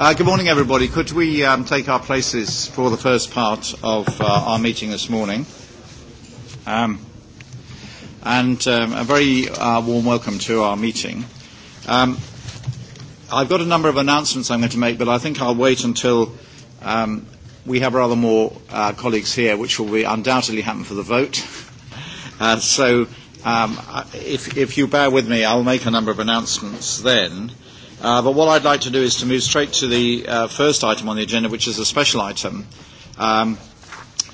Uh, good morning, everybody. Could we um, take our places for the first part of uh, our meeting this morning? Um, and um, a very uh, warm welcome to our meeting. Um, I've got a number of announcements I'm going to make, but I think I'll wait until um, we have rather more uh, colleagues here, which will be undoubtedly happen for the vote. Uh, so um, if, if you bear with me, I'll make a number of announcements then. Uh, but what I'd like to do is to move straight to the uh, first item on the agenda, which is a special item um,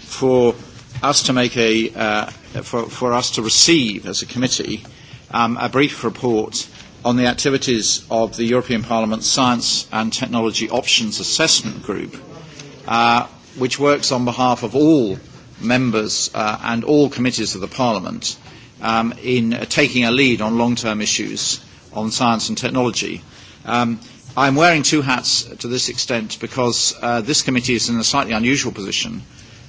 for us to make a uh, for, for us to receive as a committee um, a brief report on the activities of the European Parliament Science and Technology Options Assessment Group, uh, which works on behalf of all members uh, and all committees of the Parliament um, in uh, taking a lead on long-term issues on science and technology. Um, I'm wearing two hats to this extent because uh, this committee is in a slightly unusual position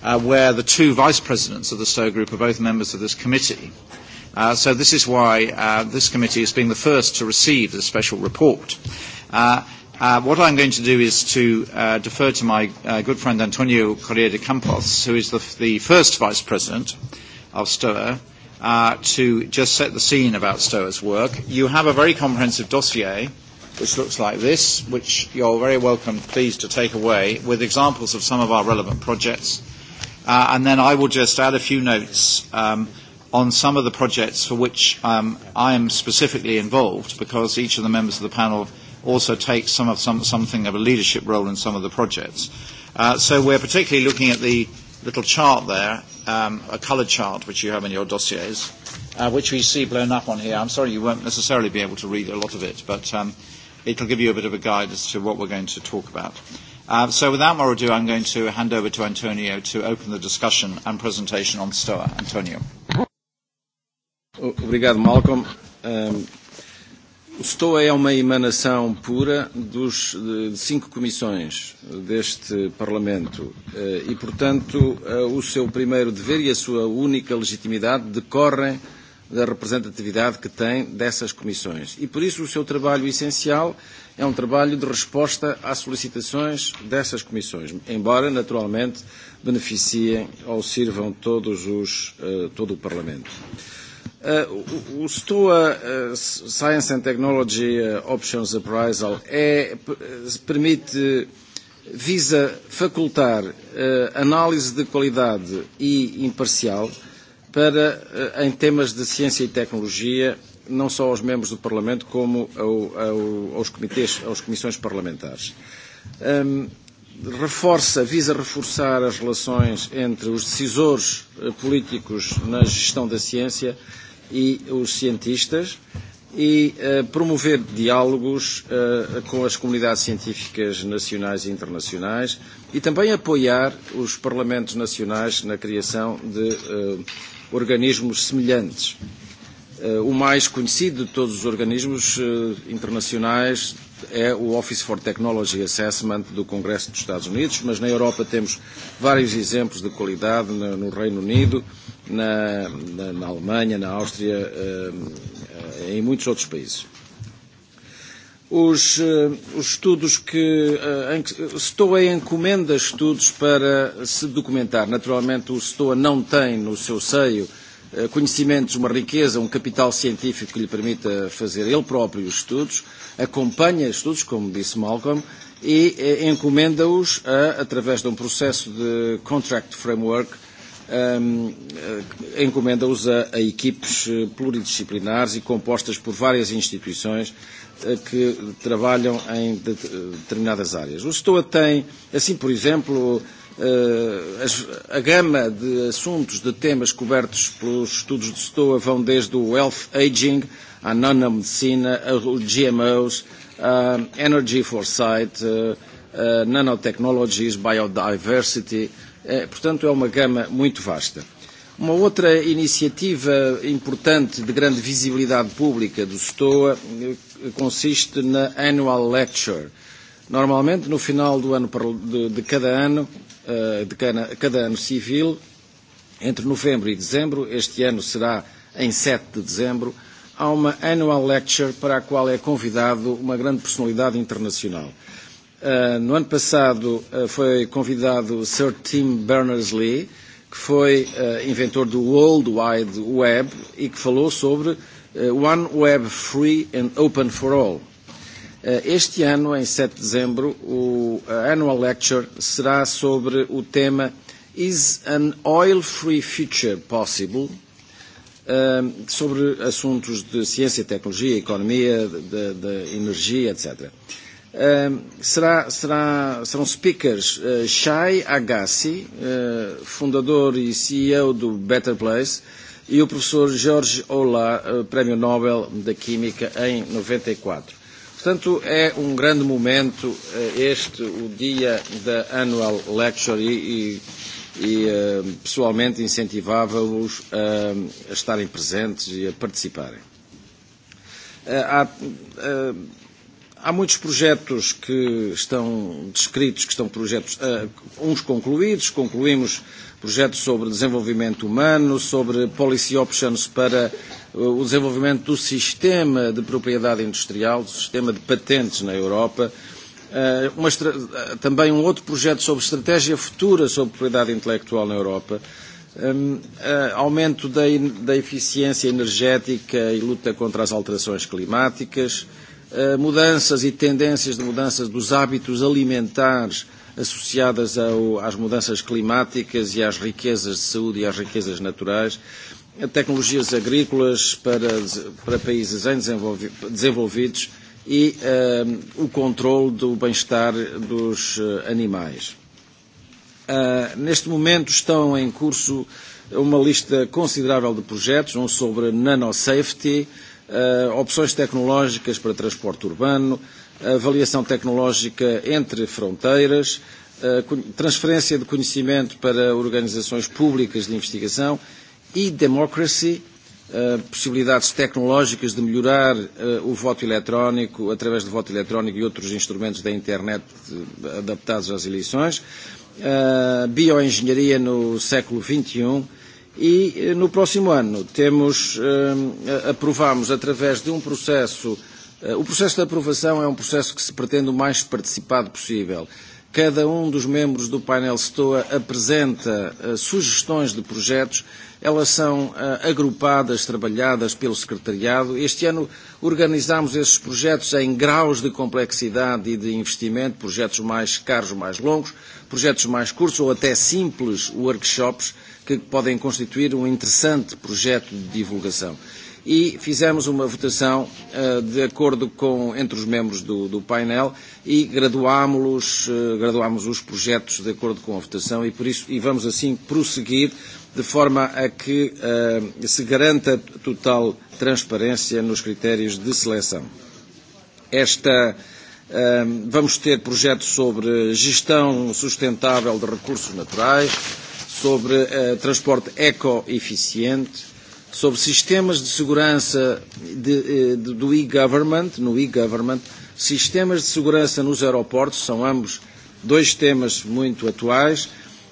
uh, where the two vice presidents of the STO group are both members of this committee. Uh, so this is why uh, this committee is being the first to receive this special report. Uh, uh, what I'm going to do is to uh, defer to my uh, good friend Antonio Correa de Campos, who is the, the first vice president of STOA, uh, to just set the scene about STOA's work. You have a very comprehensive dossier. Uh, which looks like this, which you're very welcome, please, to take away, with examples of some of our relevant projects. Uh, and then I will just add a few notes um, on some of the projects for which um, I am specifically involved, because each of the members of the panel also takes some of some, something of a leadership role in some of the projects. Uh, so we're particularly looking at the little chart there, um, a coloured chart which you have in your dossiers, uh, which we see blown up on here. I'm sorry you won't necessarily be able to read a lot of it, but um, it'll give you a bit of a guide as to what we're going to talk about. Uh, so without more ado, I'm going to hand over to Antonio to open the discussion and presentation on STOA. Antonio. Oh, obrigado, Malcolm. Um, o STOA é uma emanação pura dos, de cinco comissões deste Parlamento uh, e, portanto, uh, o seu primeiro dever e a sua única legitimidade decorrem uh, da representatividade que tem dessas comissões. E por isso o seu trabalho essencial é um trabalho de resposta às solicitações dessas comissões, embora naturalmente beneficiem ou sirvam todos os, uh, todo o Parlamento. Uh, o o STOA uh, Science and Technology Options Appraisal é, permite, visa facultar uh, análise de qualidade e imparcial uh, para, eh, em temas de ciência e tecnologia, não só aos membros do Parlamento, como ao, ao, aos comitês, às comissões parlamentares. Um, reforça, visa reforçar as relações entre os decisores eh, políticos na gestão da ciência e os cientistas e uh, promover diálogos uh, com as comunidades científicas nacionais e internacionais e também apoiar os parlamentos nacionais na criação de uh, organismos semelhantes. Eh, o mais conhecido de todos os organismos eh, internacionais é o Office for Technology Assessment do Congresso dos Estados Unidos, mas na Europa temos vários exemplos de qualidade no Reino Unido, na, na, na Alemanha, na Áustria, eh, em muitos outros países os, uh, os estudos que. Eh, uh, SETOA encomenda estudos para se documentar. Naturalmente, o SETOA não tem no seu seio uh, conhecimentos, uma riqueza, um capital científico que lhe permita fazer ele próprio os estudos, acompanha estudos, como disse Malcolm, e encomenda-os, através de um processo de contract framework, uh, um, eh, encomenda-os a, a equipes eh, pluridisciplinares e compostas por várias instituições eh, que trabalham em determinadas áreas. O STOA tem, assim por exemplo, a gama de assuntos, de temas cobertos pelos estudos de STOA vão desde o health aging, à nanomedicina, aos GMOs, à energy foresight, nanotechnologies, biodiversity, Portanto, é uma gama muito vasta. Uma outra iniciativa importante de grande visibilidade pública do STOA eh, consiste na Annual Lecture. Normalmente, no final do ano, de cada ano, eh, de cada ano civil, entre novembro e dezembro, este ano será em 7 de dezembro, há uma Annual Lecture para a qual é convidado uma grande personalidade internacional. Eh, no ano passado uh, foi convidado Sir Tim Berners-Lee, que foi uh, inventor do World Wide Web e que falou sobre uh, One Web Free and Open for All. Uh, este ano, em 7 de dezembro, o uh, Annual Lecture será sobre o tema Is an Oil-Free Future Possible? Uh, sobre assuntos de ciência, tecnologia, economia, de, de energia, etc. Uh, Uh, ehm, será, será, serão speakers uh, Shai Agassi, uh, eh, fundador e CEO do Better Place, e o professor Jorge Ola, uh, eh, Prémio Nobel da Química em 94. E Portanto, é um grande momento uh, este, o dia da Annual Lecture, e, e, e uh, pessoalmente incentivava-os uh, a estarem presentes e a participarem. Uh, há, uh, Há muitos projetos que estão descritos, que estão projetos, uh, uns concluídos, concluímos projetos sobre desenvolvimento humano, sobre policy options para uh, o desenvolvimento do sistema de propriedade industrial, do sistema de patentes na Europa, uh, uma, uh, também um outro projeto sobre estratégia futura sobre propriedade intelectual na Europa, um, uh, aumento da, da eficiência energética e luta contra as alterações climáticas, uh, Eh, mudanças e tendências de mudanças dos hábitos alimentares associadas ao, às mudanças climáticas e às riquezas de saúde e às riquezas naturais, a tecnologias agrícolas para, para países em desenvolvi, desenvolvidos e uh, o controle do bem-estar dos uh, animais. Uh, neste momento estão em curso uma lista considerável de projetos, um sobre nanosafety, uh, uh, opções tecnológicas para transporte urbano, avaliação tecnológica entre fronteiras, uh, transferência de conhecimento para organizações públicas de investigação e democracy, uh, possibilidades tecnológicas de melhorar uh, o voto eletrónico através do voto eletrónico e outros instrumentos da internet adaptados às eleições, uh, bioengenharia no século XXI, e eh, no próximo ano temos, eh, aprovamos através de um processo, eh, o processo de aprovação é um processo que se pretende o mais participado possível. Cada um dos membros do painel STOA apresenta sugestões de projetos, elas são agrupadas, trabalhadas pelo secretariado. Este ano organizamos esses projetos em graus de complexidade e de investimento, projetos mais caros, mais longos, projetos mais curtos ou até simples workshops que podem constituir um interessante projeto de divulgação. E fizemos uma votação uh, de acordo com, entre os membros do, do painel e graduámos uh, eh, graduámos os projetos de acordo com a votação e, por isso, e vamos assim prosseguir de forma a que uh, se garanta total transparência nos critérios de seleção. Esta uh, vamos ter projetos sobre gestão sustentável de recursos naturais, sobre uh, transporte eco-eficiente, sobre sistemas de segurança de, eh, de, do e-government, no e-government, sistemas de segurança nos aeroportos, são ambos dois temas muito atuais.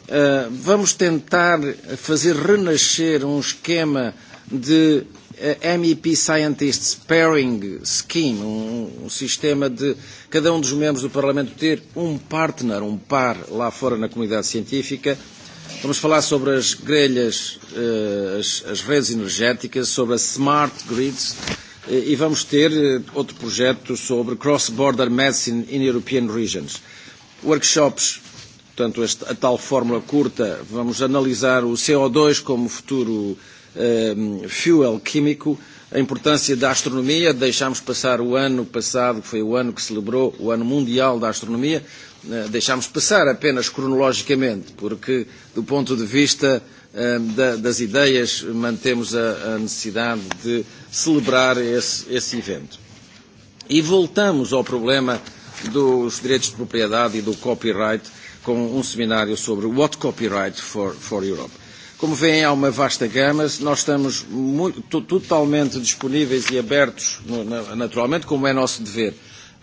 Uh, vamos tentar fazer renascer um esquema de uh, MEP Scientist Pairing Scheme, um, um sistema de cada um dos membros do Parlamento ter um partner, um par lá fora na comunidade científica, Vamos falar sobre as grelhas, eh, as, as redes energéticas, sobre a smart grids eh, e vamos ter eh, outro projeto sobre cross-border medicine in European regions. Workshops, portanto, a tal fórmula curta, vamos analisar o CO2 como futuro um, fuel químico, a importância da astronomia, deixámos passar o ano passado, que foi o ano que celebrou o Ano Mundial da Astronomia, Eh, deixámos passar apenas cronologicamente, porque do ponto de vista eh, das ideias mantemos a necessidade de celebrar esse, esse evento. E voltamos ao problema dos direitos de propriedade e do copyright com um seminário sobre What Copyright for, for Europe. Como veem, há uma vasta gama, nós estamos muito, totalmente disponíveis e abertos, no, naturalmente, como é nosso dever,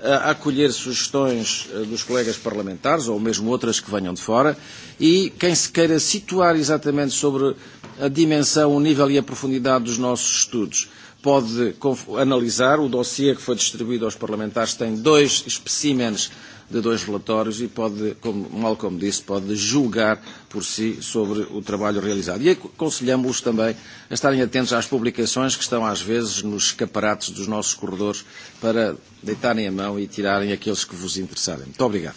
uh, acolher sugestões dos colegas parlamentares, ou mesmo outras que venham de fora, e quem se queira situar exatamente sobre a dimensão, o nível e a profundidade dos nossos estudos pode analisar. O dossiê que foi distribuído aos parlamentares tem dois especímenes de dois relatórios e pode, como, mal como disse, pode julgar por si sobre o trabalho realizado. E aconselhamos-os também a estarem atentos às publicações que estão às vezes nos escaparates dos nossos corredores para deitarem a mão e tirarem aqueles que vos interessarem. Muito obrigado.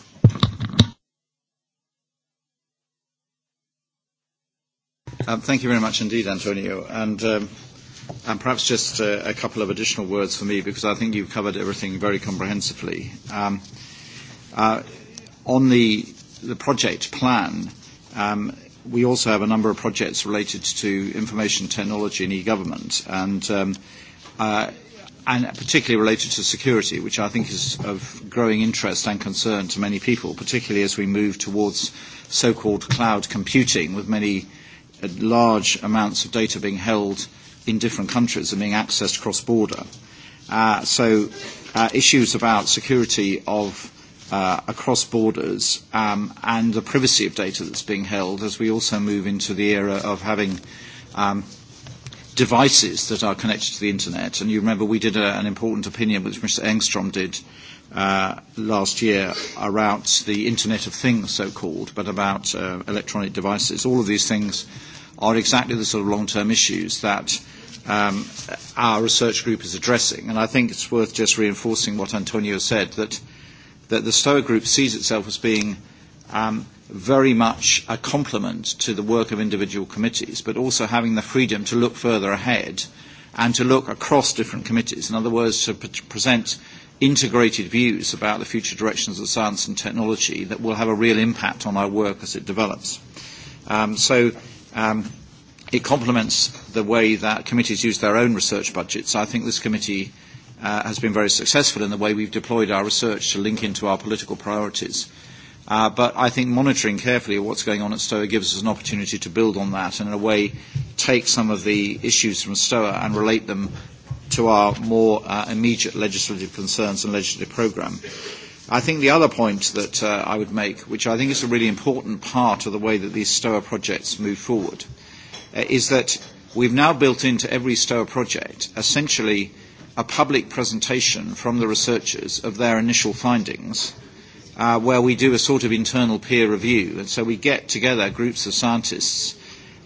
Uh, thank you very much indeed, Antonio. And, um... And perhaps just a, uh, a couple of additional words for me, because I think you've covered everything very comprehensively. Um, uh, on the, the project plan, um, we also have a number of projects related to information technology and e-government, and, um, uh, and particularly related to security, which I think is of growing interest and concern to many people, particularly as we move towards so-called cloud computing, with many uh, large amounts of data being held – in different countries and being accessed cross-border. Uh, so uh, issues about security of uh, across borders um, and the privacy of data that's being held as we also move into the era of having um, devices that are connected to the internet. And you remember we did a, an important opinion which Mr. Engstrom did uh, last year about the Internet of Things, so-called, but about uh, electronic devices. All of these things are exactly the sort of long-term issues that um, our research group is addressing. And I think it's worth just reinforcing what Antonio said, that, that the STOA group sees itself as being um, very much a complement to the work of individual committees, but also having the freedom to look further ahead and to look across different committees. In other words, to pre- present integrated views about the future directions of science and technology that will have a real impact on our work as it develops. Um, so Um, it complements the way that committees use their own research budgets. I think this committee uh, has been very successful in the way we've deployed our research to link into our political priorities. Uh, but I think monitoring carefully what's going on at STOA gives us an opportunity to build on that and in a way take some of the issues from STOA and relate them to our more uh, immediate legislative concerns and legislative programme. I think the other point that uh, I would make, which I think is a really important part of the way that these STOA projects move forward, uh, is that we've now built into every STOA project essentially a public presentation from the researchers of their initial findings, uh, where we do a sort of internal peer review. And so we get together groups of scientists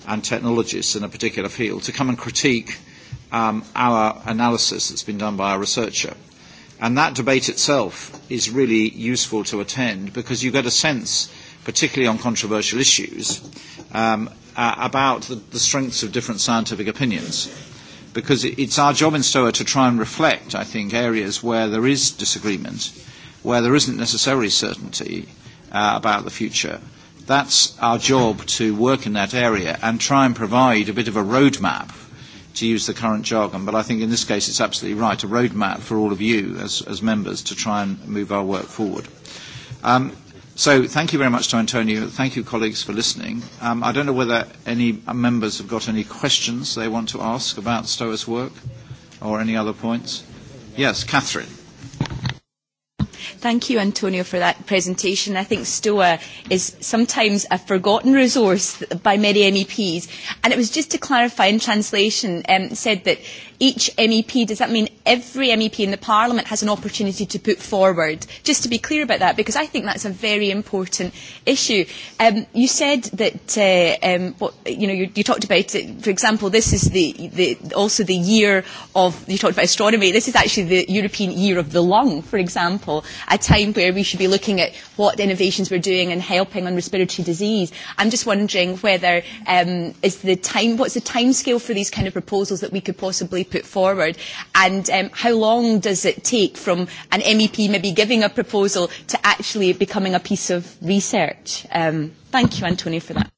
and technologists in a particular field to come and critique um, our analysis that's been done by our researcher. And that debate itself is really useful to attend because you get a sense, particularly on controversial issues, um, uh, about the, the strengths of different scientific opinions. Because it's our job in STOA to try and reflect, I think, areas where there is disagreement, where there isn't necessarily certainty uh, about the future. That's our job to work in that area and try and provide a bit of a roadmap to use the current jargon, but I think in this case it's absolutely right, a roadmap for all of you as, as members to try and move our work forward. Um, so thank you very much to Antonio. Thank you, colleagues, for listening. Um, I don't know whether any members have got any questions they want to ask about STOA's work or any other points. Yes, Catherine. Thank you, Antonio, for that presentation. I think STOA is sometimes a forgotten resource by many MEPs. And it was just to clarify in translation, um, said that each MEP, does that mean every MEP in the Parliament has an opportunity to put forward? Just to be clear about that, because I think that's a very important issue. Um, you said that, uh, um, what, you know, you, you talked about, it, for example, this is the, the, also the year of, you talked about astronomy, this is actually the European year of the lung, for example a time where we should be looking at what innovations we're doing and helping on respiratory disease. I'm just wondering whether um, is the time, what's the time scale for these kind of proposals that we could possibly put forward, and um, how long does it take from an MEP maybe giving a proposal to actually becoming a piece of research? Um, thank you, Antonio, for that.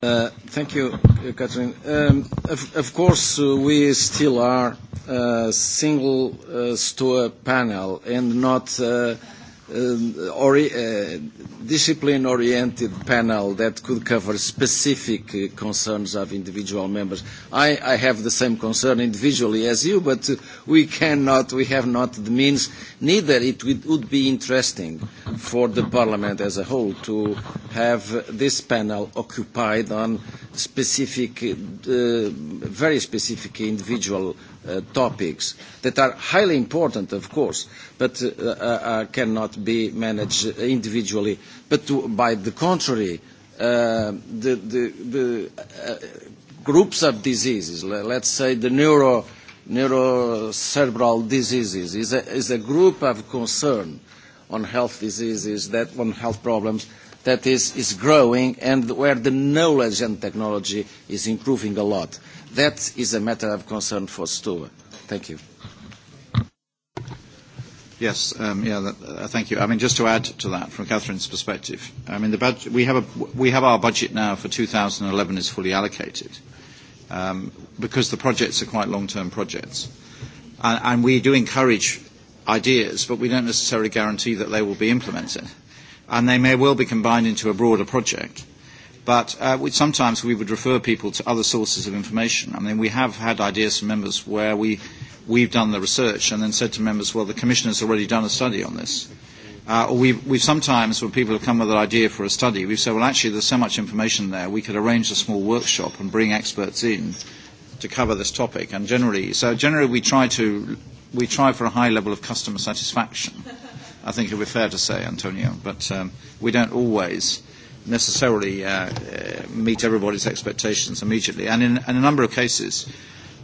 Uh, thank you, Catherine. Um, of, course, uh, we still are a uh, single store panel and not Uh, uh, discipline-oriented panel that could cover specific uh, concerns of individual members. I, I have the same concern individually as you, but we cannot, we have not the means. Neither it would, would be interesting for the Parliament as a whole to have this panel occupied on specific, uh, very specific individual uh, topics that are highly important, of course, but uh, uh, uh cannot be managed individually. But to, by the contrary, uh, the, the, the groups of diseases, let's say the neuro, neurocerebral diseases, is a, is a group of concern on health diseases, that on health problems, that is, is growing and where the knowledge and technology is improving a lot. That is a matter of concern for Stora. Thank you. Yes. Um, yeah, uh, thank you. I mean, just to add to that from Catherine's perspective, I mean, the budget, we have our budget now for 2011 is fully allocated, um, because the projects are quite long-term projects. and we do encourage ideas, but we don't necessarily guarantee that they will be implemented, and they may well be combined into a broader project but uh, we, sometimes we would refer people to other sources of information. I mean, we have had ideas from members where we, we've done the research and then said to members, well, the commissioner's already done a study on this. Uh, or we've, we've sometimes, when people have come with an idea for a study, we've said, well, actually, there's so much information there, we could arrange a small workshop and bring experts in to cover this topic. And generally, so generally we try to, we try for a high level of customer satisfaction. I think it would be fair to say, Antonio, but um, we don't always necessarily uh, uh, meet everybody's expectations immediately. And in, in a number of cases,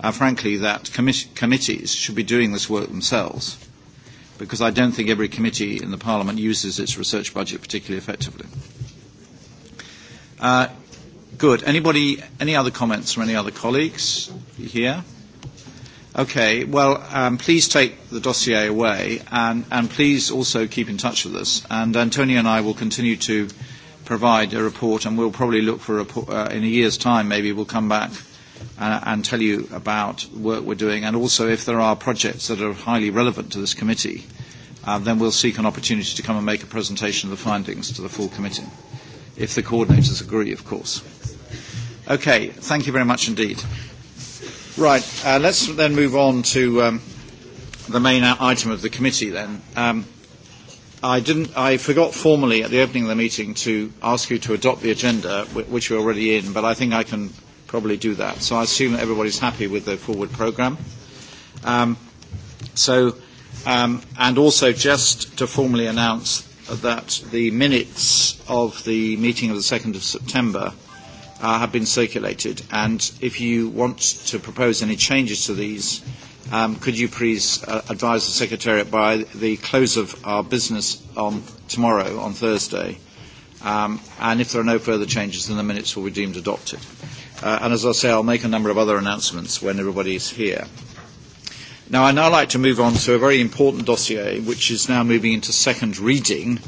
uh, frankly, that commi- committees should be doing this work themselves, because I don't think every committee in the Parliament uses its research budget particularly effectively. Uh, good. Anybody? Any other comments from any other colleagues here? Okay. Well, um, please take the dossier away, and, and please also keep in touch with us. And Antonio and I will continue to provide a report, and we'll probably look for a report uh, in a year's time. Maybe we'll come back uh, and tell you about work we're doing, and also if there are projects that are highly relevant to this committee, uh, then we'll seek an opportunity to come and make a presentation of the findings to the full committee, if the coordinators agree, of course. Okay, thank you very much indeed. Right, uh, let's then move on to um, the main item of the committee then. Um, I, didn't, I forgot formally at the opening of the meeting to ask you to adopt the agenda, which we're already in, but I think I can probably do that. So I assume everybody's happy with the forward programme. Um, so, um, and also just to formally announce that the minutes of the meeting of the 2nd of September uh, have been circulated, and if you want to propose any changes to these, Um, could you please uh, advise the Secretariat by the close of our business on tomorrow, on Thursday? Um, and if there are no further changes, then the minutes will be deemed adopted. Uh, and as I say, I'll make a number of other announcements when everybody is here. Now, I'd now like to move on to a very important dossier, which is now moving into second reading,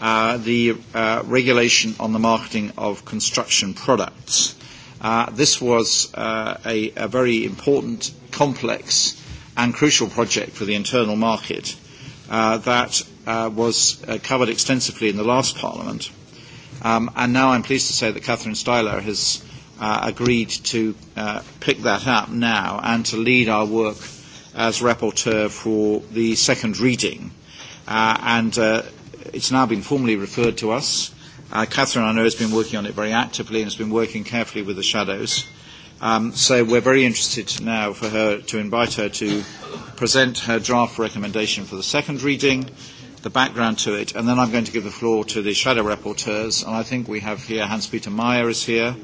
uh, the uh, regulation on the marketing of construction products. Uh, this was uh, a, a very important complex and crucial project for the internal market uh, that uh, was uh, covered extensively in the last Parliament. Um, and now I'm pleased to say that Catherine Styler has uh, agreed to uh, pick that up now and to lead our work as rapporteur for the second reading. Uh, and uh, it's now been formally referred to us. Uh, Catherine, I know, has been working on it very actively and has been working carefully with the shadows. Uh, Um, so we're very interested now for her to invite her to present her draft recommendation for the second reading, the background to it, and then I'm going to give the floor to the shadow rapporteurs. And I think we have here Hans-Peter Meyer is here.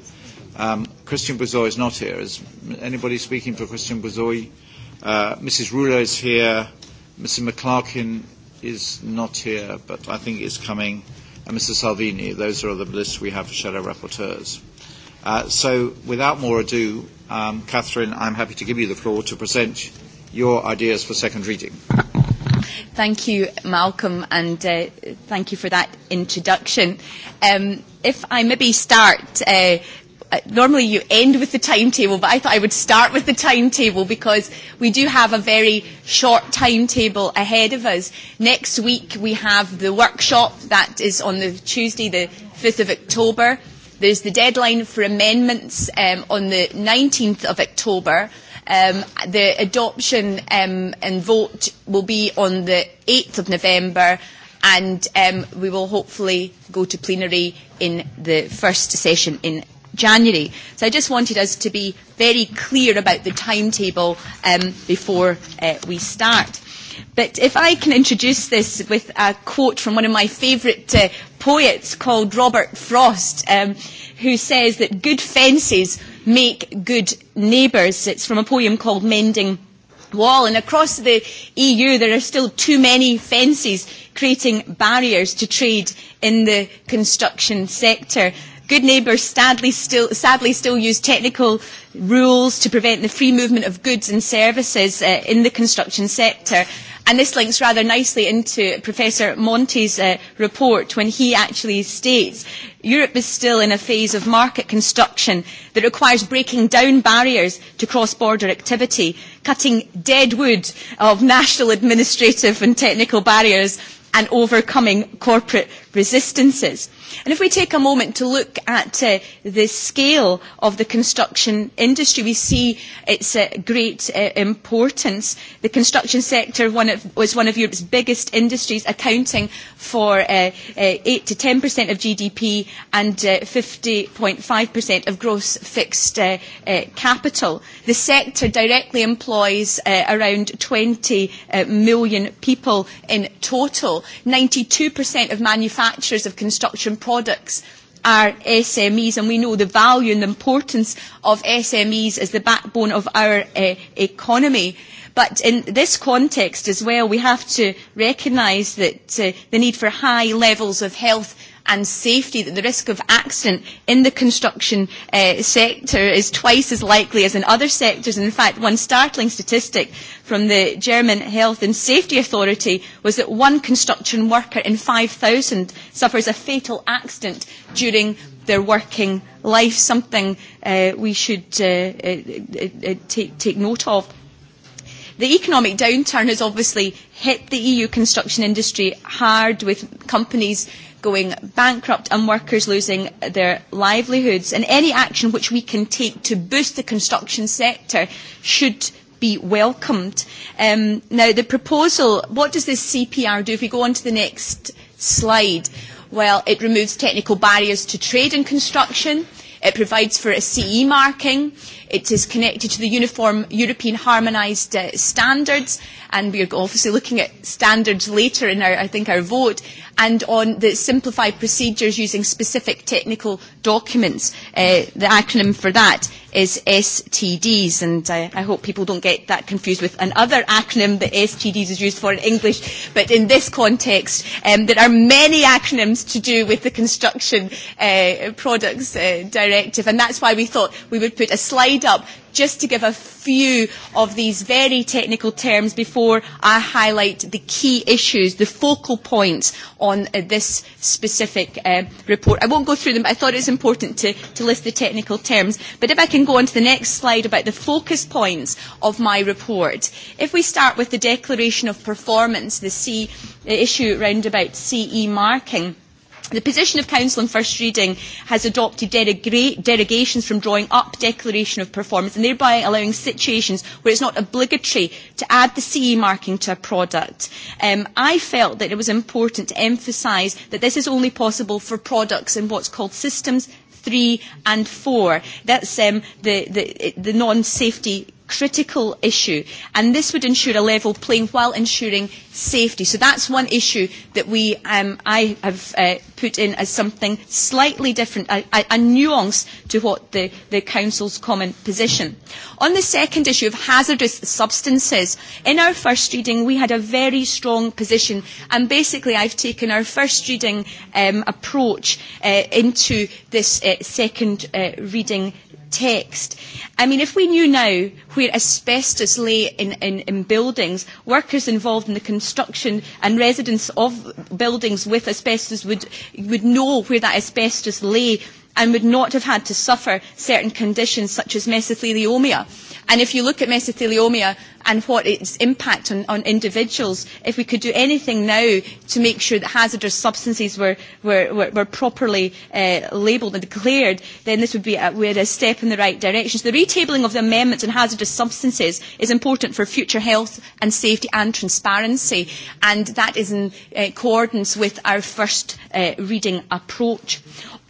Um, Christian Bouzoy is not here. Is anybody speaking for Christian Bouzoy? Uh, Mrs. Rouleau is here. Mr. McClarkin is not here, but I think is coming. And Mr. Salvini. Those are the lists we have for shadow rapporteurs. Uh, so, without more ado, um, Catherine, I'm happy to give you the floor to present your ideas for second reading. Thank you, Malcolm, and uh, thank you for that introduction. Um, if I maybe start, uh, uh, normally you end with the timetable, but I thought I would start with the timetable because we do have a very short timetable ahead of us. Next week we have the workshop that is on the Tuesday, the 5th of October There's the deadline for amendments um, on the 19th of October. Um, the adoption um, and vote will be on the 8th of November and um, we will hopefully go to plenary in the first session in January. So I just wanted us to be very clear about the timetable um, before uh, we start. But if I can introduce this with a quote from one of my favourite uh, poets called Robert Frost, um, who says that good fences make good neighbours. It's from a poem called Mending Wall. And across the EU, there are still too many fences creating barriers to trade in the construction sector. Good neighbours sadly still, sadly still use technical rules to prevent the free movement of goods and services uh, in the construction sector And this links rather nicely into Professor Monti's uh, report when he actually states Europe is still in a phase of market construction that requires breaking down barriers to cross-border activity, cutting dead wood of national administrative and technical barriers and overcoming corporate resistances. And if we take a moment to look at uh, the scale of the construction industry, we see its uh, great uh, importance. The construction sector one of, was one of Europe's biggest industries, accounting for uh, uh, 8 to 10% of GDP and uh, percent of gross fixed uh, uh, capital. The sector directly employs uh, around 20 uh, million people in total. 92% of manufacturing manufacturers of construction products are SMEs, and we know the value and the importance of SMEs as the backbone of our uh, economy. But in this context as well, we have to recognise that uh, the need for high levels of health and safety, that the risk of accident in the construction uh, sector is twice as likely as in other sectors. And in fact, one startling statistic from the German Health and Safety Authority was that one construction worker in 5,000 suffers a fatal accident during their working life, something uh, we should uh, uh, uh, take, take note of. The economic downturn has obviously hit the EU construction industry hard with companies going bankrupt and workers losing their livelihoods. And any action which we can take to boost the construction sector should be welcomed. Um, now, the proposal, what does this CPR do? If we go on to the next slide, well, it removes technical barriers to trade and construction. It provides for a CE marking. It is connected to the uniform European harmonised uh, standards, and we are obviously looking at standards later in our, I think, our vote, and on the simplified procedures using specific technical documents. Uh, the acronym for that is STDs, and I, I hope people don't get that confused with another acronym that STDs is used for in English, but in this context, um, there are many acronyms to do with the Construction uh, Products uh, Directive, and that's why we thought we would put a slide slide up just to give a few of these very technical terms before I highlight the key issues, the focal points on uh, this specific uh, report. I won't go through them, but I thought it was important to, to list the technical terms. But if I can go on to the next slide about the focus points of my report. If we start with the declaration of performance, the C, the uh, issue round about CE marking, The position of Council on first reading has adopted derogations from drawing up declaration of performance and thereby allowing situations where it's not obligatory to add the CE marking to a product. Um, I felt that it was important to emphasise that this is only possible for products in what's called systems three and four. That's um, the, the, the non-safety critical issue. And this would ensure a level playing while ensuring safety. So that's one issue that we, um, I have uh, put in as something slightly different, a, a, a nuance to what the, the Council's common position. On the second issue of hazardous substances, in our first reading we had a very strong position and basically I've taken our first reading um, approach uh, into this uh, second uh, reading text. I mean, if we knew now where asbestos lay in, in, in buildings, workers involved in the construction and residents of buildings with asbestos would, would know where that asbestos lay and would not have had to suffer certain conditions such as mesothelioma. And if you look at mesothelioma and what its impact on, on individuals, if we could do anything now to make sure that hazardous substances were, were, were, were properly uh, labelled and declared, then this would be a, we're a step in the right direction. So the retabling of the amendments on hazardous substances is important for future health and safety and transparency, and that is in uh, accordance with our first uh, reading approach.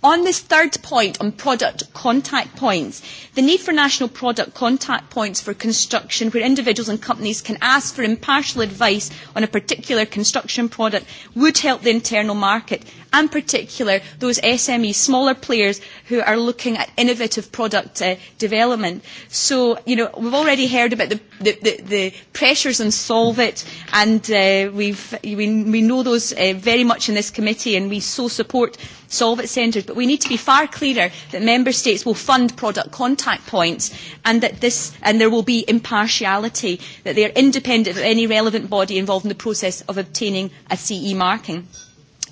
On this third point, on product contact points, the need for national product contact points for construction where individuals and companies can ask for impartial advice on a particular construction product would help the internal market and in particular those SME smaller players who are looking at innovative product uh, development. So, you know, we've already heard about the, the, the, the pressures on Solvit and uh, we've, we, we know those uh, very much in this committee and we so support Solve solvit centres, but we need to be far clearer that member states will fund product contact points and that this, and there will be impartiality, that they are independent of any relevant body involved in the process of obtaining a CE marking.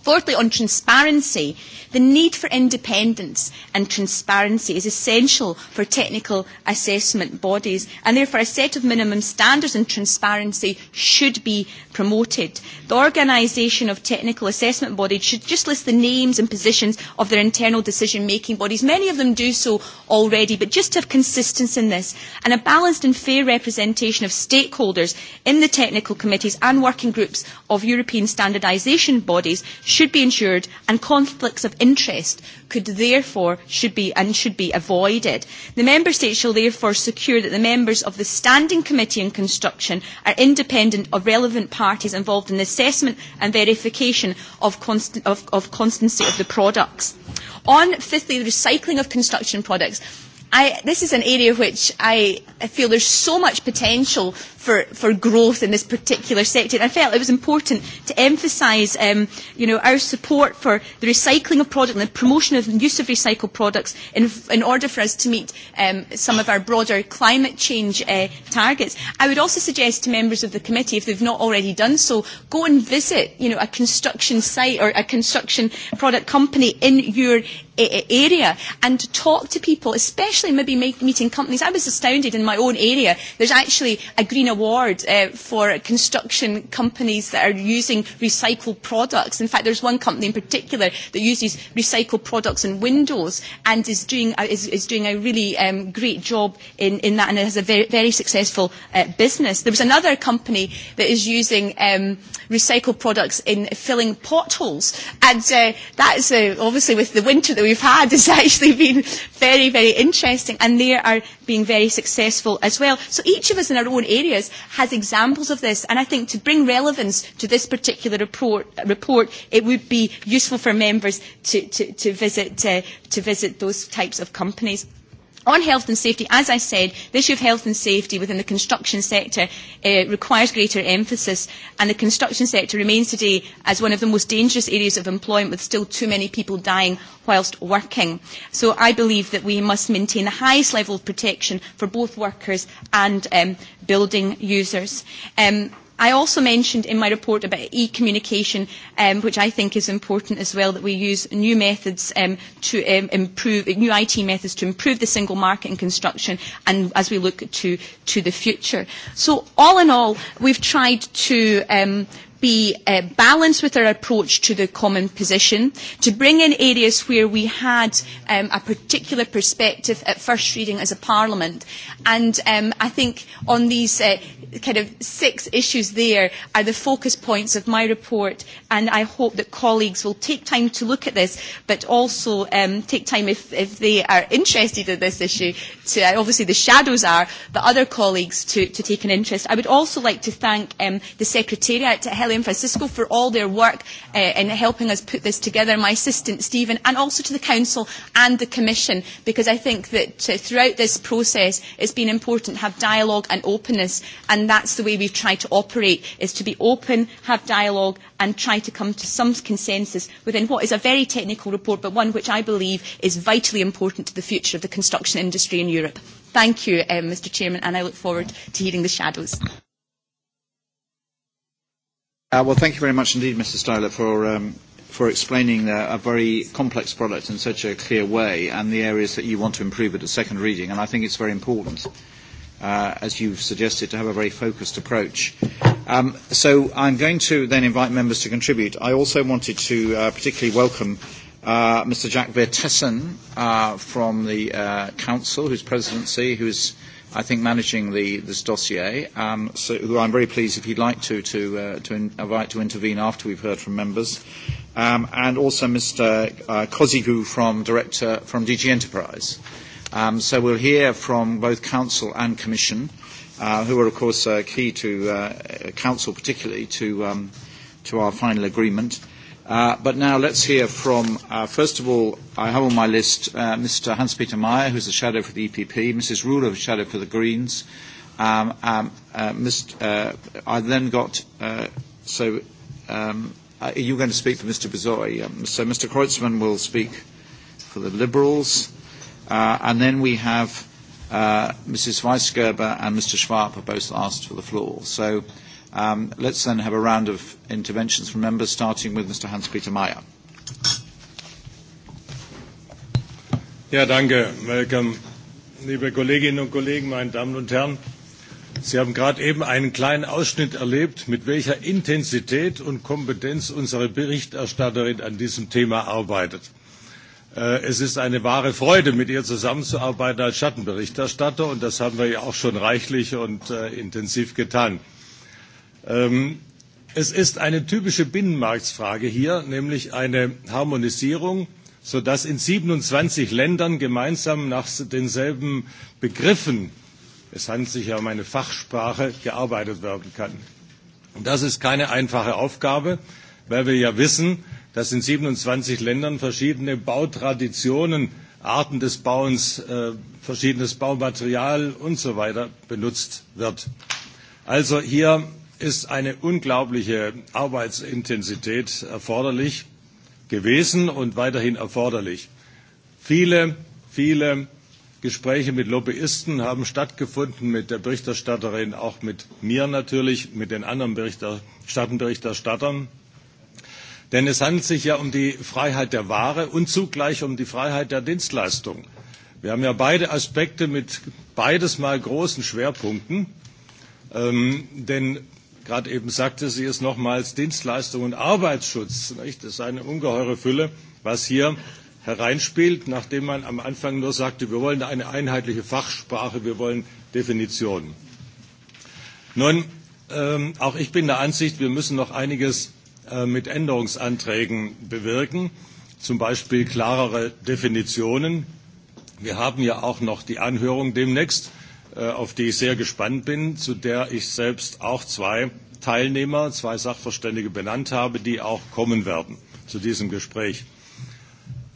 Fourthly, on transparency, the need for independence and transparency is essential for technical assessment bodies, and therefore a set of minimum standards and transparency should be promoted. The organisation of technical assessment bodies should just list the names and positions of their internal decision-making bodies. Many of them do so already, but just to have consistency in this and a balanced and fair representation of stakeholders in the technical committees and working groups of European standardisation bodies should be ensured and conflicts of interest could therefore should be and should be avoided. The Member States shall therefore secure that the members of the Standing Committee on Construction are independent of relevant parties involved in the assessment and verification of, const- of, of constancy of the products. On fifthly, the recycling of construction products. I, this is an area which I, I feel there's so much potential for, for growth in this particular sector. And I felt it was important to emphasise um, you know, our support for the recycling of products and the promotion of use of recycled products in, in order for us to meet um, some of our broader climate change uh, targets. I would also suggest to members of the committee, if they've not already done so, go and visit you know, a construction site or a construction product company in your area and to talk to people, especially maybe make, meeting companies. I was astounded in my own area. There's actually a green award uh, for construction companies that are using recycled products. In fact, there's one company in particular that uses recycled products in windows and is doing, uh, is, is doing a really um, great job in, in that and has a very, very successful uh, business. There was another company that is using um, recycled products in filling potholes. And uh, that is uh, obviously with the winter that we've had has actually been very, very interesting, and they are being very successful as well. So each of us in our own areas has examples of this, and I think to bring relevance to this particular report, report it would be useful for members to, to, to, visit, uh, to visit those types of companies. On health and safety, as I said, the issue of health and safety within the construction sector uh, requires greater emphasis, and the construction sector remains today as one of the most dangerous areas of employment, with still too many people dying whilst working. So I believe that we must maintain the highest level of protection for both workers and um, building users. Um, I also mentioned in my report about e-communication, um, which I think is important as well, that we use new methods um, to um, improve, new IT methods to improve the single market in construction and as we look to, to the future. So all in all, we've tried to um, be uh, balanced with our approach to the common position, to bring in areas where we had um, a particular perspective at first reading as a parliament. And um, I think on these uh, kind of six issues there are the focus points of my report, and I hope that colleagues will take time to look at this, but also um, take time if, if they are interested in this issue. To, uh, obviously, the shadows are, but other colleagues to, to take an interest. I would also like to thank um, the Secretariat to help Kelly and Francisco for all their work uh, in helping us put this together, my assistant Stephen, and also to the Council and the Commission, because I think that uh, throughout this process it's been important to have dialogue and openness, and that's the way we've tried to operate, is to be open, have dialogue, and try to come to some consensus within what is a very technical report, but one which I believe is vitally important to the future of the construction industry in Europe. Thank you, um, Mr Chairman, and I look forward to hearing the shadows. Uh, well, thank you very much indeed, Mr. Styler, for, um, for explaining uh, a very complex product in such a clear way and the areas that you want to improve at a second reading. And I think it's very important, uh, as you've suggested, to have a very focused approach. Um, so I'm going to then invite members to contribute. I also wanted to uh, particularly welcome uh, Mr. Jack Vertessen uh, from the uh, Council, whose presidency, who's I think, managing the, this dossier, um, so, who I'm very pleased, if he'd like to, to, uh, to in, invite to intervene after we've heard from members, um, and also Mr. Uh, Kozigu from, director, from DG Enterprise. Um, so we'll hear from both Council and Commission, uh, who are, of course, uh, key to uh, Council particularly to, um, to our final agreement. Uh, but now let's hear from, uh, first of all, I have on my list uh, Mr. Hans-Peter Meyer, who's the shadow for the EPP, Mrs. Ruler, a shadow for the Greens. Um, um, uh, Mr., uh, I then got, uh, so um, are uh, you going to speak for Mr. Bizoy? Um, so Mr. Kreutzmann will speak for the Liberals. Uh, and then we have uh, Mrs. Weisgerber and Mr. Schwab have both asked for the floor. So... Um, let's then have a round of interventions from members, starting with Mr. Hans-Peter Mayer. Ja, danke, Welcome, Liebe Kolleginnen und Kollegen, meine Damen und Herren, Sie haben gerade eben einen kleinen Ausschnitt erlebt, mit welcher Intensität und Kompetenz unsere Berichterstatterin an diesem Thema arbeitet. Äh, es ist eine wahre Freude, mit ihr zusammenzuarbeiten als Schattenberichterstatter, und das haben wir ja auch schon reichlich und äh, intensiv getan. Ähm, es ist eine typische Binnenmarktfrage hier, nämlich eine Harmonisierung, sodass in 27 Ländern gemeinsam nach denselben Begriffen, es handelt sich ja um eine Fachsprache, gearbeitet werden kann. Und das ist keine einfache Aufgabe, weil wir ja wissen, dass in 27 Ländern verschiedene Bautraditionen, Arten des Bauens, äh, verschiedenes Baumaterial usw. so benutzt wird. Also hier ist eine unglaubliche Arbeitsintensität erforderlich gewesen und weiterhin erforderlich. Viele, viele Gespräche mit Lobbyisten haben stattgefunden, mit der Berichterstatterin, auch mit mir natürlich, mit den anderen Berichter, Schattenberichterstattern. Denn es handelt sich ja um die Freiheit der Ware und zugleich um die Freiheit der Dienstleistung. Wir haben ja beide Aspekte mit beides mal großen Schwerpunkten. Ähm, denn gerade eben sagte sie es nochmals, Dienstleistung und Arbeitsschutz. Nicht? Das ist eine ungeheure Fülle, was hier hereinspielt, nachdem man am Anfang nur sagte, wir wollen eine einheitliche Fachsprache, wir wollen Definitionen. Nun, ähm, auch ich bin der Ansicht, wir müssen noch einiges äh, mit Änderungsanträgen bewirken, zum Beispiel klarere Definitionen. Wir haben ja auch noch die Anhörung demnächst Äh, auf die ich sehr gespannt bin, zu der ich selbst auch zwei Teilnehmer, zwei Sachverständige benannt habe, die auch kommen werden zu diesem Gespräch.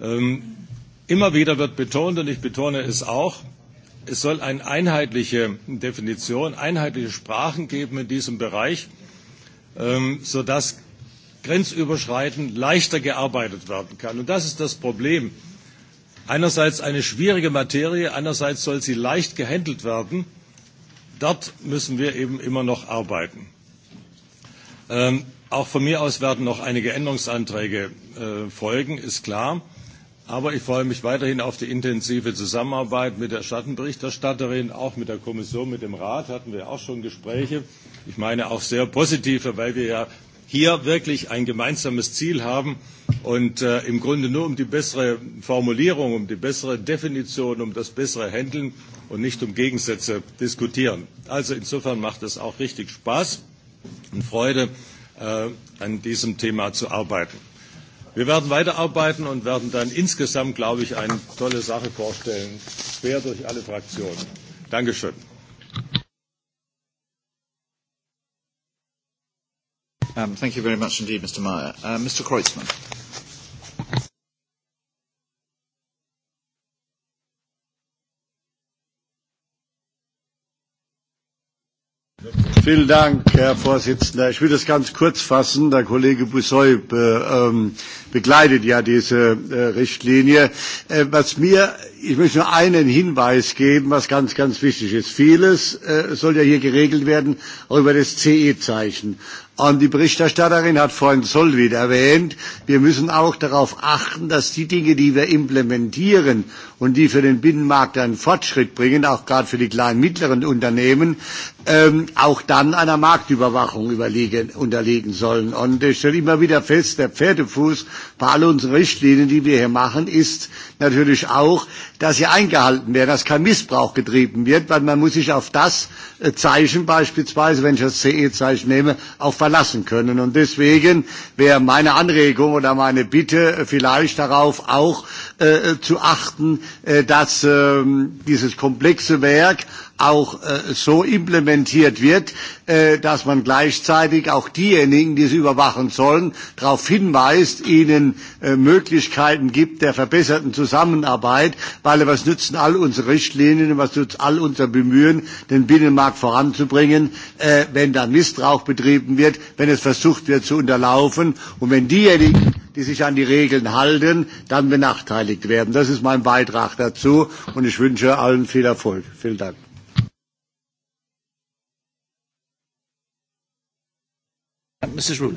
Ähm, immer wieder wird betont, und ich betone es auch, es soll eine einheitliche Definition, einheitliche Sprachen geben in diesem Bereich, ähm, sodass grenzüberschreitend leichter gearbeitet werden kann. Und das ist das Problem Einerseits eine schwierige Materie, andererseits soll sie leicht gehandelt werden. Dort müssen wir eben immer noch arbeiten. Ähm, auch von mir aus werden noch einige Änderungsanträge äh, folgen, ist klar. Aber ich freue mich weiterhin auf die intensive Zusammenarbeit mit der Schattenberichterstatterin, auch mit der Kommission, mit dem Rat hatten wir auch schon Gespräche. Ich meine auch sehr positive, weil wir ja hier wirklich ein gemeinsames Ziel haben, Und äh, im Grunde nur um die bessere Formulierung, um die bessere Definition, um das bessere Handeln und nicht um Gegensätze diskutieren. Also insofern macht es auch richtig Spaß und Freude, äh, an diesem Thema zu arbeiten. Wir werden weiterarbeiten und werden dann insgesamt, glaube ich, eine tolle Sache vorstellen, quer durch alle Fraktionen. Dankeschön. Um, thank you very much indeed, Mr. Meyer. Uh, Mr. Kreutzmann. Vielen Dank, Herr Vorsitzender. Ich will das ganz kurz fassen. Der Kollege Bussoy äh, ähm, begleitet ja diese äh, Richtlinie. Äh, was mir, ich möchte nur einen Hinweis geben, was ganz, ganz wichtig ist. Vieles soll ja hier geregelt werden, auch über das CE-Zeichen. Und die Berichterstatterin hat vorhin Solvit erwähnt. Wir müssen auch darauf achten, dass die Dinge, die wir implementieren und die für den Binnenmarkt einen Fortschritt bringen, auch gerade für die kleinen und mittleren Unternehmen, ähm, auch dann einer Marktüberwachung überlegen, unterliegen sollen. Und ich stelle immer wieder fest, der Pferdefuß bei all unseren Richtlinien, die wir hier machen, ist natürlich auch, dass sie eingehalten werden, dass kein Missbrauch getrieben wird, weil man muss sich auf das Zeichen beispielsweise, wenn ich das CE-Zeichen nehme, auch verlassen können. Und deswegen wäre meine Anregung oder meine Bitte äh, vielleicht darauf auch äh, zu achten, äh, dass äh, dieses komplexe Werk auch äh, so implementiert wird, äh, dass man gleichzeitig auch diejenigen, die es überwachen sollen, darauf hinweist, ihnen äh, Möglichkeiten gibt der verbesserten Zusammenarbeit, weil was nützen all unsere Richtlinien, was nützt all unser Bemühen, den Binnenmarkt voranzubringen, äh, wenn dann Missbrauch betrieben wird, wenn es versucht wird zu unterlaufen und wenn diejenigen, die sich an die Regeln halten, dann benachteiligt werden. Das ist mein Beitrag dazu und ich wünsche allen viel Erfolg. Vielen Dank. Mrs. Ruler.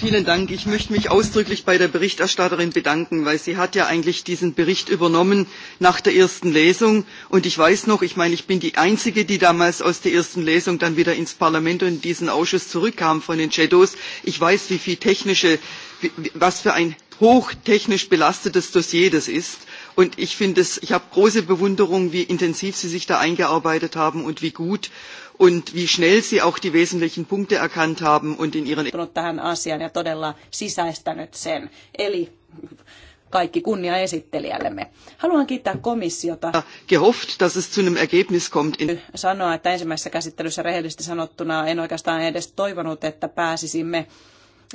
Vielen Dank. Ich möchte mich ausdrücklich bei der Berichterstatterin bedanken, weil sie hat ja eigentlich diesen Bericht übernommen nach der ersten Lesung. Und ich weiß noch, ich meine, ich bin die Einzige, die damals aus der ersten Lesung dann wieder ins Parlament und in diesen Ausschuss zurückkam von den Shadows. Ich weiß, wie viel technische, was für ein hochtechnisch belastetes Dossier das ist und ich finde es ich habe große bewunderung wie intensiv sie sich da eingearbeitet haben und wie gut und wie schnell Sie auch die wesentlichen Punkte erkannt haben und in Ihren... ...tähän asiaan ja todella sisäistänyt sen. Eli kaikki kunnia esittelijällemme. Haluan kiittää komissiota. Gehofft, dass es zu einem Ergebnis kommt. In... Sanoa, että ensimmäisessä käsittelyssä rehellisesti sanottuna en oikeastaan edes toivonut, että pääsisimme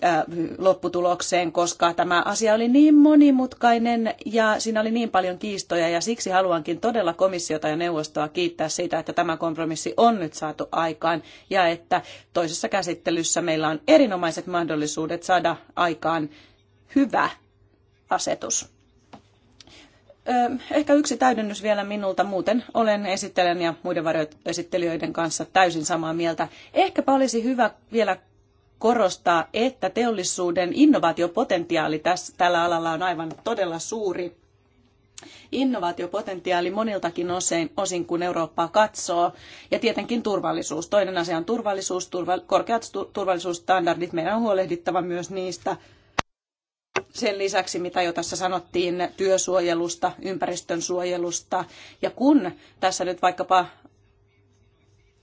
Äh, lopputulokseen, koska tämä asia oli niin monimutkainen ja siinä oli niin paljon kiistoja ja siksi haluankin todella komissiota ja neuvostoa kiittää siitä, että tämä kompromissi on nyt saatu aikaan ja että toisessa käsittelyssä meillä on erinomaiset mahdollisuudet saada aikaan hyvä asetus. Ehkä yksi täydennys vielä minulta. Muuten olen esittelen ja muiden varjoesittelijöiden kanssa täysin samaa mieltä. Ehkäpä olisi hyvä vielä korostaa, että teollisuuden innovaatiopotentiaali tässä, tällä alalla on aivan todella suuri. Innovaatiopotentiaali moniltakin osin, osin, kun Eurooppaa katsoo. Ja tietenkin turvallisuus. Toinen asia on turvallisuus, turva, korkeat turvallisuusstandardit. Meidän on huolehdittava myös niistä. Sen lisäksi, mitä jo tässä sanottiin, työsuojelusta, ympäristön suojelusta. Ja kun tässä nyt vaikkapa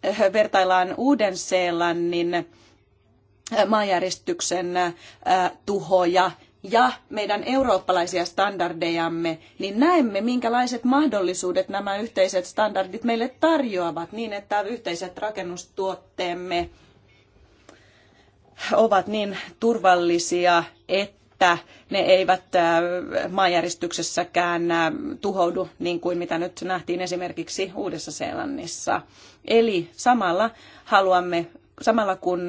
eh, vertaillaan Uuden-Seelannin maanjäristyksen tuhoja ja meidän eurooppalaisia standardejamme, niin näemme, minkälaiset mahdollisuudet nämä yhteiset standardit meille tarjoavat niin, että yhteiset rakennustuotteemme ovat niin turvallisia, että ne eivät maanjäristyksessäkään tuhoudu niin kuin mitä nyt nähtiin esimerkiksi Uudessa-Seelannissa. Eli samalla haluamme, samalla kun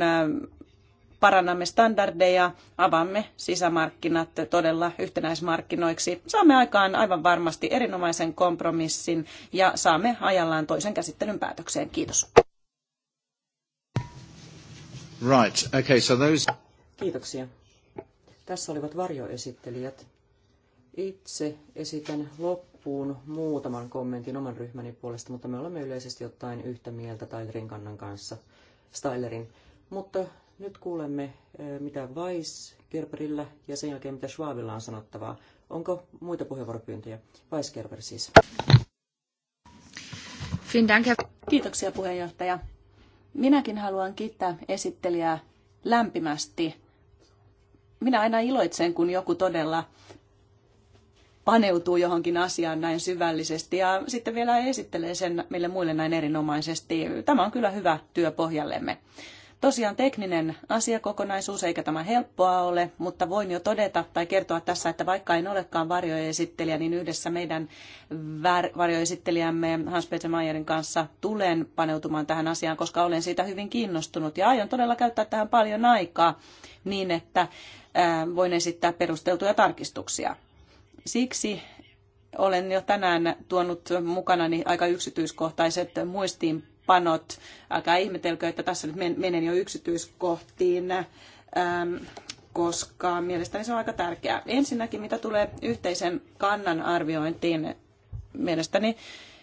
parannamme standardeja, avaamme sisämarkkinat todella yhtenäismarkkinoiksi. Saamme aikaan aivan varmasti erinomaisen kompromissin ja saamme ajallaan toisen käsittelyn päätökseen. Kiitos. Right. Okay, so those... Kiitoksia. Tässä olivat varjoesittelijät. Itse esitän loppuun muutaman kommentin oman ryhmäni puolesta, mutta me olemme yleisesti ottaen yhtä mieltä Tylerin kannan kanssa, Stylerin. Mutta nyt kuulemme, eh, mitä Vais Gerberillä ja sen jälkeen mitä Schwabilla on sanottavaa. Onko muita puheenvuoropyyntöjä? Vais Gerber siis. Kiitoksia puheenjohtaja. Minäkin haluan kiittää esittelijää lämpimästi. Minä aina iloitsen, kun joku todella paneutuu johonkin asiaan näin syvällisesti ja sitten vielä esittelee sen meille muille näin erinomaisesti. Tämä on kyllä hyvä työ pohjallemme. Tosiaan tekninen asiakokonaisuus, eikä tämä helppoa ole, mutta voin jo todeta tai kertoa tässä, että vaikka en olekaan varjoesittelijä, niin yhdessä meidän varjoesittelijämme Hans-Peter Mayerin kanssa tulen paneutumaan tähän asiaan, koska olen siitä hyvin kiinnostunut ja aion todella käyttää tähän paljon aikaa niin, että voin esittää perusteltuja tarkistuksia. Siksi olen jo tänään tuonut mukanani aika yksityiskohtaiset muistiin panot. Älkää ihmetelkö, että tässä nyt menen jo yksityiskohtiin, ähm, koska mielestäni se on aika tärkeää. Ensinnäkin, mitä tulee yhteisen kannan arviointiin, mielestäni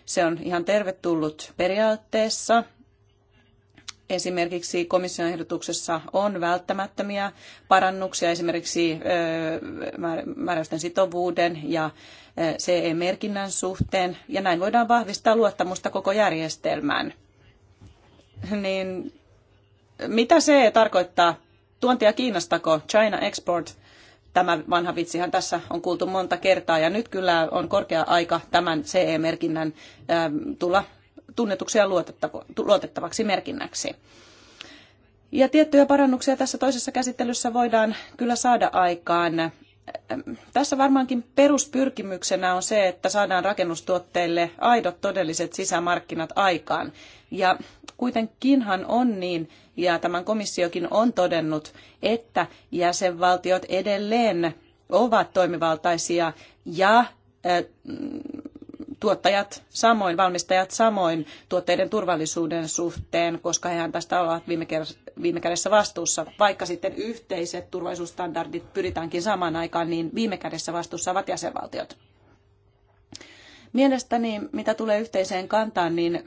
se on ihan tervetullut periaatteessa. Esimerkiksi komission ehdotuksessa on välttämättömiä parannuksia esimerkiksi äh, määräysten sitovuuden ja äh, CE-merkinnän suhteen, ja näin voidaan vahvistaa luottamusta koko järjestelmään niin mitä se tarkoittaa? Tuontia kiinnostako China Export? Tämä vanha vitsihan? tässä on kuultu monta kertaa ja nyt kyllä on korkea aika tämän CE-merkinnän ähm, tulla tunnetuksi ja luotettavaksi merkinnäksi. Ja tiettyjä parannuksia tässä toisessa käsittelyssä voidaan kyllä saada aikaan. Ähm, tässä varmaankin peruspyrkimyksenä on se, että saadaan rakennustuotteille aidot todelliset sisämarkkinat aikaan. Ja kuitenkinhan on niin, ja tämän komissiokin on todennut, että jäsenvaltiot edelleen ovat toimivaltaisia ja tuottajat samoin, valmistajat samoin tuotteiden turvallisuuden suhteen, koska hehän tästä ovat viime, ker- viime kädessä vastuussa. Vaikka sitten yhteiset turvallisuusstandardit pyritäänkin samaan aikaan, niin viime kädessä vastuussa ovat jäsenvaltiot. Mielestäni, mitä tulee yhteiseen kantaan, niin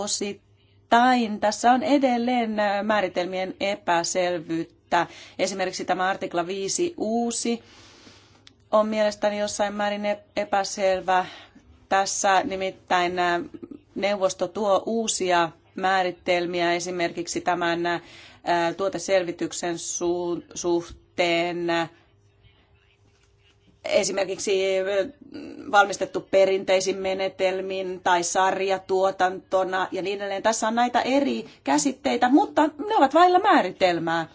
osittain. Tässä on edelleen äh, määritelmien epäselvyyttä. Esimerkiksi tämä artikla 5 uusi on mielestäni jossain määrin e- epäselvä. Tässä nimittäin äh, neuvosto tuo uusia määritelmiä esimerkiksi tämän äh, tuoteselvityksen suhteen esimerkiksi eh, valmistettu perinteisin menetelmin tai sarjatuotantona ja niin edelleen. Tässä on näitä eri käsitteitä, mutta ne ovat vailla määritelmää.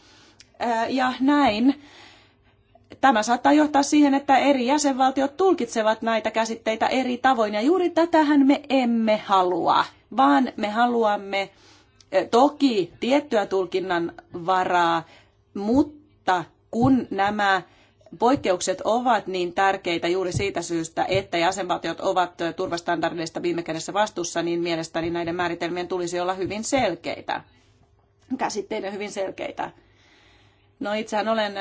Eh, ja näin. Tämä saattaa johtaa siihen, että eri jäsenvaltiot tulkitsevat näitä käsitteitä eri tavoin, ja juuri tätähän me emme halua, vaan me haluamme eh, toki tiettyä tulkinnan varaa, mutta kun nämä poikkeukset ovat niin tärkeitä juuri siitä syystä, että jäsenvaltiot ovat turvastandardeista viime kädessä vastuussa, niin mielestäni näiden määritelmien tulisi olla hyvin selkeitä, käsitteiden hyvin selkeitä. No itsehän olen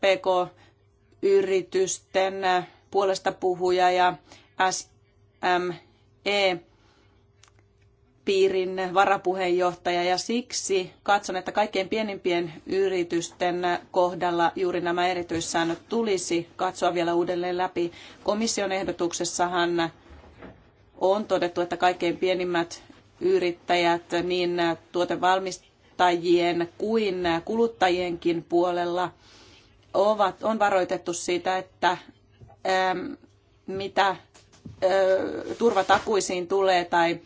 PK-yritysten puolesta puhuja ja SME piirin varapuheenjohtaja ja siksi katson, että kaikkein pienimpien yritysten kohdalla juuri nämä erityissäännöt tulisi katsoa vielä uudelleen läpi. Komission ehdotuksessahan on todettu, että kaikkein pienimmät yrittäjät niin tuotevalmistajien kuin kuluttajienkin puolella ovat, on varoitettu siitä, että ähm, mitä äh, turvatakuisiin tulee tai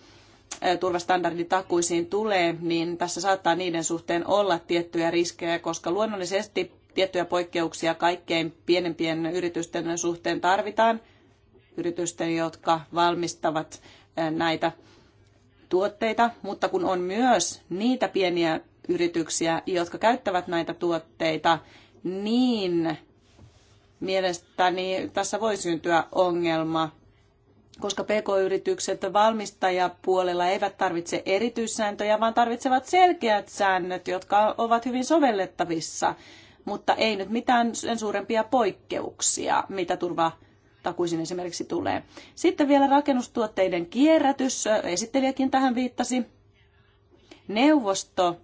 turvastandarditakuisiin tulee, niin tässä saattaa niiden suhteen olla tiettyjä riskejä, koska luonnollisesti tiettyjä poikkeuksia kaikkein pienempien yritysten suhteen tarvitaan. Yritysten, jotka valmistavat näitä tuotteita, mutta kun on myös niitä pieniä yrityksiä, jotka käyttävät näitä tuotteita, niin mielestäni tässä voi syntyä ongelma koska pk-yritykset valmistajapuolella eivät tarvitse erityissääntöjä, vaan tarvitsevat selkeät säännöt, jotka ovat hyvin sovellettavissa, mutta ei nyt mitään sen suurempia poikkeuksia, mitä turva takuisin esimerkiksi tulee. Sitten vielä rakennustuotteiden kierrätys, esittelijäkin tähän viittasi. Neuvosto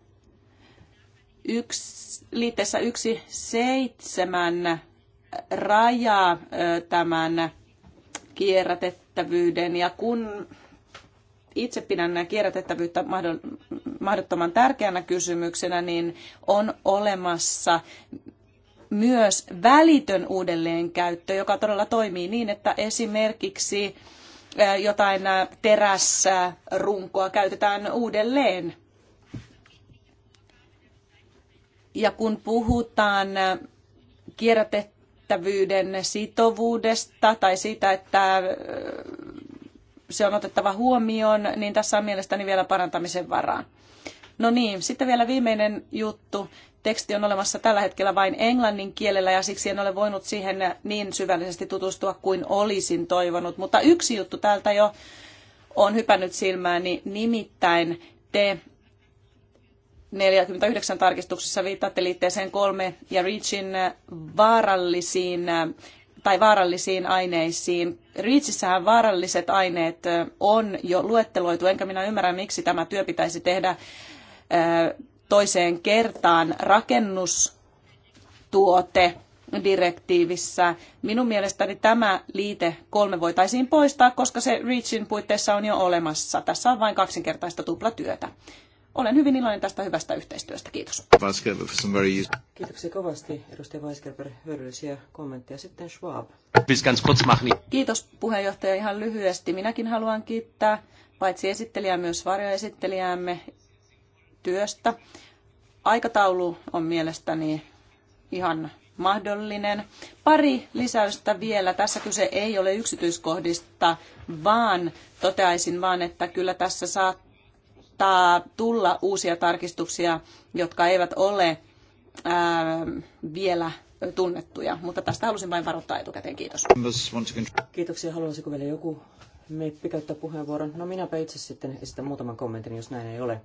yksi, liitteessä 1.7 rajaa tämän kierrätettä kierrätettävyyden ja kun itse pidän kierrätettävyyttä mahdottoman tärkeänä kysymyksenä, niin on olemassa myös välitön uudelleenkäyttö, joka todella toimii niin, että esimerkiksi jotain terässä runkoa käytetään uudelleen. Ja kun puhutaan kierrätettävyyttä, riittävyyden sitovuudesta tai siitä, että se on otettava huomioon, niin tässä on mielestäni vielä parantamisen varaa. No niin, sitten vielä viimeinen juttu. Teksti on olemassa tällä hetkellä vain englannin kielellä ja siksi en ole voinut siihen niin syvällisesti tutustua kuin olisin toivonut. Mutta yksi juttu täältä jo on hypännyt silmääni, nimittäin te 49 tarkistuksessa viittaatte liitteeseen kolme ja REACHin vaarallisiin tai vaarallisiin aineisiin. REACHissähän vaaralliset aineet on jo luetteloitu, enkä minä ymmärrä, miksi tämä työ pitäisi tehdä toiseen kertaan rakennustuote direktiivissä. Minun mielestäni tämä liite kolme voitaisiin poistaa, koska se REACHin puitteissa on jo olemassa. Tässä on vain kaksinkertaista tuplatyötä. Olen hyvin iloinen tästä hyvästä yhteistyöstä. Kiitos. Kiitoksia kovasti, edustaja Weisgerber. Hyödyllisiä kommentteja sitten Schwab. Kiitos puheenjohtaja ihan lyhyesti. Minäkin haluan kiittää paitsi esittelijää myös varjoesittelijäämme työstä. Aikataulu on mielestäni ihan mahdollinen. Pari lisäystä vielä. Tässä kyse ei ole yksityiskohdista, vaan toteaisin vaan, että kyllä tässä saattaa saattaa tulla uusia tarkistuksia, jotka eivät ole ää, vielä tunnettuja, mutta tästä halusin vain varoittaa etukäteen. Kiitos. Kiitoksia. Haluaisiko vielä joku meppi käyttää puheenvuoron? No minäpä itse sitten esitän muutaman kommentin, jos näin ei ole.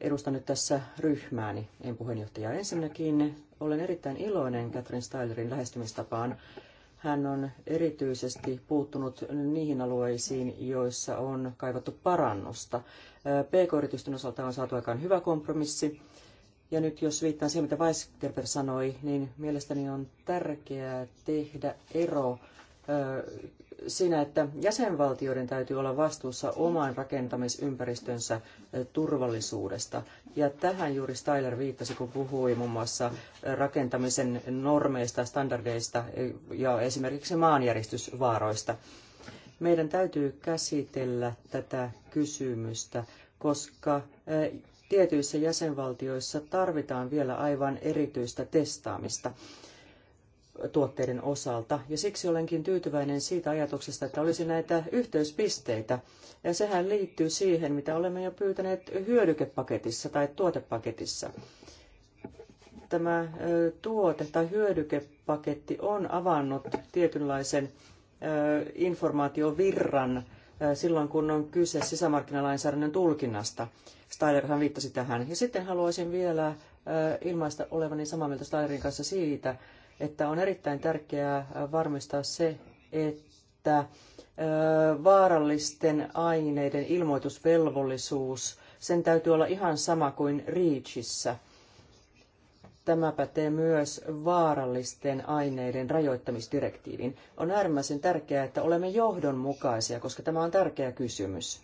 Edustan nyt tässä ryhmääni, en puheenjohtaja. Ensinnäkin olen erittäin iloinen Catherine Stylerin lähestymistapaan hän on erityisesti puuttunut niihin alueisiin, joissa on kaivattu parannusta. PK-yritysten osalta on saatu aikaan hyvä kompromissi. Ja nyt jos viittaan siihen, mitä Weisgerber sanoi, niin mielestäni on tärkeää tehdä ero siinä, että jäsenvaltioiden täytyy olla vastuussa oman rakentamisympäristönsä turvallisuudesta. Ja tähän juuri Styler viittasi, kun puhui muun mm. muassa rakentamisen normeista, standardeista ja esimerkiksi maanjäristysvaaroista. Meidän täytyy käsitellä tätä kysymystä, koska tietyissä jäsenvaltioissa tarvitaan vielä aivan erityistä testaamista tuotteiden osalta. Ja siksi olenkin tyytyväinen siitä ajatuksesta, että olisi näitä yhteyspisteitä. Ja sehän liittyy siihen, mitä olemme jo pyytäneet hyödykepaketissa tai tuotepaketissa. Tämä tuote- tai hyödykepaketti on avannut tietynlaisen informaatiovirran silloin, kun on kyse sisämarkkinalainsäädännön tulkinnasta. Steilerhan viittasi tähän. Ja sitten haluaisin vielä ilmaista olevani samaa mieltä Steilerin kanssa siitä, että on erittäin tärkeää varmistaa se, että vaarallisten aineiden ilmoitusvelvollisuus, sen täytyy olla ihan sama kuin REACHissä. Tämä pätee myös vaarallisten aineiden rajoittamisdirektiiviin. On äärimmäisen tärkeää, että olemme johdonmukaisia, koska tämä on tärkeä kysymys.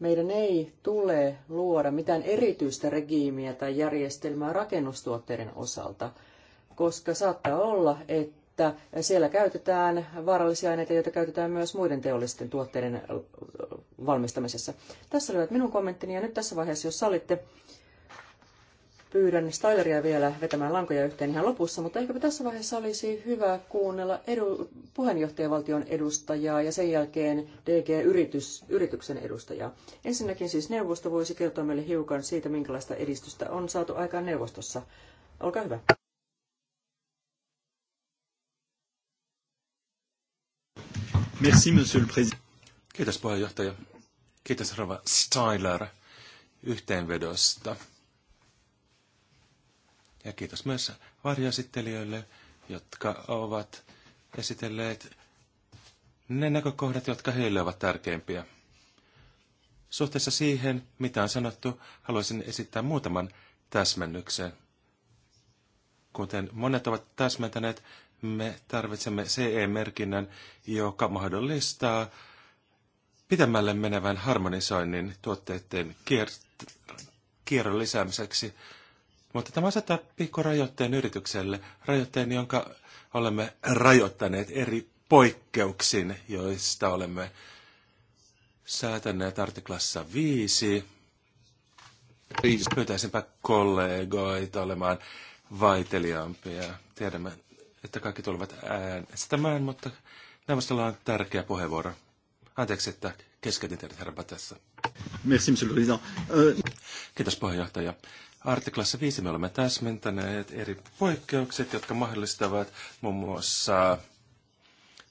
Meidän ei tule luoda mitään erityistä regiimiä tai järjestelmää rakennustuotteiden osalta, koska saattaa olla, että siellä käytetään vaarallisia aineita, joita käytetään myös muiden teollisten tuotteiden valmistamisessa. Tässä olivat minun kommenttini ja nyt tässä vaiheessa, jos sallitte, Pyydän Styleria vielä vetämään lankoja yhteen ihan lopussa, mutta ehkäpä tässä vaiheessa olisi hyvä kuunnella edu, puheenjohtajavaltion edustajaa ja sen jälkeen DG-yrityksen edustajaa. Ensinnäkin siis neuvosto voisi kertoa meille hiukan siitä, minkälaista edistystä on saatu aikaan neuvostossa. Olkaa hyvä. Merci, monsieur le président. Kiitos puheenjohtaja. Kiitos rouva Styler yhteenvedosta. Ja kiitos myös varjoesittelijöille, jotka ovat esitelleet ne näkökohdat, jotka heille ovat tärkeimpiä. Suhteessa siihen, mitä on sanottu, haluaisin esittää muutaman täsmennyksen. Kuten monet ovat täsmentäneet, me tarvitsemme CE-merkinnän, joka mahdollistaa pitämälle menevän harmonisoinnin tuotteiden kier- kierron lisäämiseksi mutta tämä asettaa pikkurajoitteen yritykselle, rajoitteen, jonka olemme rajoittaneet eri poikkeuksin, joista olemme säätäneet artiklassa viisi. Pyytäisinpä kollegoita olemaan vaiteliaampia. Tiedämme, että kaikki tulevat äänestämään, mutta neuvostolla on tärkeä puheenvuoro. Anteeksi, että keskeytin teidät herra Batessa. Merci, monsieur le président. Kiitos puheenjohtaja. Artiklassa 5 me olemme täsmentäneet eri poikkeukset, jotka mahdollistavat muun muassa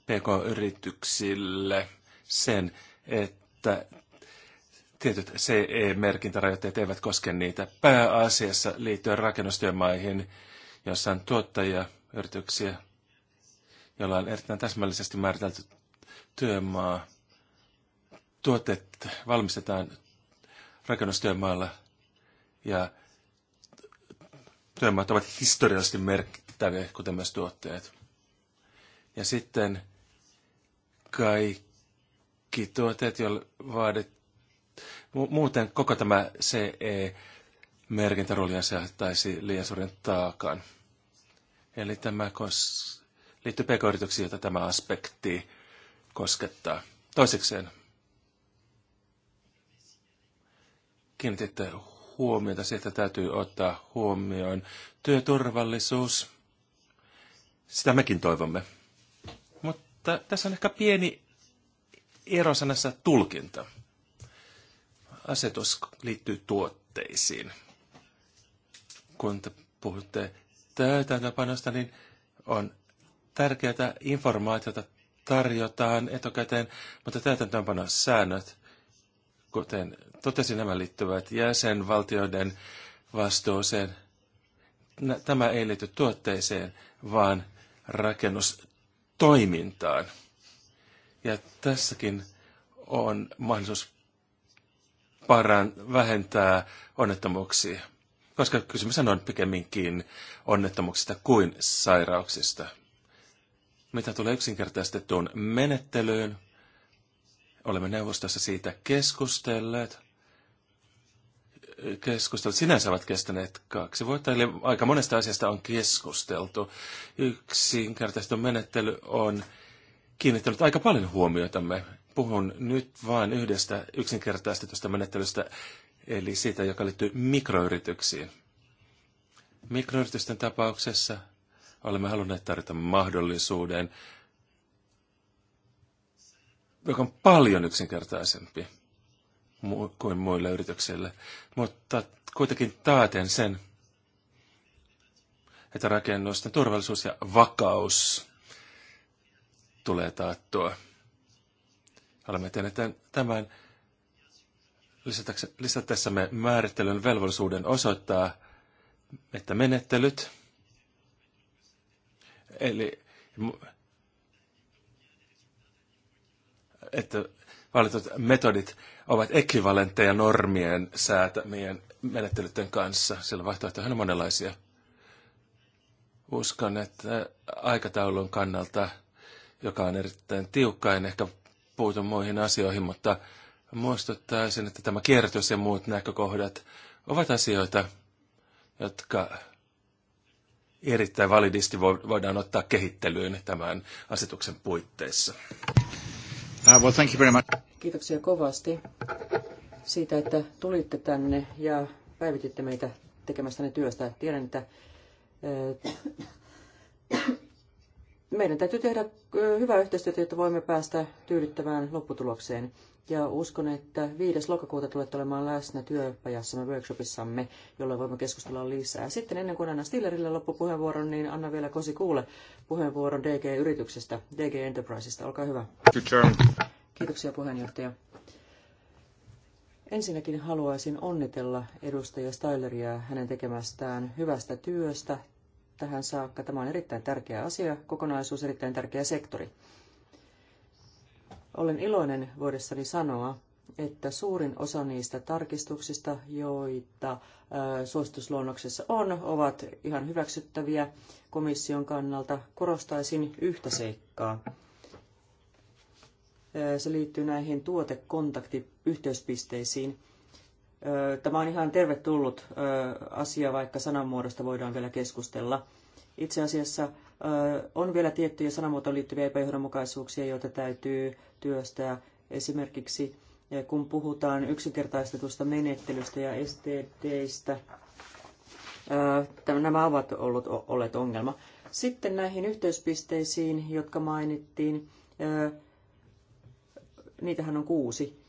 PK-yrityksille sen, että tietyt CE-merkintärajoitteet eivät koske niitä pääasiassa liittyen rakennustyömaihin, jossa on tuottajayrityksiä, joilla on erittäin täsmällisesti määritelty työmaa. Tuotteet valmistetaan rakennustyömaalla ja työmaat ovat historiallisesti merkittäviä, kuten myös tuotteet. Ja sitten kaikki tuotteet, joille vaadit... Muuten koko tämä ce merkintäruoli asettaisi liian suuren taakan. Eli tämä kos... liittyy pk joita tämä aspekti koskettaa. Toisekseen kiinnititte huomiota se, että täytyy ottaa huomioon työturvallisuus. Sitä mekin toivomme. Mutta tässä on ehkä pieni ero sanassa tulkinta. Asetus liittyy tuotteisiin. Kun te puhutte täytäntöpanosta, niin on tärkeää informaatiota tarjotaan etukäteen, mutta täytäntöönpanon säännöt Kuten totesin, nämä liittyvät jäsenvaltioiden vastuuseen. Tämä ei liity tuotteeseen, vaan rakennustoimintaan. Ja tässäkin on mahdollisuus paran vähentää onnettomuuksia, koska kysymys on pikemminkin onnettomuuksista kuin sairauksista. Mitä tulee yksinkertaistettuun menettelyyn, Olemme neuvostossa siitä keskustelleet. Keskustelut sinänsä ovat kestäneet kaksi vuotta, eli aika monesta asiasta on keskusteltu. Yksinkertaisesti menettely on kiinnittänyt aika paljon huomiotamme. Puhun nyt vain yhdestä yksinkertaistetusta menettelystä, eli siitä, joka liittyy mikroyrityksiin. Mikroyritysten tapauksessa olemme halunneet tarjota mahdollisuuden joka on paljon yksinkertaisempi kuin muille yrityksille, mutta kuitenkin taaten sen, että rakennusten turvallisuus ja vakaus tulee taattua. Olemme tehneet tämän lisätessämme määrittelyn velvollisuuden osoittaa, että menettelyt, eli että valitut metodit ovat ekvivalentteja normien säätämien menettelyiden kanssa, sillä vaihtoehtoja on monenlaisia. Uskon, että aikataulun kannalta, joka on erittäin tiukka, en ehkä puutu muihin asioihin, mutta muistuttaisin, että tämä kierrätys ja muut näkökohdat ovat asioita, jotka erittäin validisti voidaan ottaa kehittelyyn tämän asetuksen puitteissa. Uh, well, thank you very much. Kiitoksia kovasti siitä, että tulitte tänne ja päivititte meitä tekemästänne työstä. Tiedän, että eh, meidän täytyy tehdä eh, hyvää yhteistyötä, jotta voimme päästä tyydyttävään lopputulokseen ja uskon, että 5. lokakuuta tulette olemaan läsnä työpajassamme, workshopissamme, jolloin voimme keskustella lisää. Sitten ennen kuin annan Stillerille loppupuheenvuoron, niin anna vielä Kosi Kuule puheenvuoron DG-yrityksestä, DG Enterprisesta. Olkaa hyvä. Kiitoksia puheenjohtaja. Ensinnäkin haluaisin onnitella edustaja Styleria hänen tekemästään hyvästä työstä tähän saakka. Tämä on erittäin tärkeä asia, kokonaisuus, erittäin tärkeä sektori. Olen iloinen voidessani sanoa, että suurin osa niistä tarkistuksista, joita suositusluonnoksessa on, ovat ihan hyväksyttäviä komission kannalta. Korostaisin yhtä seikkaa. Se liittyy näihin tuotekontaktiyhteyspisteisiin. Tämä on ihan tervetullut asia, vaikka sananmuodosta voidaan vielä keskustella. Itse asiassa on vielä tiettyjä sanamuotoon liittyviä epäjohdonmukaisuuksia, joita täytyy työstää. Esimerkiksi kun puhutaan yksinkertaistetusta menettelystä ja STDistä, nämä ovat ollut, olleet ongelma. Sitten näihin yhteyspisteisiin, jotka mainittiin, niitähän on kuusi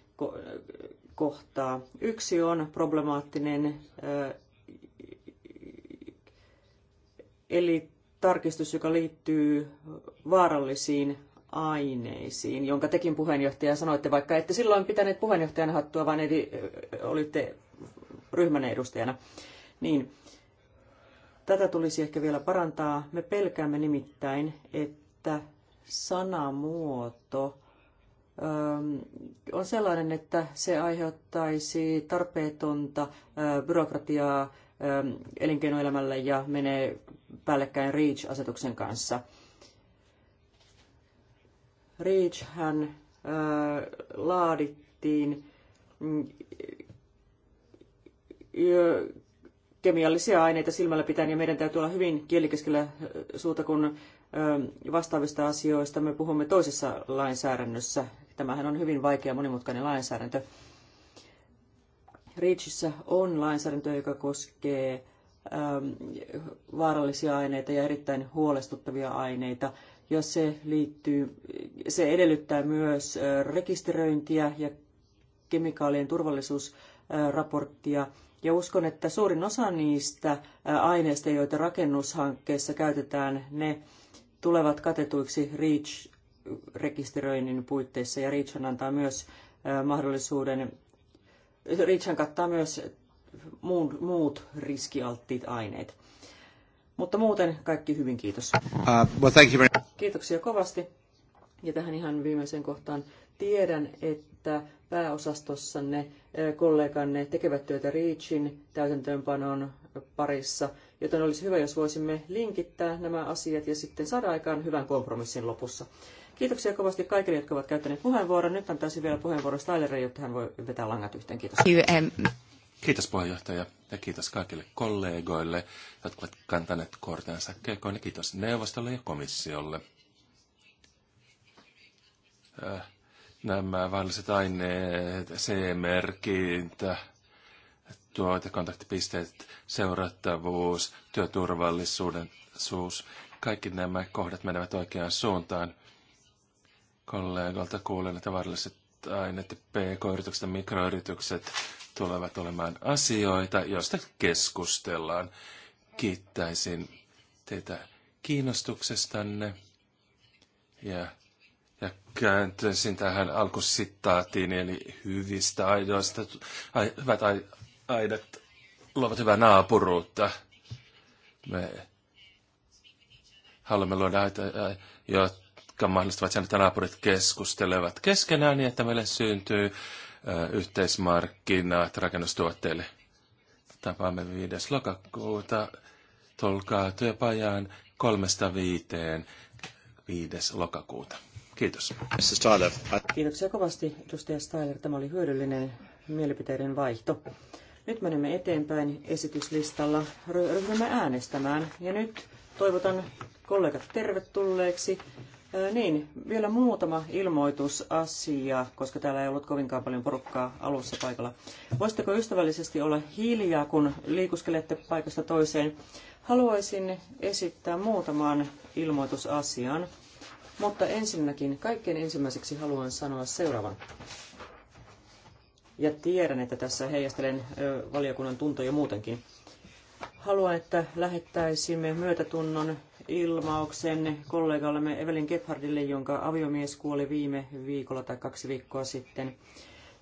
kohtaa. Yksi on problemaattinen, eli tarkistus, joka liittyy vaarallisiin aineisiin, jonka tekin puheenjohtaja sanoitte, vaikka ette silloin pitäneet puheenjohtajan hattua, vaan edi, olitte ryhmän edustajana. Niin, tätä tulisi ehkä vielä parantaa. Me pelkäämme nimittäin, että sanamuoto on sellainen, että se aiheuttaisi tarpeetonta byrokratiaa Ähm, elinkeinoelämälle ja menee päällekkäin REACH-asetuksen kanssa. REACH hän äh, laadittiin mm, kemiallisia aineita silmällä pitäen ja meidän täytyy olla hyvin kielikeskellä äh, suuta, kun ähm, vastaavista asioista me puhumme toisessa lainsäädännössä. Tämähän on hyvin vaikea monimutkainen lainsäädäntö. REACHissä on lainsäädäntö, joka koskee ähm, vaarallisia aineita ja erittäin huolestuttavia aineita. Ja se, liittyy, se edellyttää myös äh, rekisteröintiä ja kemikaalien turvallisuusraporttia. Ja uskon, että suurin osa niistä äh, aineista, joita rakennushankkeessa käytetään, ne tulevat katetuiksi REACH-rekisteröinnin puitteissa. Ja REACH antaa myös äh, mahdollisuuden Richan kattaa myös muut, muut riskialttiit aineet. Mutta muuten kaikki hyvin, kiitos. Uh, well, thank you very... Kiitoksia kovasti. Ja tähän ihan viimeiseen kohtaan tiedän, että pääosastossanne eh, kolleganne tekevät työtä Reachin täytäntöönpanon parissa, joten olisi hyvä, jos voisimme linkittää nämä asiat ja sitten saada aikaan hyvän kompromissin lopussa. Kiitoksia kovasti kaikille, jotka ovat käyttäneet puheenvuoron. Nyt antaisin vielä puheenvuoron Stylerille, jotta hän voi vetää langat yhteen. Kiitos. Um, kiitos puheenjohtaja ja kiitos kaikille kollegoille, jotka ovat kantaneet kortensa kekoon ja kiitos neuvostolle ja komissiolle. Äh, nämä vaaralliset aineet, C-merkintä, tuotekontaktipisteet, seurattavuus, työturvallisuuden suus, kaikki nämä kohdat menevät oikeaan suuntaan kollegalta kuulen, että vaaralliset aineet, pk-yritykset ja mikroyritykset tulevat olemaan asioita, joista keskustellaan. Kiittäisin teitä kiinnostuksestanne ja, ja kääntyisin tähän alkusittaatiin, eli hyvistä aidoista, ai, hyvät ai, aidat luovat hyvää naapuruutta. Me haluamme luoda aitoja, jotta jotka mahdollistavat sen, että naapurit keskustelevat keskenään niin, että meille syntyy yhteismarkkinat rakennustuotteille. Tapaamme 5. lokakuuta. Tulkaa työpajaan kolmesta viiteen 5. lokakuuta. Kiitos. Kiitoksia kovasti, edustaja Steiner. Tämä oli hyödyllinen mielipiteiden vaihto. Nyt menemme eteenpäin esityslistalla. Ryhdymme äänestämään. Ja nyt toivotan kollegat tervetulleeksi. Niin, vielä muutama ilmoitusasia, koska täällä ei ollut kovinkaan paljon porukkaa alussa paikalla. Voisitteko ystävällisesti olla hiljaa, kun liikuskelette paikasta toiseen? Haluaisin esittää muutaman ilmoitusasian, mutta ensinnäkin, kaikkein ensimmäiseksi haluan sanoa seuraavan. Ja tiedän, että tässä heijastelen valiokunnan tuntoja muutenkin. Haluan, että lähettäisimme myötätunnon ilmauksen kollegallemme Evelin Gebhardille, jonka aviomies kuoli viime viikolla tai kaksi viikkoa sitten.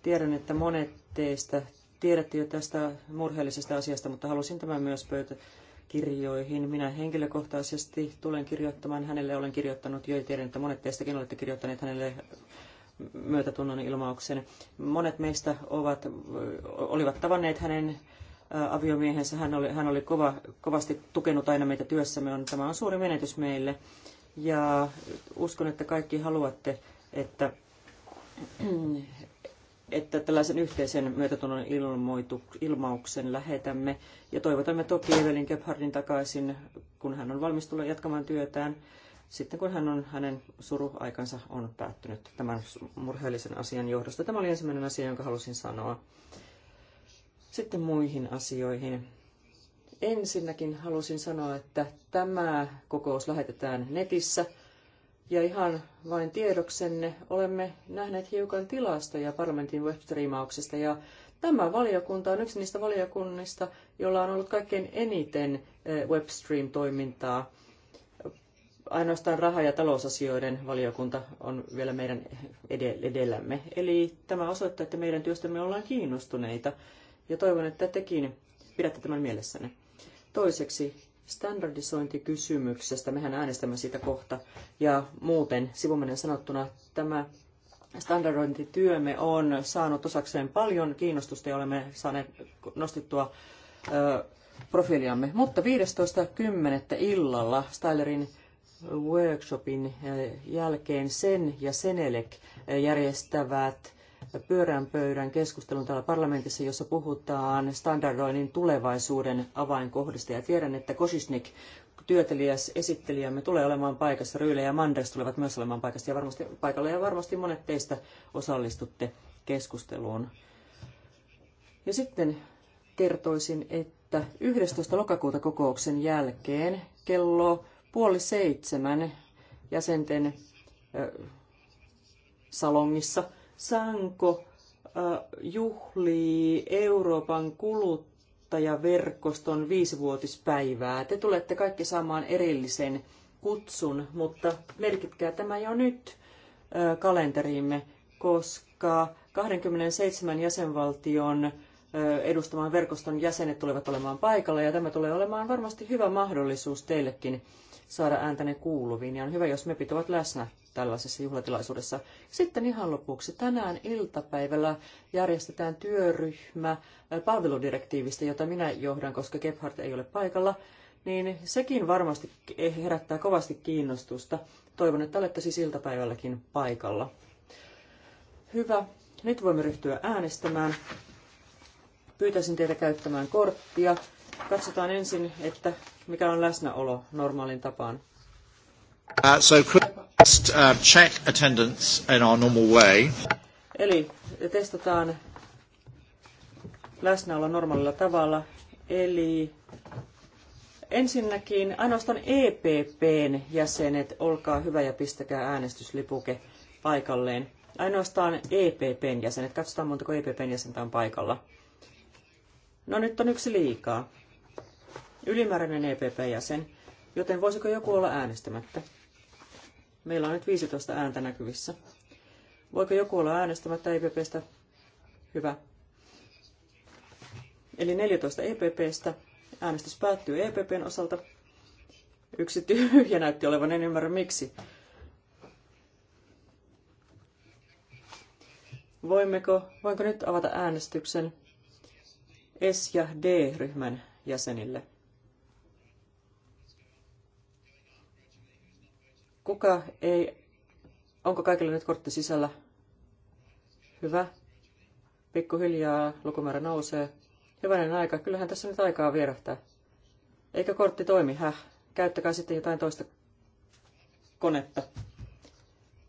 Tiedän, että monet teistä tiedätte jo tästä murheellisesta asiasta, mutta halusin tämän myös pöytäkirjoihin. Minä henkilökohtaisesti tulen kirjoittamaan hänelle, olen kirjoittanut jo ja tiedän, että monet teistäkin olette kirjoittaneet hänelle myötätunnon ilmauksen. Monet meistä ovat, olivat tavanneet hänen aviomiehensä. Hän oli, hän oli kova, kovasti tukenut aina meitä työssämme. On, tämä on suuri menetys meille. Ja uskon, että kaikki haluatte, että, että tällaisen yhteisen myötätunnon ilmauksen lähetämme. Ja toivotamme toki Evelin Gebhardin takaisin, kun hän on valmis tulla jatkamaan työtään sitten kun hän on, hänen suruaikansa on päättynyt tämän murheellisen asian johdosta. Tämä oli ensimmäinen asia, jonka halusin sanoa. Sitten muihin asioihin. Ensinnäkin halusin sanoa, että tämä kokous lähetetään netissä. Ja ihan vain tiedoksenne olemme nähneet hiukan tilastoja parlamentin webstreamauksesta ja Tämä valiokunta on yksi niistä valiokunnista, jolla on ollut kaikkein eniten eh, webstream-toimintaa. Ainoastaan raha- ja talousasioiden valiokunta on vielä meidän edellämme. Eli tämä osoittaa, että meidän työstämme ollaan kiinnostuneita ja toivon, että tekin pidätte tämän mielessänne. Toiseksi standardisointikysymyksestä, mehän äänestämme siitä kohta, ja muuten sivuminen sanottuna tämä standardointityömme on saanut osakseen paljon kiinnostusta ja olemme saaneet nostettua ö, profiiliamme. Mutta 15.10. illalla Stylerin workshopin jälkeen sen ja Senelek järjestävät pyörän pöydän keskustelun täällä parlamentissa, jossa puhutaan standardoinnin tulevaisuuden avainkohdista. Ja tiedän, että Kosisnik, työtelijäs esittelijämme, tulee olemaan paikassa. Ryyle ja Manders tulevat myös olemaan paikassa ja varmasti, paikalla ja varmasti monet teistä osallistutte keskusteluun. Ja sitten kertoisin, että 11. lokakuuta kokouksen jälkeen kello puoli seitsemän jäsenten salongissa – Sanko juhlii Euroopan kuluttajaverkoston viisivuotispäivää. Te tulette kaikki saamaan erillisen kutsun, mutta merkitkää tämä jo nyt kalenteriimme, koska 27 jäsenvaltion edustaman verkoston jäsenet tulevat olemaan paikalla ja tämä tulee olemaan varmasti hyvä mahdollisuus teillekin saada ääntäne kuuluviin. Ja on hyvä, jos mepit ovat läsnä tällaisessa juhlatilaisuudessa. Sitten ihan lopuksi. Tänään iltapäivällä järjestetään työryhmä palveludirektiivistä, jota minä johdan, koska Gebhardt ei ole paikalla. Niin sekin varmasti herättää kovasti kiinnostusta. Toivon, että olette siis iltapäivälläkin paikalla. Hyvä. Nyt voimme ryhtyä äänestämään. Pyytäisin teitä käyttämään korttia. Katsotaan ensin, että mikä on läsnäolo normaalin tapaan. Uh, so uh, check attendance in our normal way. Eli testataan läsnäolo normaalilla tavalla. Eli ensinnäkin ainoastaan EPPn jäsenet, olkaa hyvä ja pistäkää äänestyslipuke paikalleen. Ainoastaan EPPn jäsenet. Katsotaan montako EPPn jäsentä on paikalla. No nyt on yksi liikaa ylimääräinen EPP-jäsen, joten voisiko joku olla äänestämättä? Meillä on nyt 15 ääntä näkyvissä. Voiko joku olla äänestämättä EPPstä? Hyvä. Eli 14 EPPstä. Äänestys päättyy EPPn osalta. Yksi tyhjä näytti olevan, en ymmärrä miksi. Voimmeko, voinko nyt avata äänestyksen S- ja D-ryhmän jäsenille? Kuka ei... Onko kaikilla nyt kortti sisällä? Hyvä. hiljaa lukumäärä nousee. Hyvänen aika. Kyllähän tässä nyt aikaa vierähtää. Eikä kortti toimi, häh? Käyttäkää sitten jotain toista konetta.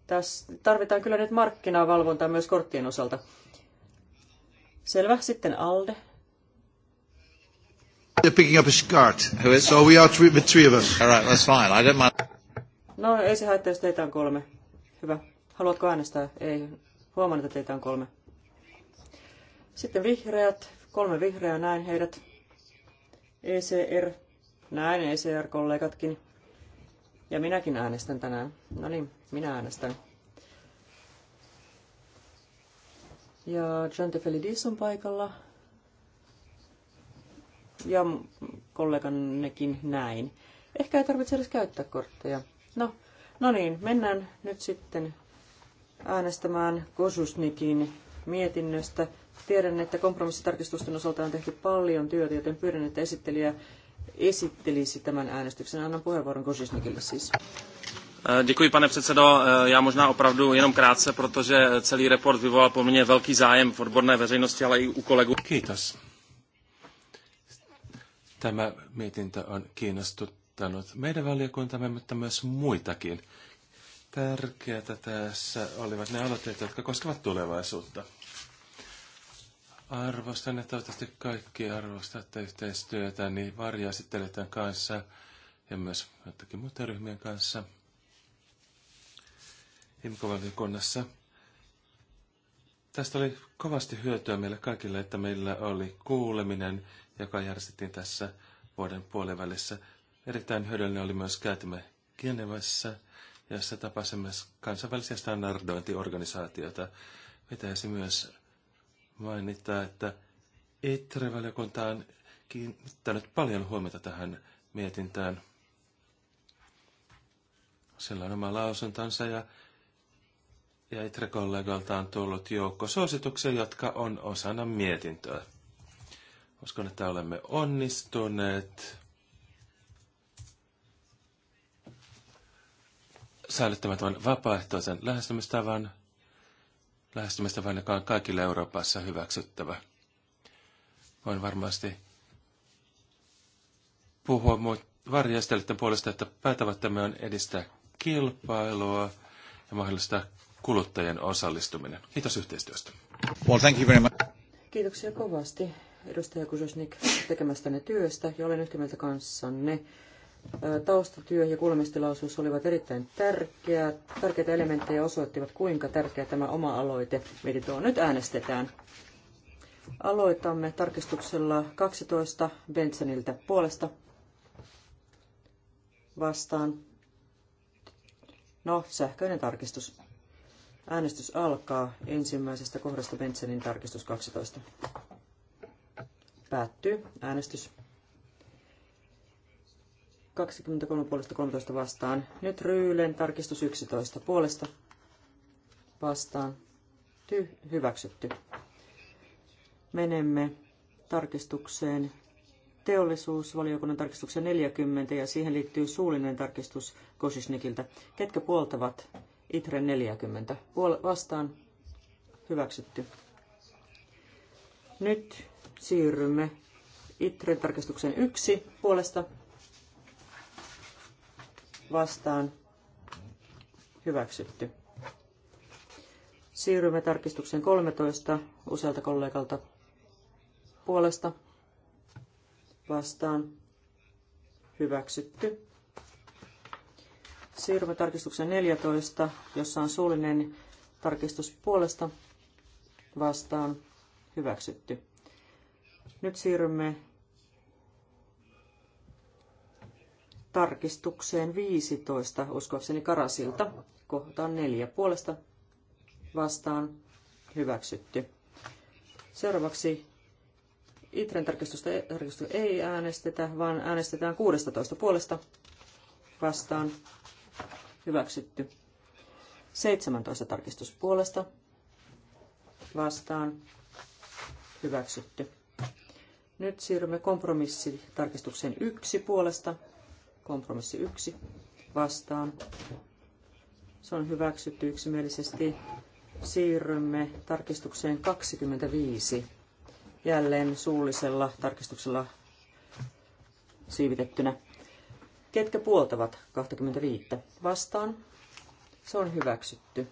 Tässä tarvitaan kyllä nyt markkinavalvontaa myös korttien osalta. Selvä. Sitten Alde. They're picking up a cart. So oh, we are three, the three of us. All right, that's fine. I don't mind. No, ei se haittaa, jos teitä on kolme. Hyvä. Haluatko äänestää? Ei. Huomaan, että teitä on kolme. Sitten vihreät. Kolme vihreää, näin heidät. ECR. Näin ECR-kollegatkin. Ja minäkin äänestän tänään. No niin, minä äänestän. Ja John Tefelidis on paikalla. Ja kollegannekin näin. Ehkä ei tarvitse edes käyttää kortteja. No, no niin, mennään nyt sitten äänestämään Kosusnikin mietinnöstä. Tiedän, että kompromissitarkistusten osalta on tehty paljon työtä, joten pyydän, että esittelijä esittelisi tämän äänestyksen. Annan puheenvuoron Kosusnikille siis. Eh, děkuji, pane předsedo. Eh, já možná opravdu jenom krátce, protože celý report vyvolal po mně velký zájem v odborné veřejnosti, ale i u kolegů. Kiitos. Tämä mietintö on kiinnostut, auttanut meidän valiokuntamme, mutta myös muitakin. Tärkeätä tässä olivat ne aloitteet, jotka koskevat tulevaisuutta. Arvostan ja toivottavasti kaikki arvostatte yhteistyötä niin varjaesittelijöiden kanssa ja myös jotakin muiden ryhmien kanssa imco Tästä oli kovasti hyötyä meille kaikille, että meillä oli kuuleminen, joka järjestettiin tässä vuoden puolivälissä. Erittäin hyödyllinen oli myös käytämme Genevassa, jossa tapasimme kansainvälisiä standardointiorganisaatioita. Pitäisi myös mainita, että ITRE-valiokunta e on kiinnittänyt paljon huomiota tähän mietintään. Sillä on oma lausuntansa ja, ja ITRE-kollegalta e on tullut joukko suosituksia, jotka on osana mietintöä. Uskon, että olemme onnistuneet säilyttämätön vapaaehtoisen lähestymistavan, lähestymistavan, joka on kaikille Euroopassa hyväksyttävä. Voin varmasti puhua varjastelijoiden puolesta, että päätavoittamme on edistää kilpailua ja mahdollistaa kuluttajien osallistuminen. Kiitos yhteistyöstä. Well, thank you very much. Kiitoksia kovasti edustaja Kusosnik tekemästänne työstä ja olen yhtä mieltä kanssanne Taustatyö ja kuulemistilaisuus olivat erittäin tärkeä, tärkeitä elementtejä osoittivat, kuinka tärkeä tämä oma aloite meidän on. Nyt äänestetään. Aloitamme tarkistuksella 12 Bensoniltä puolesta vastaan. No, sähköinen tarkistus. Äänestys alkaa ensimmäisestä kohdasta Bensonin tarkistus 12. Päättyy äänestys. 23 puolesta 13 vastaan. Nyt Ryylen tarkistus 11 puolesta vastaan. Ty- hyväksytty. Menemme tarkistukseen teollisuusvaliokunnan tarkistuksen 40 ja siihen liittyy suullinen tarkistus Kosisnikiltä. Ketkä puoltavat ITRE 40? Puol- vastaan hyväksytty. Nyt siirrymme ITREn tarkistukseen 1 puolesta vastaan hyväksytty. Siirrymme tarkistukseen 13 usealta kollegalta puolesta vastaan hyväksytty. Siirrymme tarkistukseen 14, jossa on suullinen tarkistus puolesta vastaan hyväksytty. Nyt siirrymme tarkistukseen 15, uskoakseni Karasilta, kohtaan neljä puolesta vastaan hyväksytty. Seuraavaksi Itren tarkistusta, ei äänestetä, vaan äänestetään 16 puolesta vastaan hyväksytty. 17 tarkistus puolesta vastaan hyväksytty. Nyt siirrymme kompromissitarkistukseen yksi puolesta Kompromissi yksi vastaan. Se on hyväksytty yksimielisesti. Siirrymme tarkistukseen 25. Jälleen suullisella tarkistuksella siivitettynä. Ketkä puoltavat 25? Vastaan. Se on hyväksytty.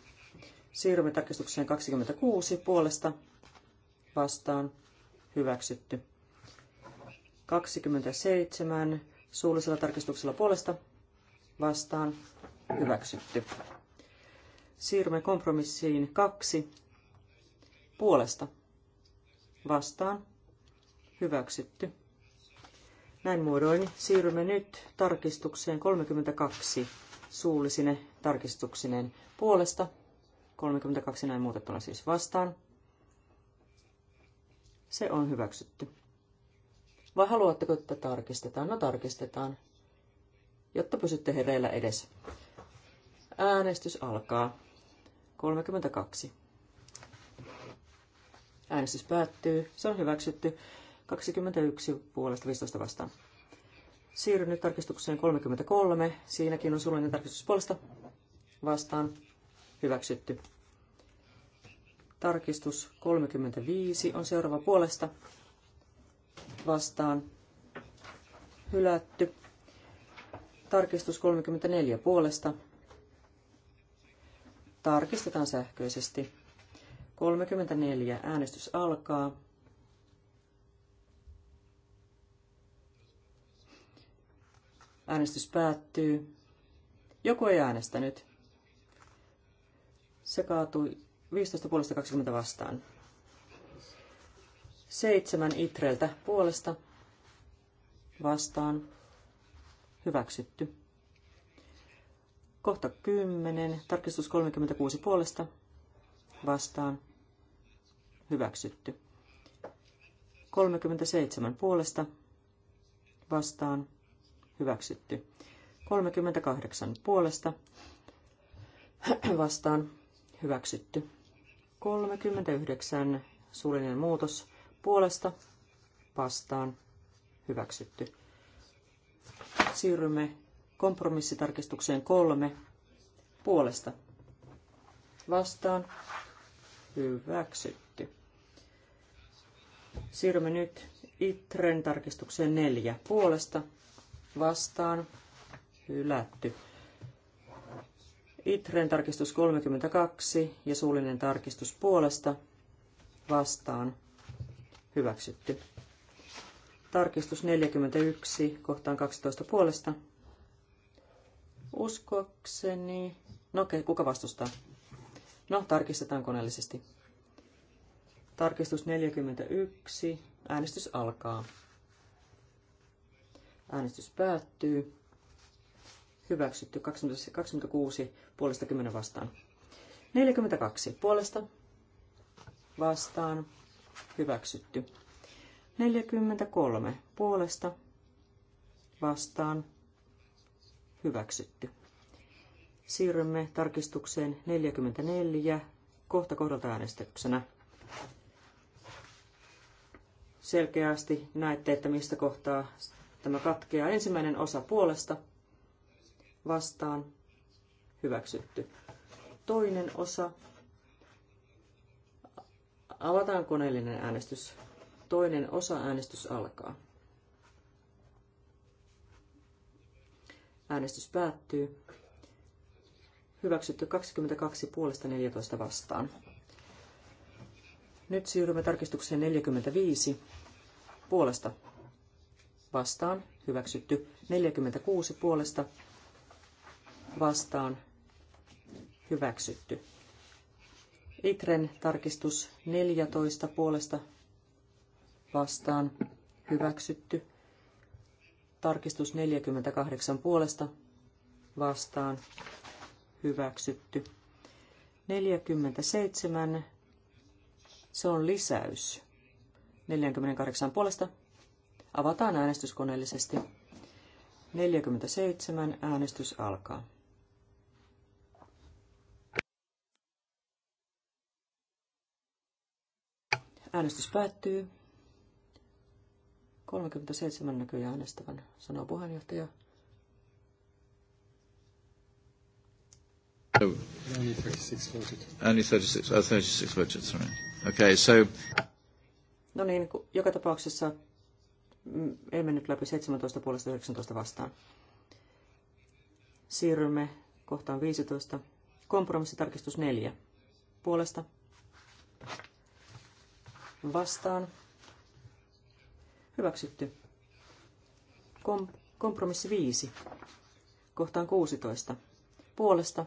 Siirrymme tarkistukseen 26 puolesta vastaan hyväksytty. 27 suullisella tarkistuksella puolesta vastaan hyväksytty. Siirrymme kompromissiin kaksi puolesta vastaan hyväksytty. Näin muodoin siirrymme nyt tarkistukseen 32 suullisine tarkistuksineen puolesta. 32 näin muutettuna siis vastaan. Se on hyväksytty. Vai haluatteko, että tarkistetaan? No tarkistetaan, jotta pysytte hereillä edes. Äänestys alkaa. 32. Äänestys päättyy. Se on hyväksytty. 21 puolesta 15 vastaan. Siirryn nyt tarkistukseen 33. Siinäkin on suullinen tarkistus puolesta vastaan. Hyväksytty. Tarkistus 35 on seuraava puolesta vastaan hylätty. Tarkistus 34 puolesta. Tarkistetaan sähköisesti. 34. Äänestys alkaa. Äänestys päättyy. Joku ei äänestänyt. Se kaatui 15 puolesta 20 vastaan. Seitsemän itreltä puolesta vastaan hyväksytty. Kohta 10. Tarkistus 36 puolesta vastaan hyväksytty. 37 puolesta vastaan hyväksytty. 38 puolesta vastaan hyväksytty. 39 suullinen muutos puolesta vastaan hyväksytty. Siirrymme kompromissitarkistukseen kolme puolesta vastaan hyväksytty. Siirrymme nyt ITREN tarkistukseen neljä puolesta vastaan hylätty. ITREN tarkistus 32 ja suullinen tarkistus puolesta vastaan Hyväksytty. Tarkistus 41 kohtaan 12 puolesta. Uskokseni... No okei, okay, kuka vastustaa? No, tarkistetaan koneellisesti. Tarkistus 41. Äänestys alkaa. Äänestys päättyy. Hyväksytty 20, 26 puolesta 10 vastaan. 42 puolesta vastaan hyväksytty. 43 puolesta vastaan hyväksytty. Siirrymme tarkistukseen 44 kohta kohdalta äänestyksenä. Selkeästi näette, että mistä kohtaa tämä katkeaa. Ensimmäinen osa puolesta vastaan hyväksytty. Toinen osa Avataan koneellinen äänestys. Toinen osa äänestys alkaa. Äänestys päättyy. Hyväksytty 22 puolesta 14 vastaan. Nyt siirrymme tarkistukseen 45. Puolesta vastaan hyväksytty 46 puolesta vastaan hyväksytty Itren tarkistus 14 puolesta vastaan hyväksytty. Tarkistus 48 puolesta vastaan hyväksytty. 47, se on lisäys. 48 puolesta avataan äänestyskoneellisesti. 47 äänestys alkaa. Äänestys päättyy. 37 näköjään äänestävän, sanoo puheenjohtaja. Only 36 voted. Only 36, oh, 36 voted, sorry. Okay, so... No niin, joka tapauksessa mm, ei mennyt läpi 17 puolesta 19 vastaan. Siirrymme kohtaan 15. Kompromissitarkistus 4. Puolesta vastaan. Hyväksytty. Kom- kompromissi 5. Kohtaan 16. Puolesta.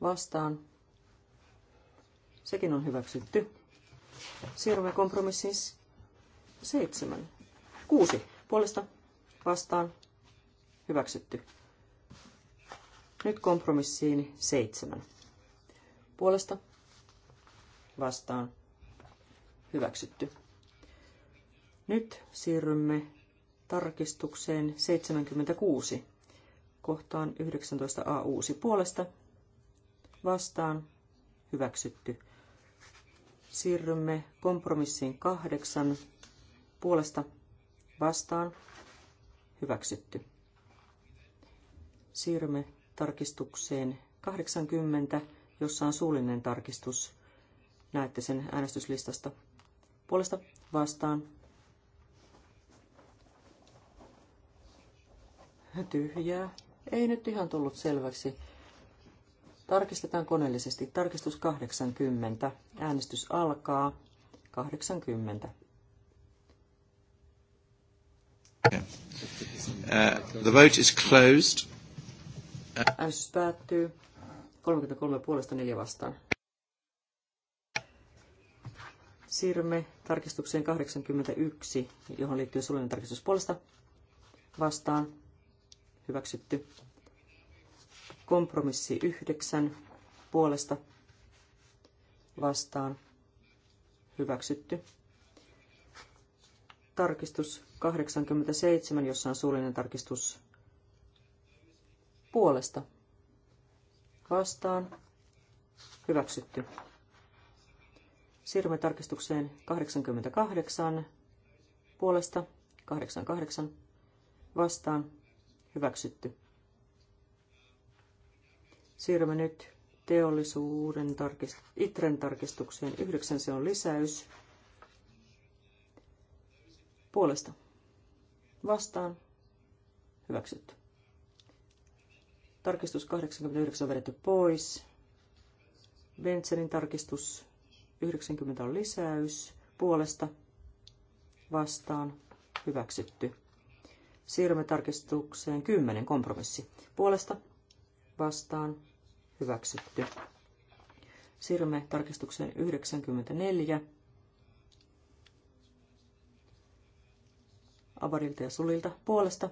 Vastaan. Sekin on hyväksytty. Siirrymme kompromissiin 7. 6. Puolesta. Vastaan. Hyväksytty. Nyt kompromissiin 7. Puolesta. Vastaan hyväksytty. Nyt siirrymme tarkistukseen 76 kohtaan 19a uusi puolesta vastaan hyväksytty. Siirrymme kompromissiin kahdeksan puolesta vastaan hyväksytty. Siirrymme tarkistukseen 80, jossa on suullinen tarkistus. Näette sen äänestyslistasta puolesta vastaan. Tyhjää. Ei nyt ihan tullut selväksi. Tarkistetaan koneellisesti. Tarkistus 80. Äänestys alkaa. 80. Uh, the vote is closed. Äänestys päättyy. 33 puolesta 4 vastaan. Siirrymme tarkistukseen 81, johon liittyy suullinen tarkistus puolesta. Vastaan. Hyväksytty. Kompromissi 9 puolesta. Vastaan. Hyväksytty. Tarkistus 87, jossa on suullinen tarkistus puolesta. Vastaan. Hyväksytty. Siirrymme tarkistukseen 88 puolesta 88 vastaan hyväksytty. Siirrymme nyt teollisuuden tarkist, ITREN tarkistukseen. Yhdeksän se on lisäys. Puolesta. Vastaan. Hyväksytty. Tarkistus 89 on vedetty pois. Bentsenin tarkistus 90 on lisäys puolesta vastaan hyväksytty. Siirrymme tarkistukseen 10 kompromissi. Puolesta vastaan hyväksytty. Siirrymme tarkistukseen 94. Avarilta ja Sulilta puolesta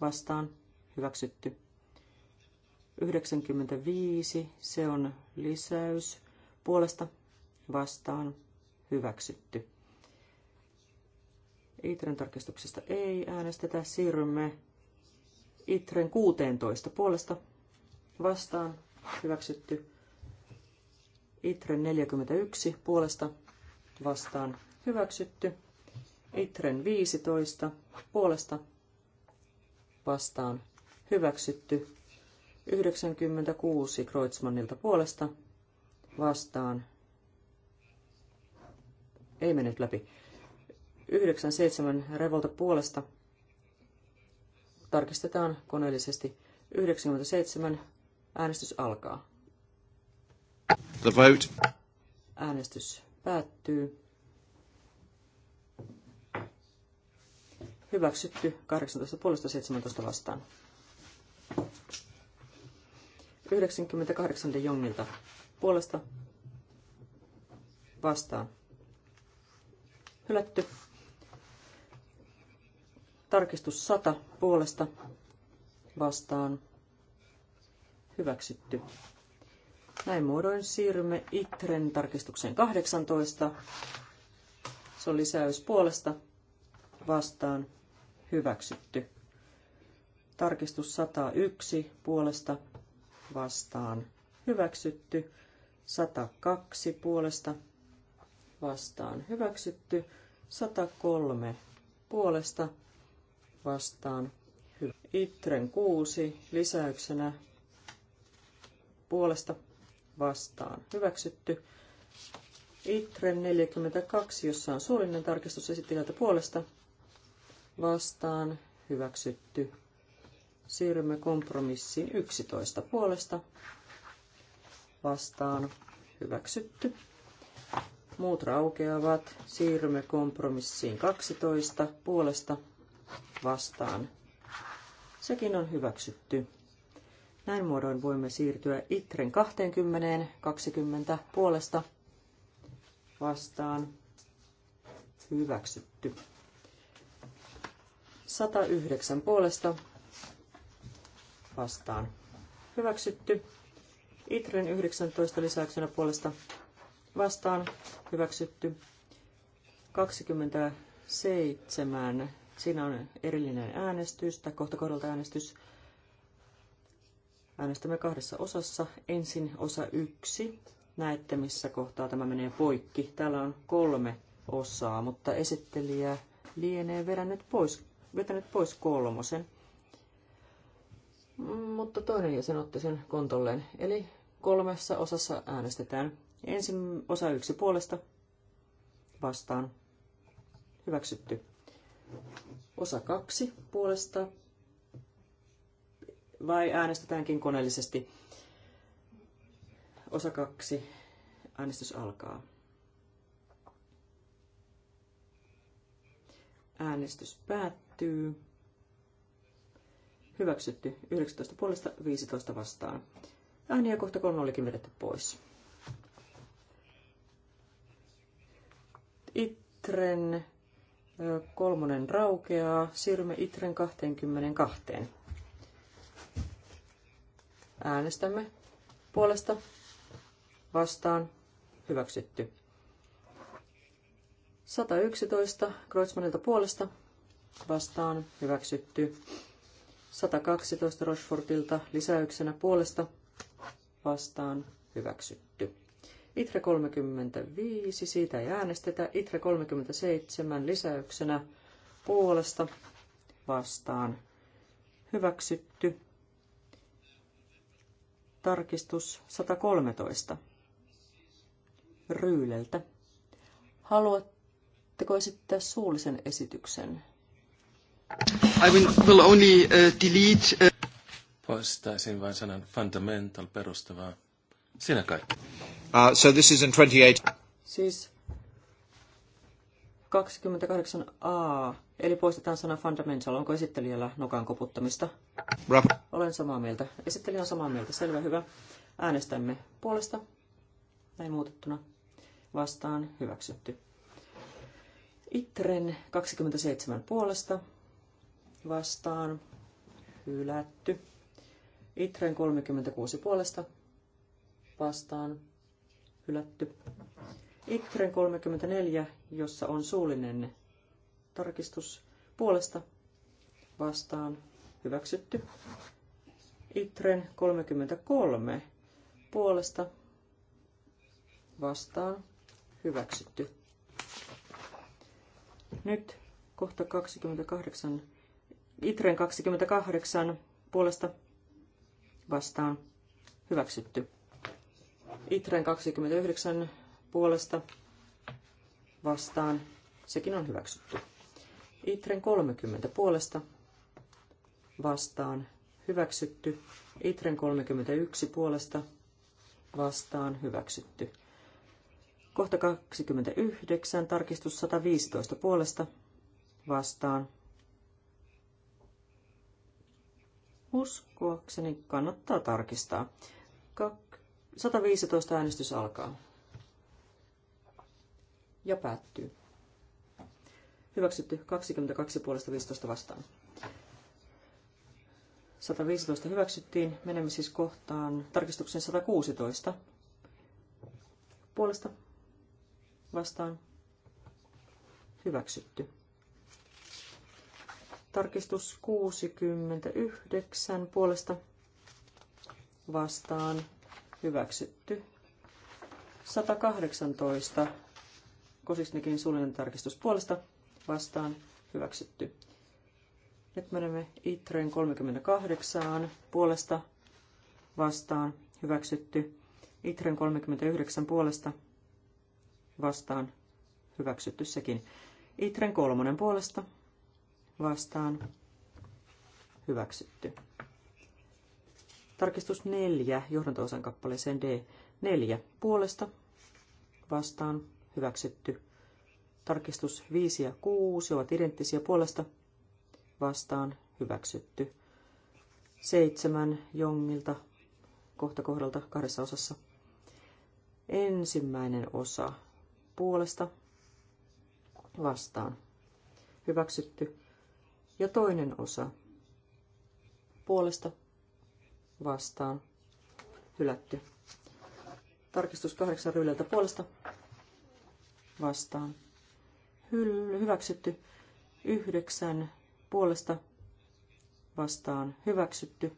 vastaan hyväksytty. 95, se on lisäys puolesta vastaan hyväksytty. Itren tarkistuksesta ei äänestetä. Siirrymme Itren 16 puolesta vastaan hyväksytty. Itren 41 puolesta vastaan hyväksytty. Itren 15 puolesta vastaan hyväksytty. 96 Kreutzmannilta puolesta vastaan ei mennyt läpi. 97 revolta puolesta tarkistetaan koneellisesti. 97 äänestys alkaa. The vote. Äänestys päättyy. Hyväksytty 18 puolesta 17 vastaan. 98 de Jongilta puolesta vastaan. Hylätty. Tarkistus 100 puolesta vastaan. Hyväksytty. Näin muodoin siirrymme ITREN tarkistukseen 18. Se on lisäys puolesta vastaan hyväksytty. Tarkistus 101 puolesta vastaan hyväksytty. 102 puolesta vastaan hyväksytty, 103 puolesta vastaan hyvä. Itren 6 lisäyksenä puolesta vastaan hyväksytty. Itren 42, jossa on suullinen tarkistus esittelijältä puolesta vastaan hyväksytty. Siirrymme kompromissiin 11 puolesta vastaan hyväksytty. Muut raukeavat. Siirrymme kompromissiin 12 puolesta vastaan. Sekin on hyväksytty. Näin muodoin voimme siirtyä Itren 20, 20 puolesta vastaan. Hyväksytty. 109 puolesta vastaan. Hyväksytty. Itren 19 lisäyksenä puolesta vastaan hyväksytty. 27. Siinä on erillinen äänestys tai kohdalta äänestys. Äänestämme kahdessa osassa. Ensin osa yksi. Näette, missä kohtaa tämä menee poikki. Täällä on kolme osaa, mutta esittelijä lienee vetänyt pois, vetänyt pois kolmosen. Mm, mutta toinen jäsen otti sen kontolleen. Eli kolmessa osassa äänestetään Ensin osa yksi puolesta vastaan. Hyväksytty. Osa kaksi puolesta. Vai äänestetäänkin koneellisesti? Osa kaksi. Äänestys alkaa. Äänestys päättyy. Hyväksytty 19 puolesta 15 vastaan. Ääniä kohta kolme olikin vedetty pois. Itren kolmonen raukeaa. Siirrymme Itren 22. Äänestämme puolesta vastaan hyväksytty. 111 Kreutzmannilta puolesta vastaan hyväksytty. 112 Rochefortilta lisäyksenä puolesta vastaan hyväksytty. ITRE 35, siitä ei äänestetä. ITRE 37 lisäyksenä puolesta vastaan hyväksytty. Tarkistus 113 Ryyleltä. Haluatteko esittää suullisen esityksen? I will only uh, delete... Uh... Poistaisin vain sanan fundamental perustavaa. Sinä kaikki. Uh, so this is in 28. Siis 28a, eli poistetaan sana fundamental. Onko esittelijällä nokan koputtamista? Rap. Olen samaa mieltä. Esittelijä on samaa mieltä. Selvä, hyvä. Äänestämme puolesta. Näin muutettuna. Vastaan hyväksytty. Itren 27 puolesta. Vastaan hylätty. Itren 36 puolesta. Vastaan hylätty. Ikkren 34, jossa on suullinen tarkistus puolesta vastaan hyväksytty. Itren 33 puolesta vastaan hyväksytty. Nyt kohta 28, Itren 28 puolesta vastaan hyväksytty. Itren 29 puolesta vastaan. Sekin on hyväksytty. Itren 30 puolesta vastaan. Hyväksytty. Itren 31 puolesta vastaan. Hyväksytty. Kohta 29. Tarkistus 115 puolesta vastaan. Uskoakseni kannattaa tarkistaa. 115 äänestys alkaa. Ja päättyy. Hyväksytty 22 puolesta 15 vastaan. 115 hyväksyttiin. Menemme siis kohtaan tarkistuksen 116. Puolesta vastaan hyväksytty. Tarkistus 69 puolesta vastaan hyväksytty. 118. Kosisnikin suullinen tarkistus puolesta vastaan hyväksytty. Nyt menemme Itren 38 puolesta vastaan hyväksytty. Itren 39 puolesta vastaan hyväksytty sekin. Itren kolmonen puolesta vastaan hyväksytty. Tarkistus 4, johdanto-osan kappaleeseen D4, puolesta vastaan hyväksytty. Tarkistus 5 ja 6 ovat identtisiä puolesta vastaan hyväksytty. 7 jongilta kohta kohdalta kahdessa osassa. Ensimmäinen osa puolesta vastaan hyväksytty ja toinen osa puolesta vastaan hylätty. Tarkistus kahdeksan ryhdeltä puolesta vastaan Hyl- hyväksytty. yhdeksän puolesta vastaan hyväksytty.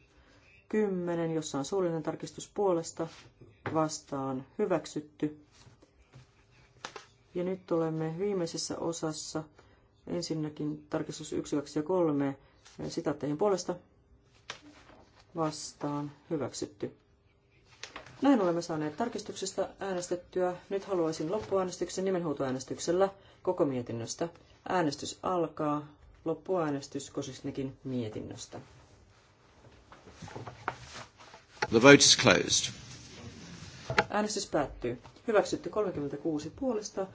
kymmenen jossa on suullinen tarkistus puolesta vastaan hyväksytty. Ja nyt olemme viimeisessä osassa ensinnäkin tarkistus 1, 2 ja 3 sitaatteihin puolesta vastaan hyväksytty. Näin olemme saaneet tarkistuksesta äänestettyä. Nyt haluaisin loppuäänestyksen nimenhuutoäänestyksellä koko mietinnöstä. Äänestys alkaa. Loppuäänestys Kosisnikin mietinnöstä. The vote is closed. Äänestys päättyy. Hyväksytty 36 puolesta,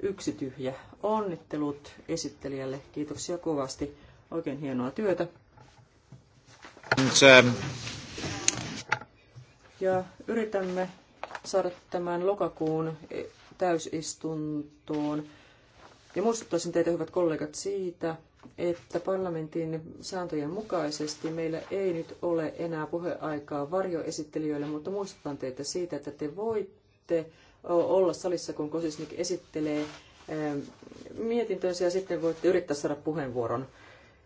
yksi tyhjä. Onnittelut esittelijälle. Kiitoksia kovasti. Oikein hienoa työtä. Um, ja yritämme saada tämän lokakuun e, täysistuntoon. Ja muistuttaisin teitä, hyvät kollegat, siitä, että parlamentin sääntöjen mukaisesti meillä ei nyt ole enää puheaikaa varjoesittelijöille, mutta muistutan teitä siitä, että te voitte olla salissa, kun Kosisnik esittelee mietintönsä ja sitten voitte yrittää saada puheenvuoron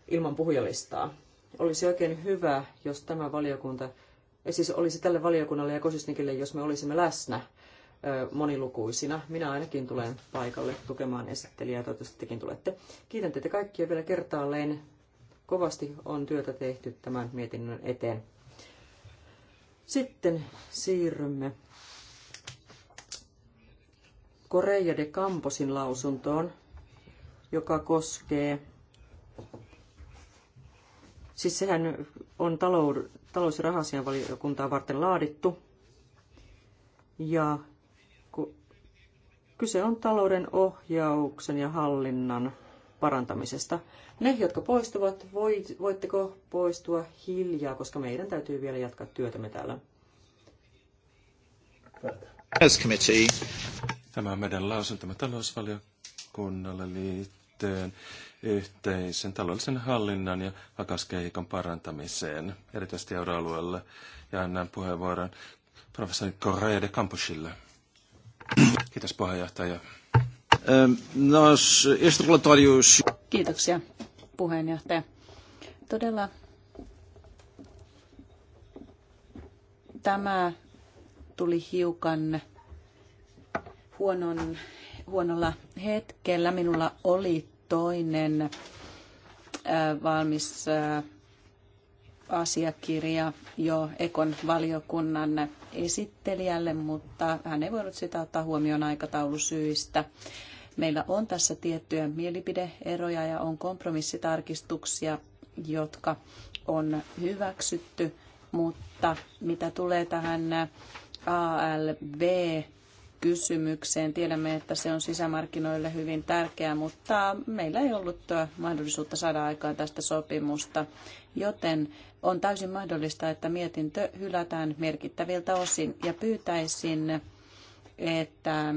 ilman puhujalistaa. Olisi oikein hyvä, jos tämä valiokunta, eh, siis olisi tälle valiokunnalle ja Kosisnikille, jos me olisimme läsnä monilukuisina. Minä ainakin tulen paikalle tukemaan esittelijää, toivottavasti tekin tulette. Kiitän teitä kaikkia vielä kertaalleen. Kovasti on työtä tehty tämän mietinnön eteen. Sitten siirrymme Correia de Camposin lausuntoon, joka koskee Siis sehän on talou- talous- ja rahasianvaliokuntaa varten laadittu. Ja kyse on talouden ohjauksen ja hallinnan parantamisesta. Ne, jotka poistuvat, voitteko poistua hiljaa, koska meidän täytyy vielä jatkaa työtämme täällä. Tämä on meidän lausuntamme talousvaliokunnalle liittyen liittyen yhteisen taloudellisen hallinnan ja vakauskehikon parantamiseen, erityisesti euroalueella. Ja annan puheenvuoron professori Correa de Campusille. Kiitos puheenjohtaja. Ähm, Kiitoksia puheenjohtaja. Todella tämä tuli hiukan huonon huonolla hetkellä. Minulla oli toinen äh, valmis äh, asiakirja jo Ekon valiokunnan esittelijälle, mutta hän ei voinut sitä ottaa huomioon aikataulusyistä. Meillä on tässä tiettyjä mielipideeroja ja on kompromissitarkistuksia, jotka on hyväksytty, mutta mitä tulee tähän ALV kysymykseen. Tiedämme, että se on sisämarkkinoille hyvin tärkeää, mutta meillä ei ollut mahdollisuutta saada aikaan tästä sopimusta, joten on täysin mahdollista, että mietintö hylätään merkittäviltä osin ja pyytäisin, että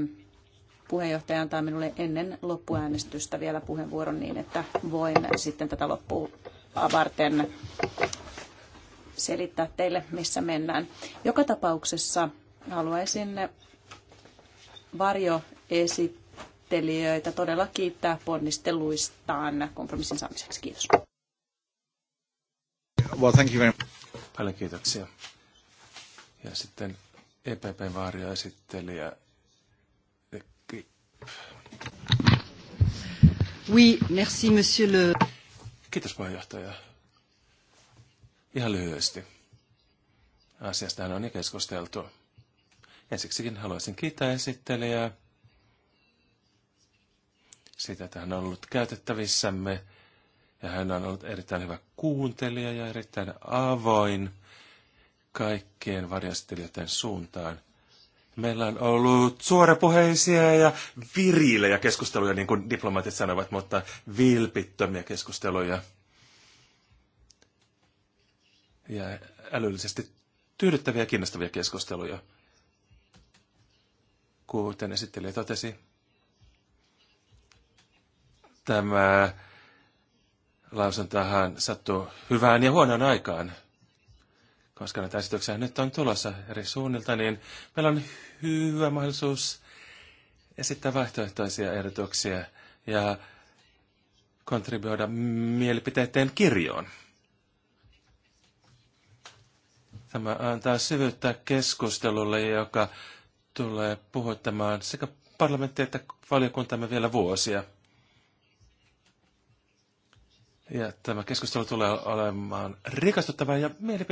puheenjohtaja antaa minulle ennen loppuäänestystä vielä puheenvuoron niin, että voin sitten tätä loppua varten selittää teille, missä mennään. Joka tapauksessa haluaisin varjoesittelijöitä todella kiittää ponnisteluistaan kompromissin saamiseksi. Kiitos. Well, thank you very much. Paljon kiitoksia. Ja sitten EPPn varjoesittelijä Oui, merci, monsieur le... Kiitos puheenjohtaja. Ihan lyhyesti. Asiasta on jo keskusteltu. Ensiksikin haluaisin kiittää esittelijää siitä, että hän on ollut käytettävissämme ja hän on ollut erittäin hyvä kuuntelija ja erittäin avoin kaikkien varjastelijoiden suuntaan. Meillä on ollut suorapuheisia ja virilejä keskusteluja, niin kuin diplomaatit sanovat, mutta vilpittömiä keskusteluja. Ja älyllisesti tyydyttäviä ja kiinnostavia keskusteluja. Kuten esittelijä totesi, tämä lausuntahan sattuu hyvään ja huonoon aikaan. Koska näitä esityksiä nyt on tulossa eri suunnilta, niin meillä on hyvä mahdollisuus esittää vaihtoehtoisia ehdotuksia ja kontribuoida mielipiteiden kirjoon. Tämä antaa syvyyttä keskustelulle, joka tulee puhuttamaan sekä parlamentti että valiokuntamme vielä vuosia. Ja tämä keskustelu tulee olemaan rikastuttava ja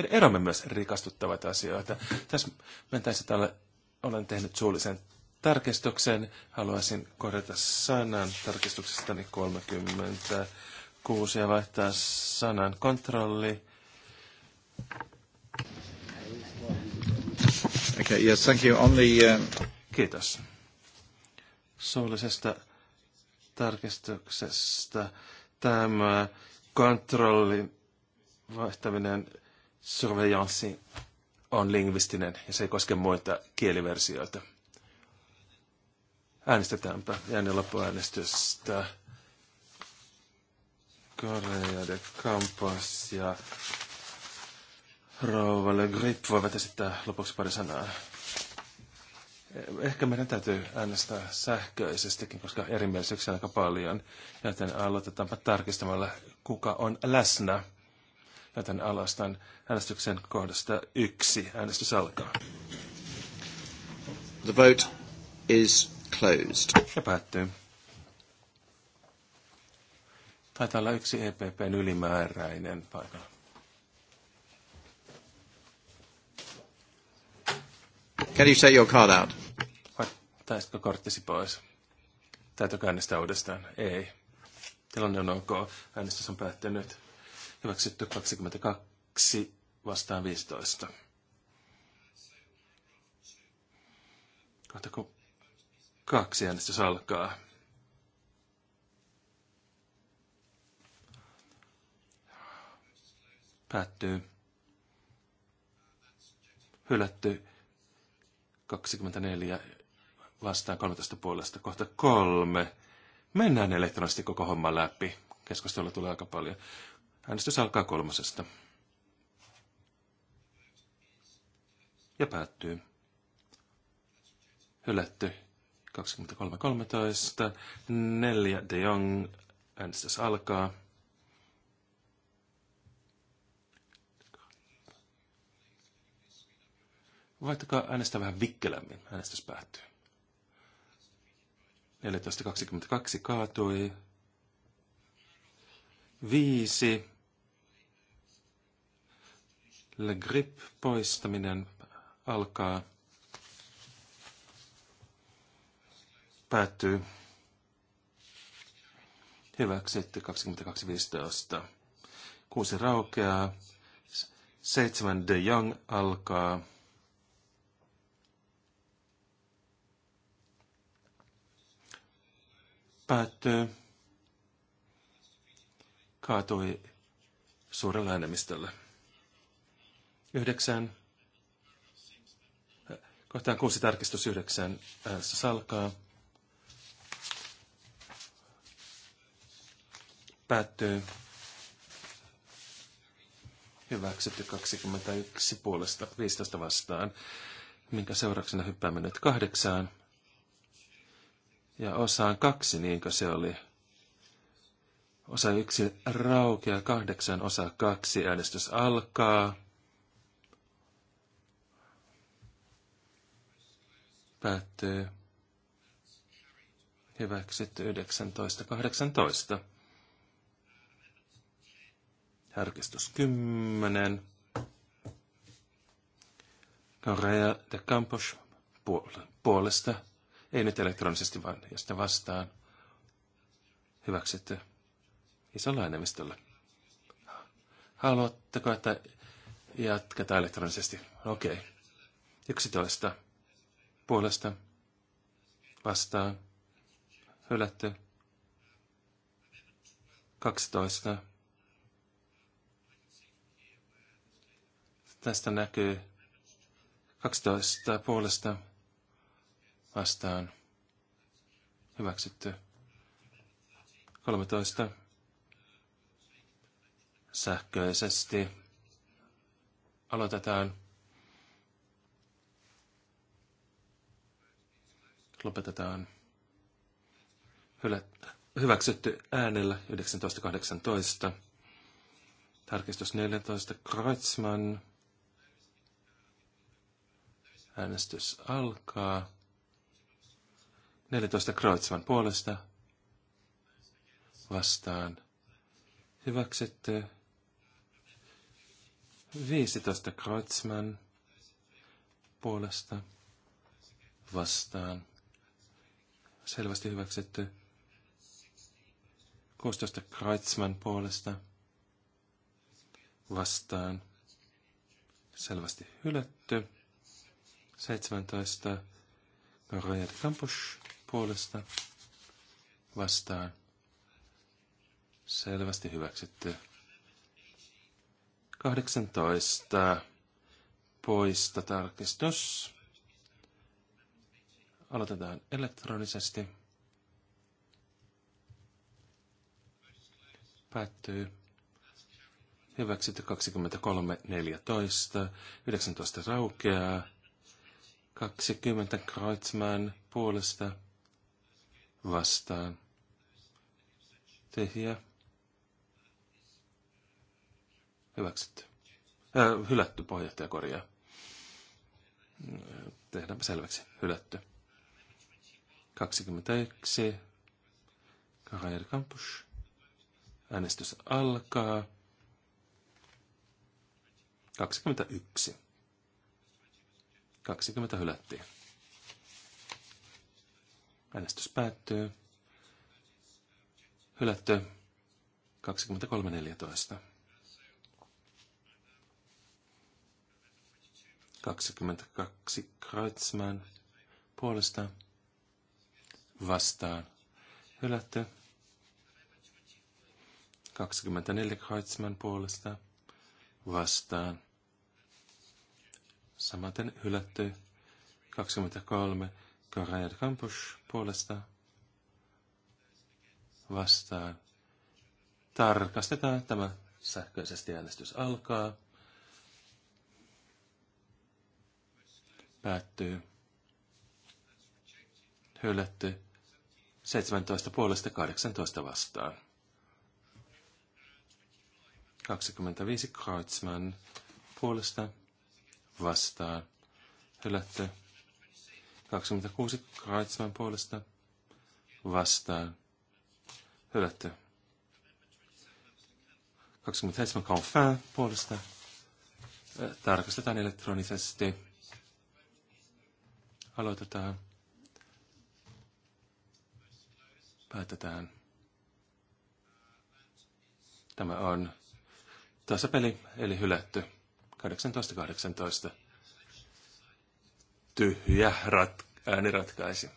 eromme myös rikastuttavat asioita. Tässä mentäessä tälle olen tehnyt suullisen tarkistuksen. Haluaisin korjata sanan tarkistuksestani 36 ja vaihtaa sanan kontrolli Okay, yes, thank you. On the, um... Kiitos. Suullisesta tarkistuksesta tämä kontrollin vaihtaminen surveillanssiin on lingvistinen ja se ei koske muita kieliversioita. Äänestetäänpä jäänen loppuäänestystä. Korea de Campos ja Rouva Le Grip voivat esittää lopuksi pari sanaa. Ehkä meidän täytyy äänestää sähköisestikin, koska erimielisyyksiä on aika paljon. Joten aloitetaanpa tarkistamalla, kuka on läsnä. Joten aloitan äänestyksen kohdasta yksi. Äänestys alkaa. The vote is closed. Ja päättyy. Taitaa olla yksi EPPn ylimääräinen paikalla. Can you say your card out? Taisitko korttisi pois? Täytyykö äänestää uudestaan? Ei. Tilanne on ok. Äänestys on päättynyt. Hyväksytty 22 vastaan 15. Kohta kun kaksi äänestys alkaa. Päättyy. Hylätty 24 vastaan 13 puolesta. Kohta kolme. Mennään elektronisesti koko homma läpi. Keskustelua tulee aika paljon. Äänestys alkaa kolmosesta. Ja päättyy. Hylätty. 23.13. 4 De Jong. Äänestys alkaa. Voittakaa äänestää vähän vikkelämmin. Äänestys päättyy. 14.22 kaatui. 5. Le grip poistaminen alkaa. Päättyy. Hyväksytty 22.15. 6 raukeaa. 7 De Young alkaa. päättyy. Kaatui suurella enemmistöllä. Yhdeksän. Kohtaan kuusi tarkistus yhdeksän äänessä salkaa. Päättyy. Hyväksytty 21 puolesta 15 vastaan, minkä seurauksena hyppäämme nyt kahdeksaan ja osaan kaksi, niin kuin se oli? Osa yksi raukea, kahdeksan osa kaksi, äänestys alkaa. Päättyy. Hyväksytty 19.18. 18. Tarkistus 10. Korea de Campos puolesta ei nyt elektronisesti, vaan jos ne vastaan. Hyväksytty. Isolla enemmistöllä. Haluatteko, että jatketaan elektronisesti? Okei. Okay. Yksitoista. Puolesta. Vastaan. Hylätty. 12. Tästä näkyy 12 puolesta vastaan hyväksytty. 13 sähköisesti aloitetaan. Lopetetaan. Hylä, hyväksytty äänellä 1918. Tarkistus 14. Kreutzmann. Äänestys alkaa. 14 Kreutzmann puolesta vastaan. Hyväksytty. 15 Kreutzmann puolesta vastaan. Selvästi hyväksytty. 16 Kreutzmann puolesta vastaan. Selvästi hylätty. 17 Rajat Kampusch puolesta vastaan. Selvästi hyväksytty. 18. Poista tarkistus. Aloitetaan elektronisesti. Päättyy. Hyväksytty 23, 14, 19 raukeaa, 20 Kreutzmann puolesta vastaan. tehiä Hyväksytty. Äh, hylätty puheenjohtaja korjaa. Tehdäänpä selväksi. Hylätty. 21. Kahair Kampus. Äänestys alkaa. 21. 20 hylättiin. Äänestys päättyy. Hylätty 23.14. 22 Kreutzmann puolesta vastaan. Hylätty 24 Kreutzmann puolesta vastaan. Samaten hylätty 23 Karajat Campus puolesta vastaan. Tarkastetaan tämä sähköisesti äänestys alkaa. Päättyy. Hylätty. 17 puolesta 18 vastaan. 25 Kreutzmann puolesta vastaan. Hylätty. 26 Kreutzmann puolesta vastaa. Hylätty. 27 Confin puolesta. Tarkastetaan elektronisesti. Aloitetaan. Päätetään. Tämä on tasapeli, eli hylätty. 18-18 tyhjä rat, ääni ratkaisi.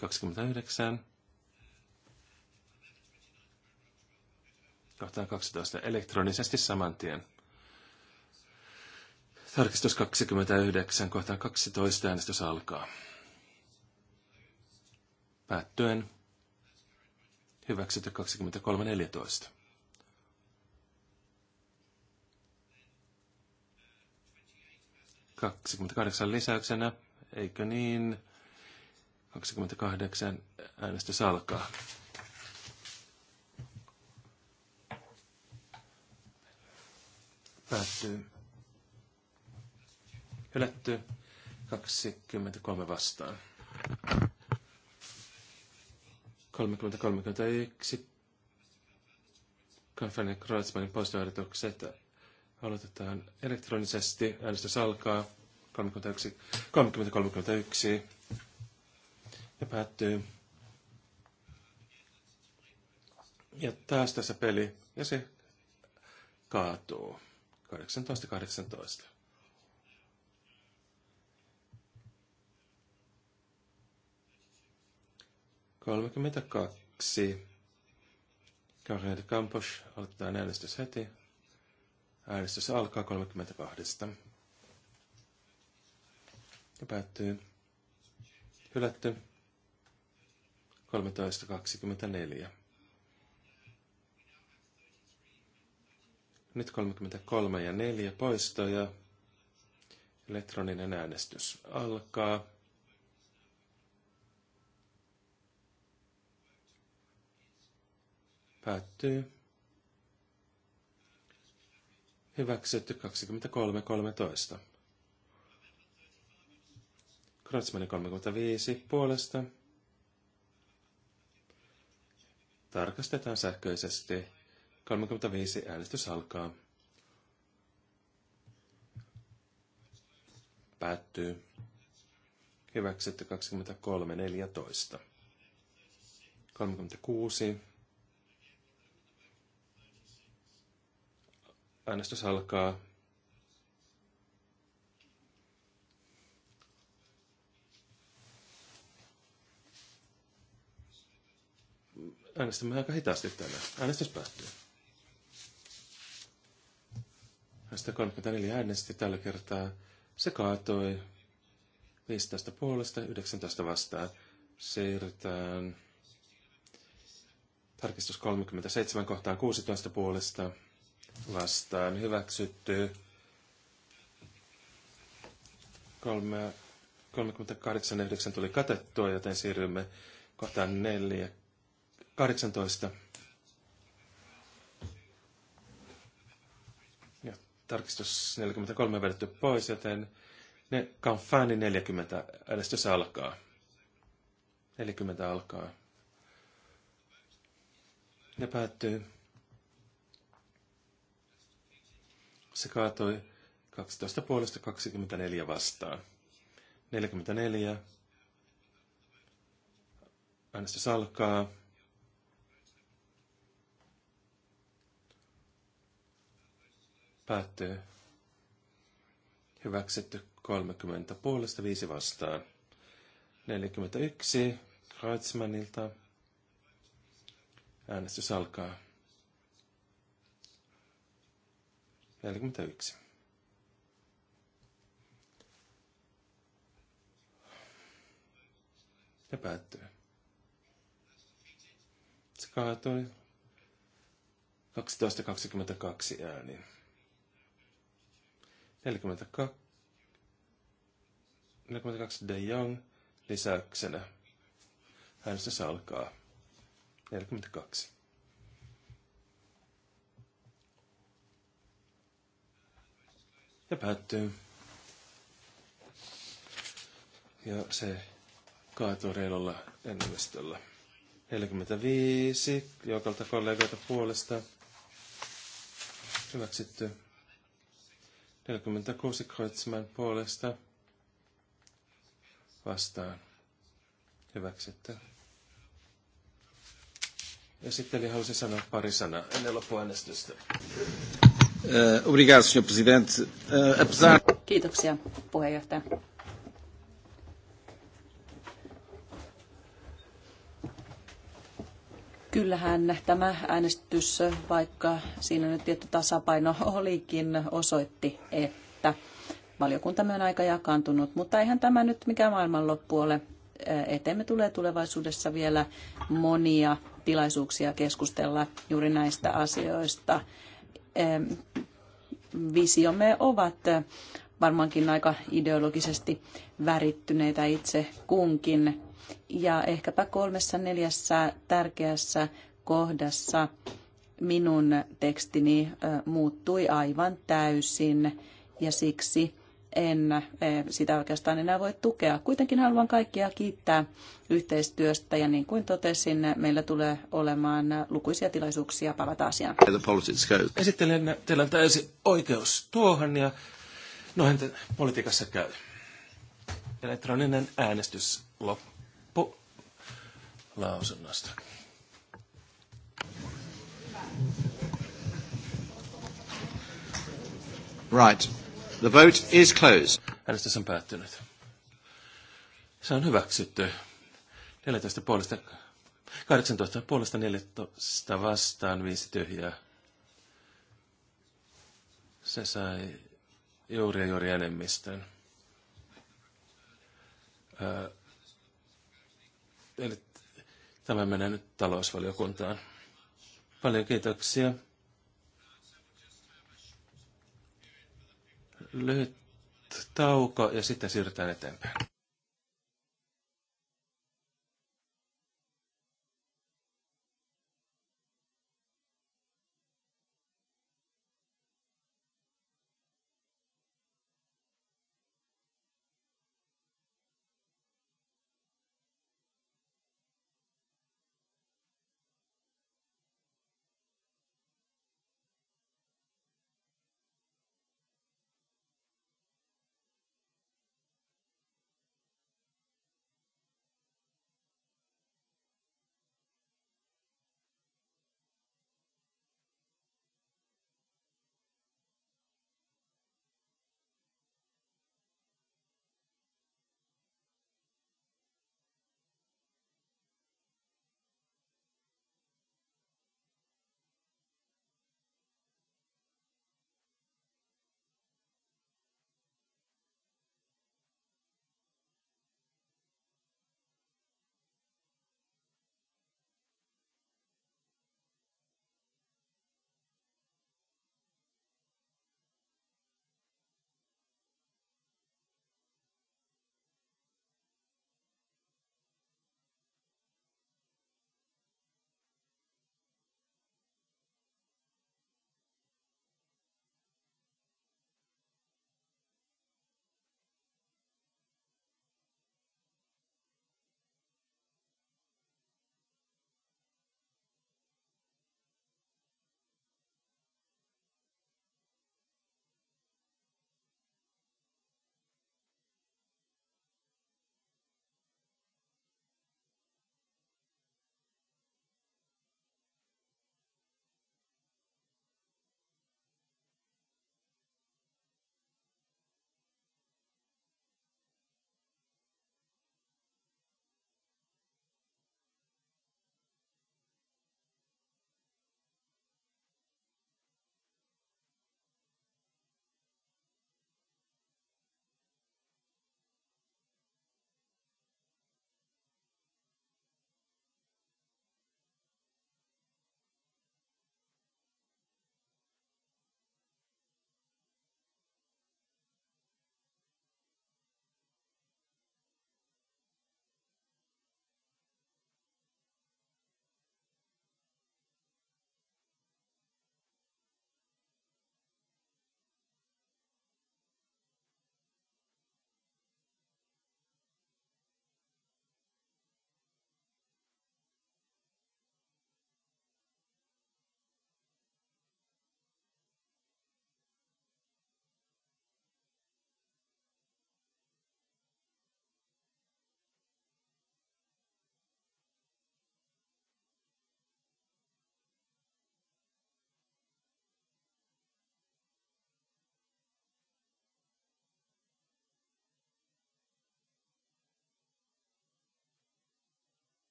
29. Kohtaan 12 elektronisesti saman tien. Tarkistus 29, kohtaan 12 äänestys alkaa. Päättyen hyväksytty 23.14. 28 lisäyksenä, eikö niin? 28 äänestys alkaa. Päättyy. Hylätty 23 vastaan. 30-31. Kanfanin Kreutzmannin poistoehdotukset Aloitetaan elektronisesti. Äänestys alkaa 3031 ja päättyy. Ja taas tässä peli ja se kaatuu. 18.18. 18. kaksi. Karel Kampos aloitetaan äänestys heti. Äänestys alkaa 32. Ja päättyy. Hylätty. 13.24. Nyt 33 ja 4 poistoja. Elektroninen äänestys alkaa. Päättyy. Hyväksytty 23.13. Kratzmanin 35 puolesta. Tarkastetaan sähköisesti. 35 äänestys alkaa. Päättyy. Hyväksytty 23.14. 36 Äänestys alkaa. Äänestämme aika hitaasti tänään. Äänestys päättyy. Hänestä 34 äänesti tällä kertaa. Se kaatoi 15 puolesta 19 vastaan. Siirrytään tarkistus 37 kohtaan 16 puolesta vastaan hyväksytty. 38.9 tuli katettua, joten siirrymme kohtaan 4, 18. Ja tarkistus 43 on vedetty pois, joten ne kanfääni 40 äänestys alkaa. 40 alkaa. Ne päättyy. Se kaatoi 12 puolesta 24 vastaan. 44. Äänestys alkaa. Päättyy. Hyväksytty 30 puolesta 5 vastaan. 41. Kreutzmannilta. Äänestys alkaa. 41. Ja päättyy. Se kaatui 12.22 ääniin. 42, 42 De Jong lisäyksenä. Äänestys alkaa. 42. ja päättyy. Ja se kaatuu reilulla enemmistöllä. 45 jokalta kollegoita puolesta. Hyväksytty. 46 Kreutzmann puolesta. Vastaan. Hyväksytty. Ja sitten halusin sanoa pari sanaa ennen loppuäänestystä. Eh, obrigado, Sr. Presidente. Eh, apesar... Kiitoksia, puheenjohtaja. Kyllähän tämä äänestys, vaikka siinä nyt tietty tasapaino olikin, osoitti, että valiokuntamme on aika jakaantunut, mutta eihän tämä nyt mikään maailmanloppu ole. Eh, eteemme tulee tulevaisuudessa vielä monia tilaisuuksia keskustella juuri näistä asioista visiomme ovat varmaankin aika ideologisesti värittyneitä itse kunkin. Ja ehkäpä kolmessa neljässä tärkeässä kohdassa minun tekstini muuttui aivan täysin ja siksi en eh, sitä oikeastaan enää voi tukea. Kuitenkin haluan kaikkia kiittää yhteistyöstä ja niin kuin totesin, meillä tulee olemaan lukuisia tilaisuuksia palata asiaan. Esittelen teillä täysi oikeus tuohon ja noin politiikassa käy. Elektroninen äänestys loppu lausunnosta. Right. The vote is closed. Äänestys on päättynyt. Se on hyväksytty. 14 puolesta, 18 puolesta 14 vastaan 5 tyhjää. Se sai juuri ja juuri enemmistön. tämä menee nyt talousvaliokuntaan. Paljon kiitoksia. lyhyt tauko ja sitten siirrytään eteenpäin.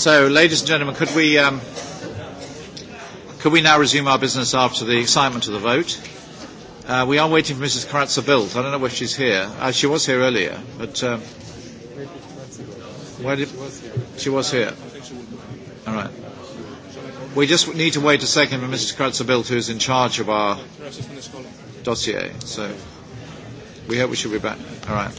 So, ladies and gentlemen, could we, um, could we now resume our business after the excitement of the vote? Uh, we are waiting for Mrs. Karatza Bilt. I don't know where she's here. Uh, she was here earlier, but um, uh, where did she was here? All right. We just need to wait a second for Mrs. Karatza Bilt, who is in charge of our dossier. So we hope we should be back. All right.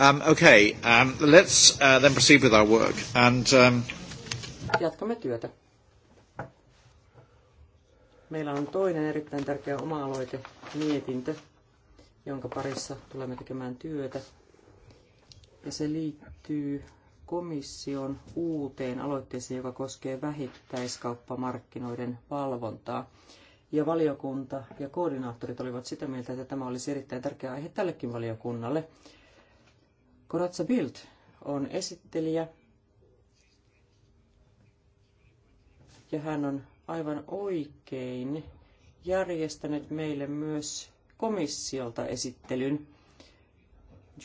Um, okay, um, let's uh, then proceed with our work. And, um... Jatkamme työtä. Meillä on toinen erittäin tärkeä oma-aloite, mietintö, jonka parissa tulemme tekemään työtä. Ja se liittyy komission uuteen aloitteeseen, joka koskee vähittäiskauppamarkkinoiden valvontaa. Ja valiokunta ja koordinaattorit olivat sitä mieltä, että tämä olisi erittäin tärkeä aihe tällekin valiokunnalle. Koratsa Bild on esittelijä ja hän on aivan oikein järjestänyt meille myös komissiolta esittelyn.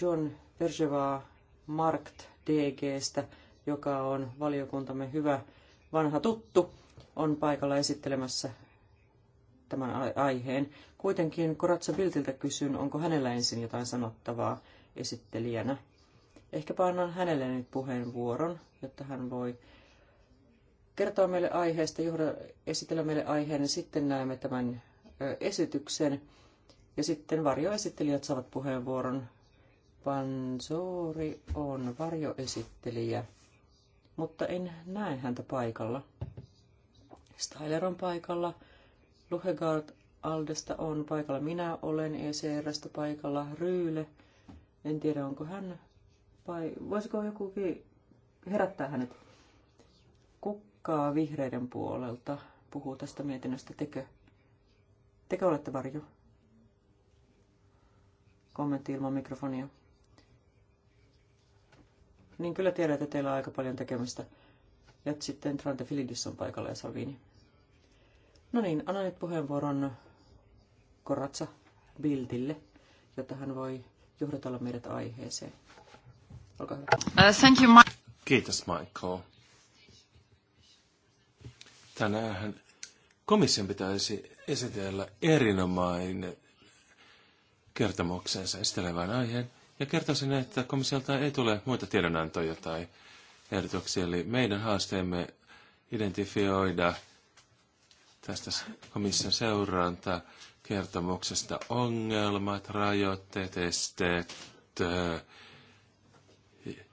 John Perjeva Markt DGstä, joka on valiokuntamme hyvä vanha tuttu, on paikalla esittelemässä tämän aiheen. Kuitenkin Koratsa Biltiltä kysyn, onko hänellä ensin jotain sanottavaa esittelijänä. Ehkäpä annan hänelle nyt puheenvuoron, jotta hän voi kertoa meille aiheesta, johda, esitellä meille aiheen ja sitten näemme tämän esityksen. Ja sitten varjoesittelijät saavat puheenvuoron. Pansori on varjoesittelijä, mutta en näe häntä paikalla. Styler on paikalla, Luhegard Aldesta on paikalla, minä olen ECRstä paikalla, Ryyle. En tiedä, onko hän vai voisiko joku herättää hänet? Kukkaa vihreiden puolelta puhuu tästä mietinnöstä, tekö? Tekö olette varjo? Kommentti ilman mikrofonia. Niin kyllä tiedät, että teillä on aika paljon tekemistä. Ja sitten Trante Filidis on paikalla ja Salvini. No niin, anna nyt puheenvuoron Koratsa Bildille, jotta hän voi johdatella meidät aiheeseen. Olkaa hyvä. Uh, thank you, Ma- Kiitos, Michael. Tänään komission pitäisi esitellä erinomainen kertomuksensa esittelevän aiheen. Ja kertoisin, että komissiolta ei tule muita tiedonantoja tai ehdotuksia. Eli meidän haasteemme identifioida tästä komission seuranta kertomuksesta ongelmat, rajoitteet, esteet,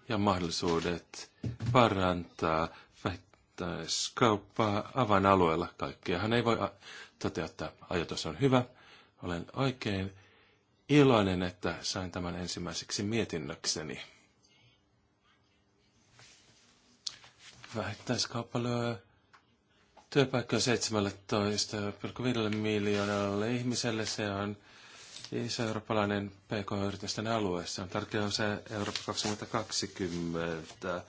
ja mahdollisuudet parantaa vähittäiskauppaa avainalueella. hän ei voi toteuttaa. Ajatus on hyvä. Olen oikein iloinen, että sain tämän ensimmäiseksi mietinnökseni. Vähittäiskauppa lyö työpaikkoja 17,5 miljoonalle ihmiselle. Se on Iso eurooppalainen PK-yritysten alueessa on tärkeä se Eurooppa 2020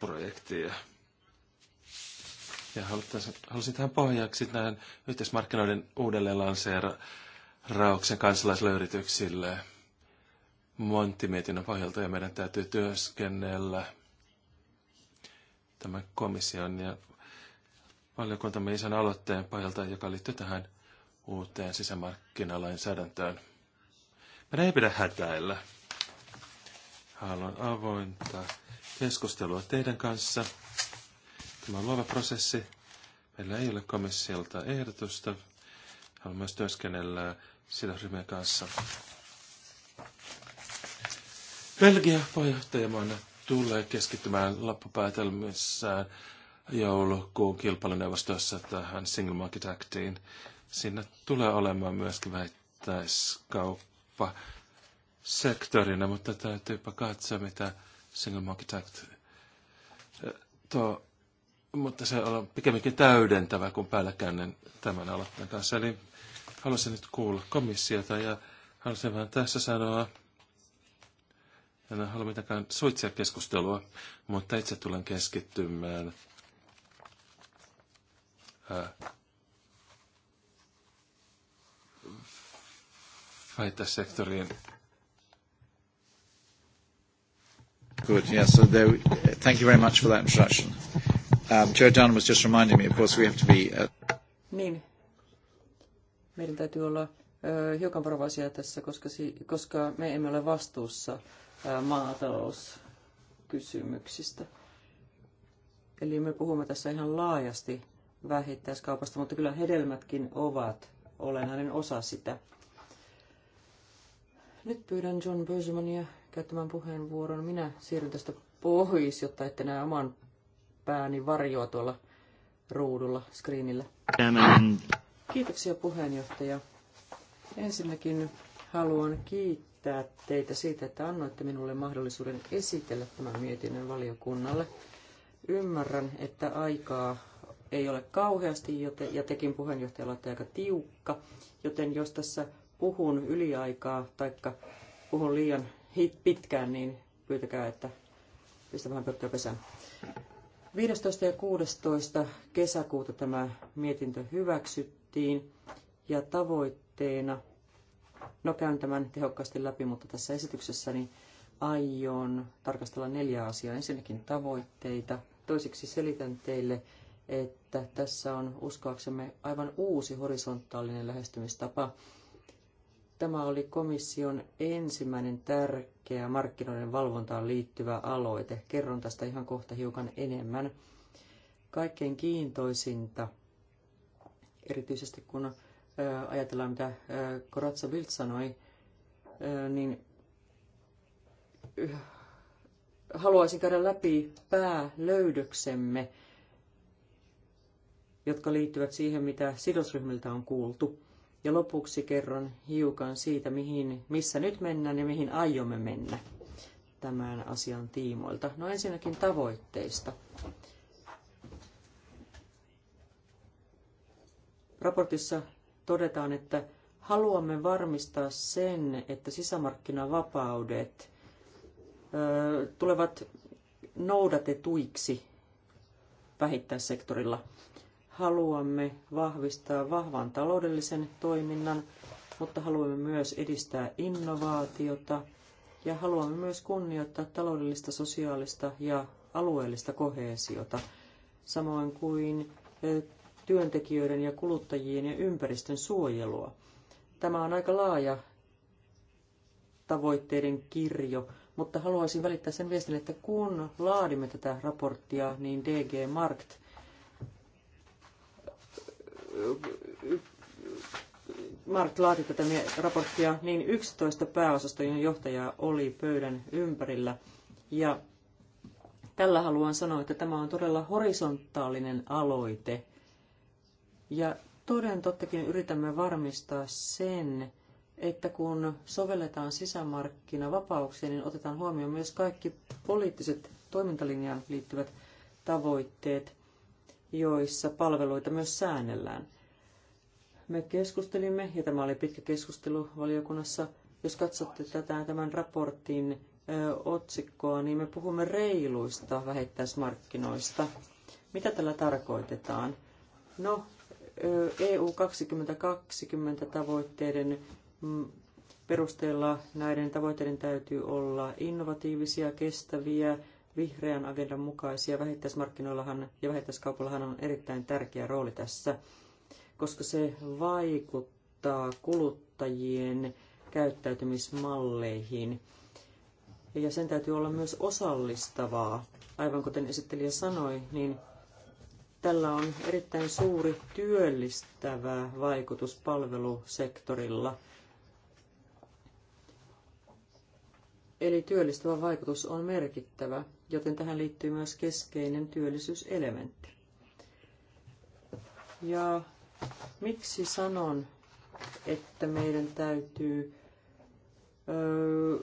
projektia. Ja halusin tähän pohjaksi näin yhteismarkkinoiden uudelleen lanseerauksen kansalaisille yrityksille Monttimietinnön pohjalta ja meidän täytyy työskennellä tämän komission ja valiokuntamme isän aloitteen pohjalta, joka liittyy tähän uuteen sisämarkkinalainsäädäntöön. Meidän ei pidä hätäillä. Haluan avointa keskustelua teidän kanssa. Tämä on luova prosessi. Meillä ei ole komissiolta ehdotusta. Haluan myös työskennellä sidosryhmien kanssa. Belgia puheenjohtajamaana tulee keskittymään loppupäätelmissään joulukuun kilpailuneuvostossa tähän Single Market Actiin sinne tulee olemaan myöskin vähittäiskauppa sektorina, mutta täytyypä katsoa, mitä Single Market Act eh, tuo, mutta se on pikemminkin täydentävä kuin päällekkäinen tämän aloitteen kanssa. Eli haluaisin nyt kuulla komissiota ja haluaisin vähän tässä sanoa, en halua mitenkään suitsia keskustelua, mutta itse tulen keskittymään eh, haitasektoriin. Good. Yeah, so there, thank you very much for that introduction. Um, Joe Dunn was just reminding me, of course, we have to be... Uh... Niin. Meidän täytyy olla ö, hiukan varovaisia tässä, koska, si, koska me emme ole vastuussa maatalouskysymyksistä. Eli me puhumme tässä ihan laajasti vähittäiskaupasta, mutta kyllä hedelmätkin ovat olennainen osa sitä. Nyt pyydän John Bösemania käyttämään puheenvuoron. Minä siirryn tästä pois, jotta ette näe oman pääni varjoa tuolla ruudulla, screenillä. Kiitoksia puheenjohtaja. Ensinnäkin haluan kiittää teitä siitä, että annoitte minulle mahdollisuuden esitellä tämän mietinnön valiokunnalle. Ymmärrän, että aikaa ei ole kauheasti, joten, ja tekin puheenjohtajalla olette aika tiukka, joten jos tässä puhun yliaikaa tai puhun liian pitkään, niin pyytäkää, että pistä vähän pökköä pesään. 15. ja 16. kesäkuuta tämä mietintö hyväksyttiin ja tavoitteena, no käyn tämän tehokkaasti läpi, mutta tässä esityksessäni aion tarkastella neljä asiaa. Ensinnäkin tavoitteita, toiseksi selitän teille, että tässä on uskoaksemme aivan uusi horisontaalinen lähestymistapa Tämä oli komission ensimmäinen tärkeä markkinoiden valvontaan liittyvä aloite. Kerron tästä ihan kohta hiukan enemmän. Kaikkein kiintoisinta, erityisesti kun ajatellaan mitä Corazza Bild sanoi, niin haluaisin käydä läpi päälöydöksemme, jotka liittyvät siihen, mitä sidosryhmiltä on kuultu. Ja lopuksi kerron hiukan siitä, mihin, missä nyt mennään ja mihin aiomme mennä tämän asian tiimoilta. No ensinnäkin tavoitteista. Raportissa todetaan, että haluamme varmistaa sen, että sisämarkkinavapaudet tulevat noudatetuiksi vähittäissektorilla. Haluamme vahvistaa vahvan taloudellisen toiminnan, mutta haluamme myös edistää innovaatiota ja haluamme myös kunnioittaa taloudellista, sosiaalista ja alueellista koheesiota, samoin kuin työntekijöiden ja kuluttajien ja ympäristön suojelua. Tämä on aika laaja tavoitteiden kirjo, mutta haluaisin välittää sen viestin, että kun laadimme tätä raporttia, niin DG Markt Mart laati tätä raporttia, niin 11 pääosastojen johtajaa oli pöydän ympärillä. Ja tällä haluan sanoa, että tämä on todella horisontaalinen aloite. Ja toden tottakin yritämme varmistaa sen, että kun sovelletaan sisämarkkinavapauksia, niin otetaan huomioon myös kaikki poliittiset toimintalinjaan liittyvät tavoitteet joissa palveluita myös säännellään. Me keskustelimme, ja tämä oli pitkä keskustelu valiokunnassa, jos katsotte tätä, tämän raportin ö, otsikkoa, niin me puhumme reiluista vähittäismarkkinoista. Mitä tällä tarkoitetaan? No, EU 2020 tavoitteiden mm, perusteella näiden tavoitteiden täytyy olla innovatiivisia, kestäviä, Vihreän agendan mukaisia vähittäismarkkinoillahan ja vähittäiskaupallahan on erittäin tärkeä rooli tässä, koska se vaikuttaa kuluttajien käyttäytymismalleihin. Ja sen täytyy olla myös osallistavaa. Aivan kuten esittelijä sanoi, niin tällä on erittäin suuri työllistävä vaikutus palvelusektorilla. Eli työllistävä vaikutus on merkittävä joten tähän liittyy myös keskeinen työllisyyselementti. Ja miksi sanon, että meidän täytyy öö,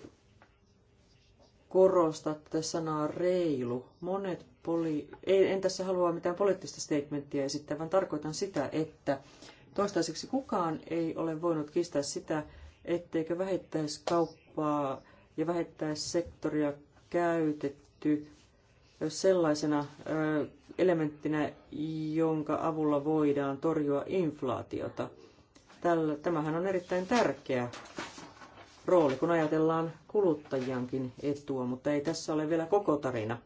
korostaa tätä sanaa reilu. Monet poli... Ei, en tässä halua mitään poliittista statementtia esittää, vaan tarkoitan sitä, että toistaiseksi kukaan ei ole voinut kistää sitä, etteikö vähittäiskauppaa ja vähittäissektoria käytetty nähty sellaisena elementtinä, jonka avulla voidaan torjua inflaatiota. Tämähän on erittäin tärkeä rooli, kun ajatellaan kuluttajiankin etua, mutta ei tässä ole vielä koko tarina.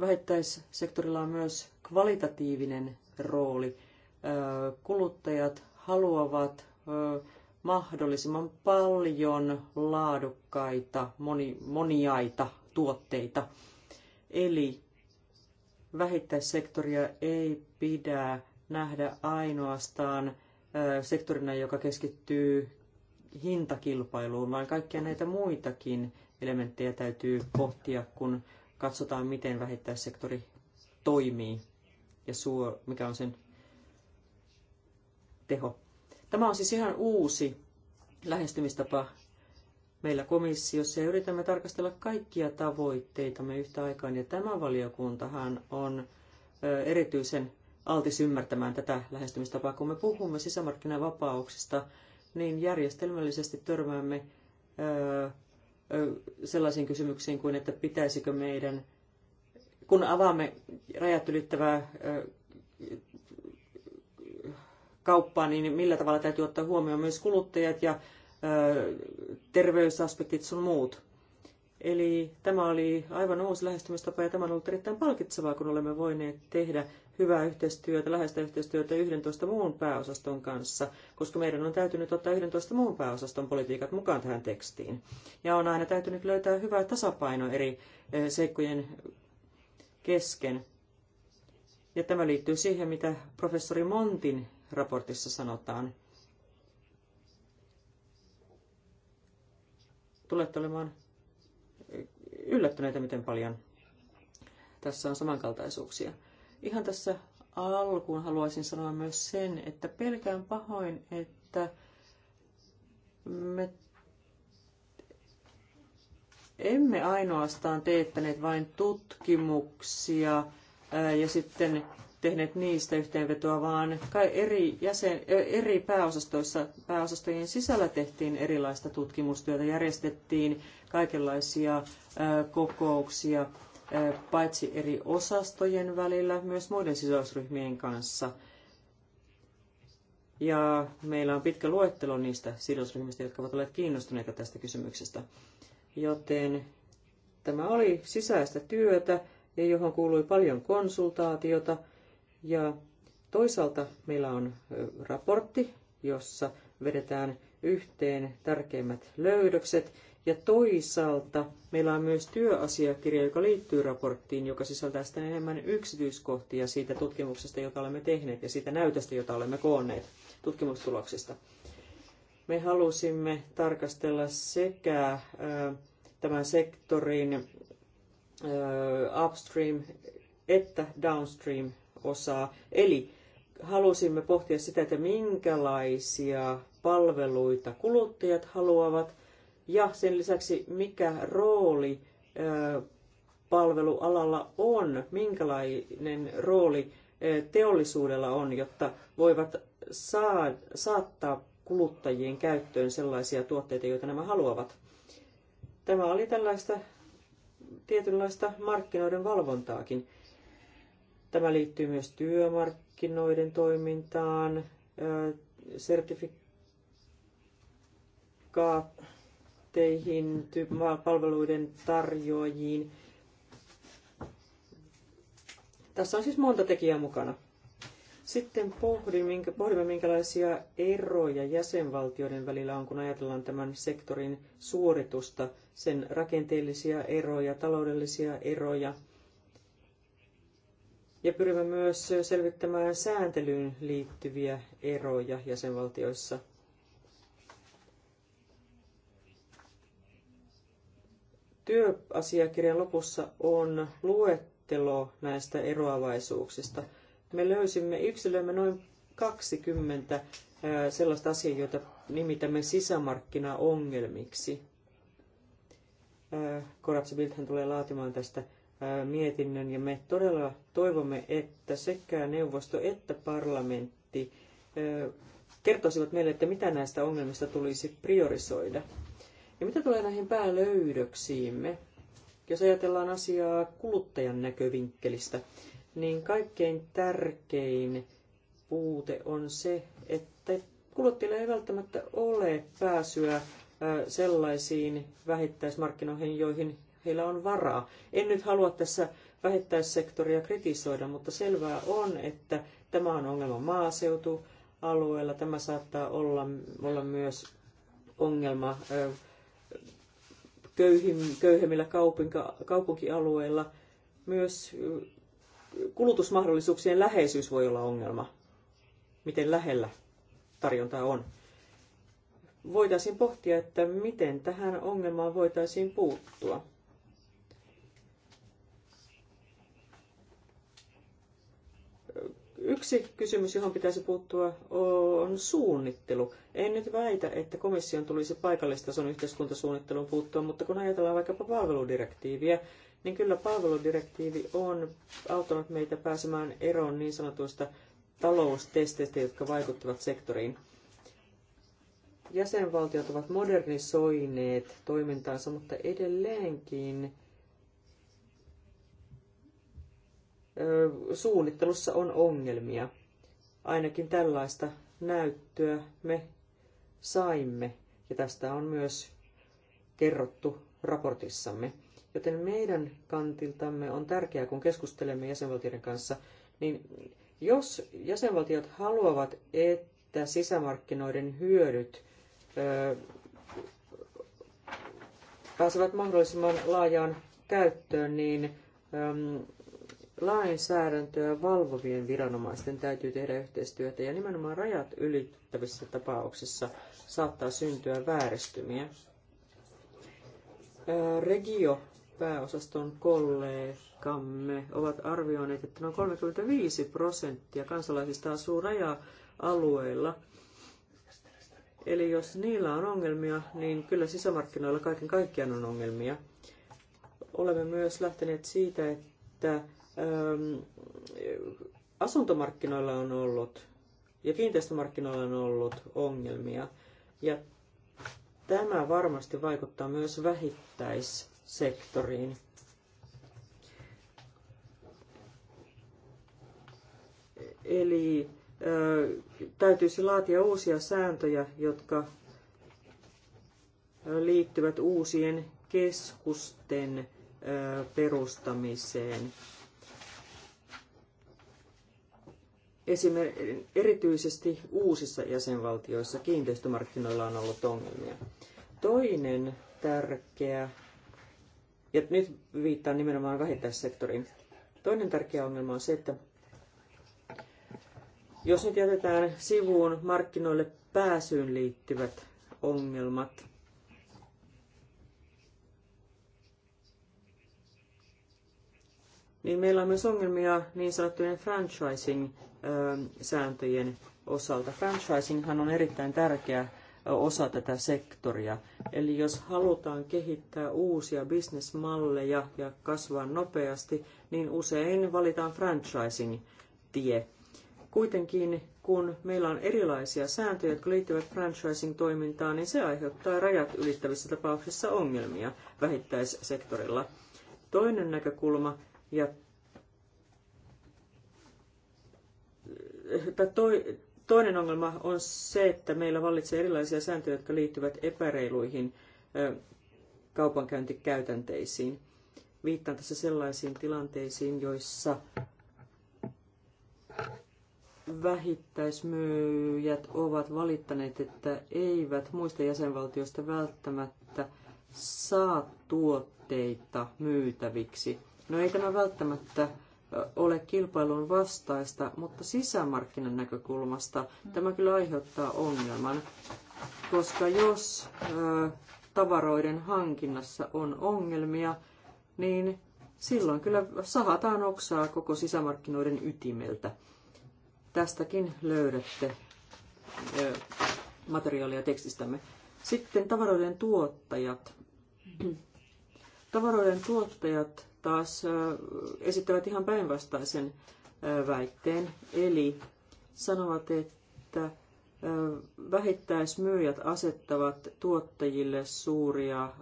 Vähittäissektorilla on myös kvalitatiivinen rooli. Kuluttajat haluavat mahdollisimman paljon laadukkaita, moni, moniaita tuotteita. Eli vähittäissektoria ei pidä nähdä ainoastaan sektorina, joka keskittyy hintakilpailuun, vaan kaikkia näitä muitakin elementtejä täytyy pohtia, kun katsotaan, miten vähittäissektori toimii ja suo, mikä on sen teho. Tämä on siis ihan uusi lähestymistapa meillä komissiossa ja yritämme tarkastella kaikkia tavoitteitamme yhtä aikaan. Ja tämä valiokuntahan on erityisen altis ymmärtämään tätä lähestymistapaa. Kun me puhumme sisämarkkinavapauksista, niin järjestelmällisesti törmäämme sellaisiin kysymyksiin kuin, että pitäisikö meidän, kun avaamme rajat ylittävää kauppaa, niin millä tavalla täytyy ottaa huomioon myös kuluttajat ja terveysaspektit sun muut. Eli tämä oli aivan uusi lähestymistapa ja tämä on ollut erittäin palkitsevaa, kun olemme voineet tehdä hyvää yhteistyötä, läheistä yhteistyötä 11 muun pääosaston kanssa, koska meidän on täytynyt ottaa 11 muun pääosaston politiikat mukaan tähän tekstiin. Ja on aina täytynyt löytää hyvä tasapaino eri seikkojen kesken. Ja tämä liittyy siihen, mitä professori Montin raportissa sanotaan. Tulette olemaan yllättyneitä, miten paljon tässä on samankaltaisuuksia. Ihan tässä alkuun haluaisin sanoa myös sen, että pelkään pahoin, että me emme ainoastaan teettäneet vain tutkimuksia ja sitten tehneet niistä yhteenvetoa, vaan eri, jäsen, eri pääosastoissa, pääosastojen sisällä tehtiin erilaista tutkimustyötä, järjestettiin kaikenlaisia kokouksia, paitsi eri osastojen välillä, myös muiden sidosryhmien kanssa. Ja meillä on pitkä luettelo niistä sidosryhmistä, jotka ovat olleet kiinnostuneita tästä kysymyksestä. Joten tämä oli sisäistä työtä, ja johon kuului paljon konsultaatiota – ja toisaalta meillä on raportti, jossa vedetään yhteen tärkeimmät löydökset. Ja toisaalta meillä on myös työasiakirja, joka liittyy raporttiin, joka sisältää sitä enemmän yksityiskohtia siitä tutkimuksesta, jota olemme tehneet ja siitä näytöstä, jota olemme koonneet tutkimustuloksista. Me halusimme tarkastella sekä tämän sektorin upstream että downstream osaa. Eli halusimme pohtia sitä, että minkälaisia palveluita kuluttajat haluavat ja sen lisäksi mikä rooli palvelualalla on, minkälainen rooli teollisuudella on, jotta voivat saa, saattaa kuluttajien käyttöön sellaisia tuotteita, joita nämä haluavat. Tämä oli tällaista tietynlaista markkinoiden valvontaakin. Tämä liittyy myös työmarkkinoiden toimintaan, sertifikaatteihin, palveluiden tarjoajiin. Tässä on siis monta tekijää mukana. Sitten pohdimme, minkälaisia eroja jäsenvaltioiden välillä on, kun ajatellaan tämän sektorin suoritusta, sen rakenteellisia eroja, taloudellisia eroja – ja pyrimme myös selvittämään sääntelyyn liittyviä eroja jäsenvaltioissa. Työasiakirjan lopussa on luettelo näistä eroavaisuuksista. Me löysimme yksilöimme noin 20 sellaista asiaa, joita nimitämme sisämarkkinaongelmiksi. Korapsi Bildhän tulee laatimaan tästä mietinnön ja me todella toivomme, että sekä neuvosto että parlamentti kertoisivat meille, että mitä näistä ongelmista tulisi priorisoida. Ja mitä tulee näihin päälöydöksiimme, jos ajatellaan asiaa kuluttajan näkövinkkelistä, niin kaikkein tärkein puute on se, että kuluttajilla ei välttämättä ole pääsyä sellaisiin vähittäismarkkinoihin, joihin heillä on varaa. En nyt halua tässä vähittäissektoria kritisoida, mutta selvää on, että tämä on ongelma maaseutualueella. Tämä saattaa olla, olla myös ongelma köyhemmillä kaupunka, kaupunkialueilla. Myös kulutusmahdollisuuksien läheisyys voi olla ongelma, miten lähellä tarjontaa on. Voitaisiin pohtia, että miten tähän ongelmaan voitaisiin puuttua. Yksi kysymys, johon pitäisi puuttua, on suunnittelu. En nyt väitä, että komission tulisi paikallistason yhteiskuntasuunnitteluun puuttua, mutta kun ajatellaan vaikkapa palveludirektiiviä, niin kyllä palveludirektiivi on auttanut meitä pääsemään eroon niin sanotuista taloustesteistä, jotka vaikuttavat sektoriin. Jäsenvaltiot ovat modernisoineet toimintaansa, mutta edelleenkin suunnittelussa on ongelmia. Ainakin tällaista näyttöä me saimme, ja tästä on myös kerrottu raportissamme. Joten meidän kantiltamme on tärkeää, kun keskustelemme jäsenvaltioiden kanssa, niin jos jäsenvaltiot haluavat, että sisämarkkinoiden hyödyt ö, pääsevät mahdollisimman laajaan käyttöön, niin ö, lainsäädäntöä valvovien viranomaisten täytyy tehdä yhteistyötä ja nimenomaan rajat ylittävissä tapauksissa saattaa syntyä vääristymiä. Regio pääosaston kollegamme ovat arvioineet, että noin 35 prosenttia kansalaisista asuu raja-alueilla. Eli jos niillä on ongelmia, niin kyllä sisämarkkinoilla kaiken kaikkiaan on ongelmia. Olemme myös lähteneet siitä, että asuntomarkkinoilla on ollut ja kiinteistömarkkinoilla on ollut ongelmia. Ja tämä varmasti vaikuttaa myös vähittäissektoriin. Eli ö, täytyisi laatia uusia sääntöjä, jotka liittyvät uusien keskusten ö, perustamiseen. Esimerkiksi erityisesti uusissa jäsenvaltioissa kiinteistömarkkinoilla on ollut ongelmia. Toinen tärkeä, ja nyt viittaan nimenomaan vähittäissektoriin, toinen tärkeä ongelma on se, että jos nyt jätetään sivuun markkinoille pääsyyn liittyvät ongelmat, niin meillä on myös ongelmia niin sanottujen franchising-sääntöjen osalta. Franchisinghan on erittäin tärkeä osa tätä sektoria. Eli jos halutaan kehittää uusia bisnesmalleja ja kasvaa nopeasti, niin usein valitaan franchising-tie. Kuitenkin kun meillä on erilaisia sääntöjä, jotka liittyvät franchising-toimintaan, niin se aiheuttaa rajat ylittävissä tapauksissa ongelmia vähittäissektorilla. Toinen näkökulma ja toinen ongelma on se, että meillä vallitsee erilaisia sääntöjä, jotka liittyvät epäreiluihin kaupankäyntikäytänteisiin. Viittaan tässä sellaisiin tilanteisiin, joissa vähittäismyyjät ovat valittaneet, että eivät muista jäsenvaltioista välttämättä saa tuotteita myytäviksi. No ei tämä välttämättä ole kilpailun vastaista, mutta sisämarkkinan näkökulmasta tämä kyllä aiheuttaa ongelman, koska jos tavaroiden hankinnassa on ongelmia, niin silloin kyllä sahataan oksaa koko sisämarkkinoiden ytimeltä. Tästäkin löydätte materiaalia tekstistämme. Sitten tavaroiden tuottajat. Tavaroiden tuottajat taas esittävät ihan päinvastaisen väitteen, eli sanovat, että vähittäismyyjät asettavat tuottajille suuria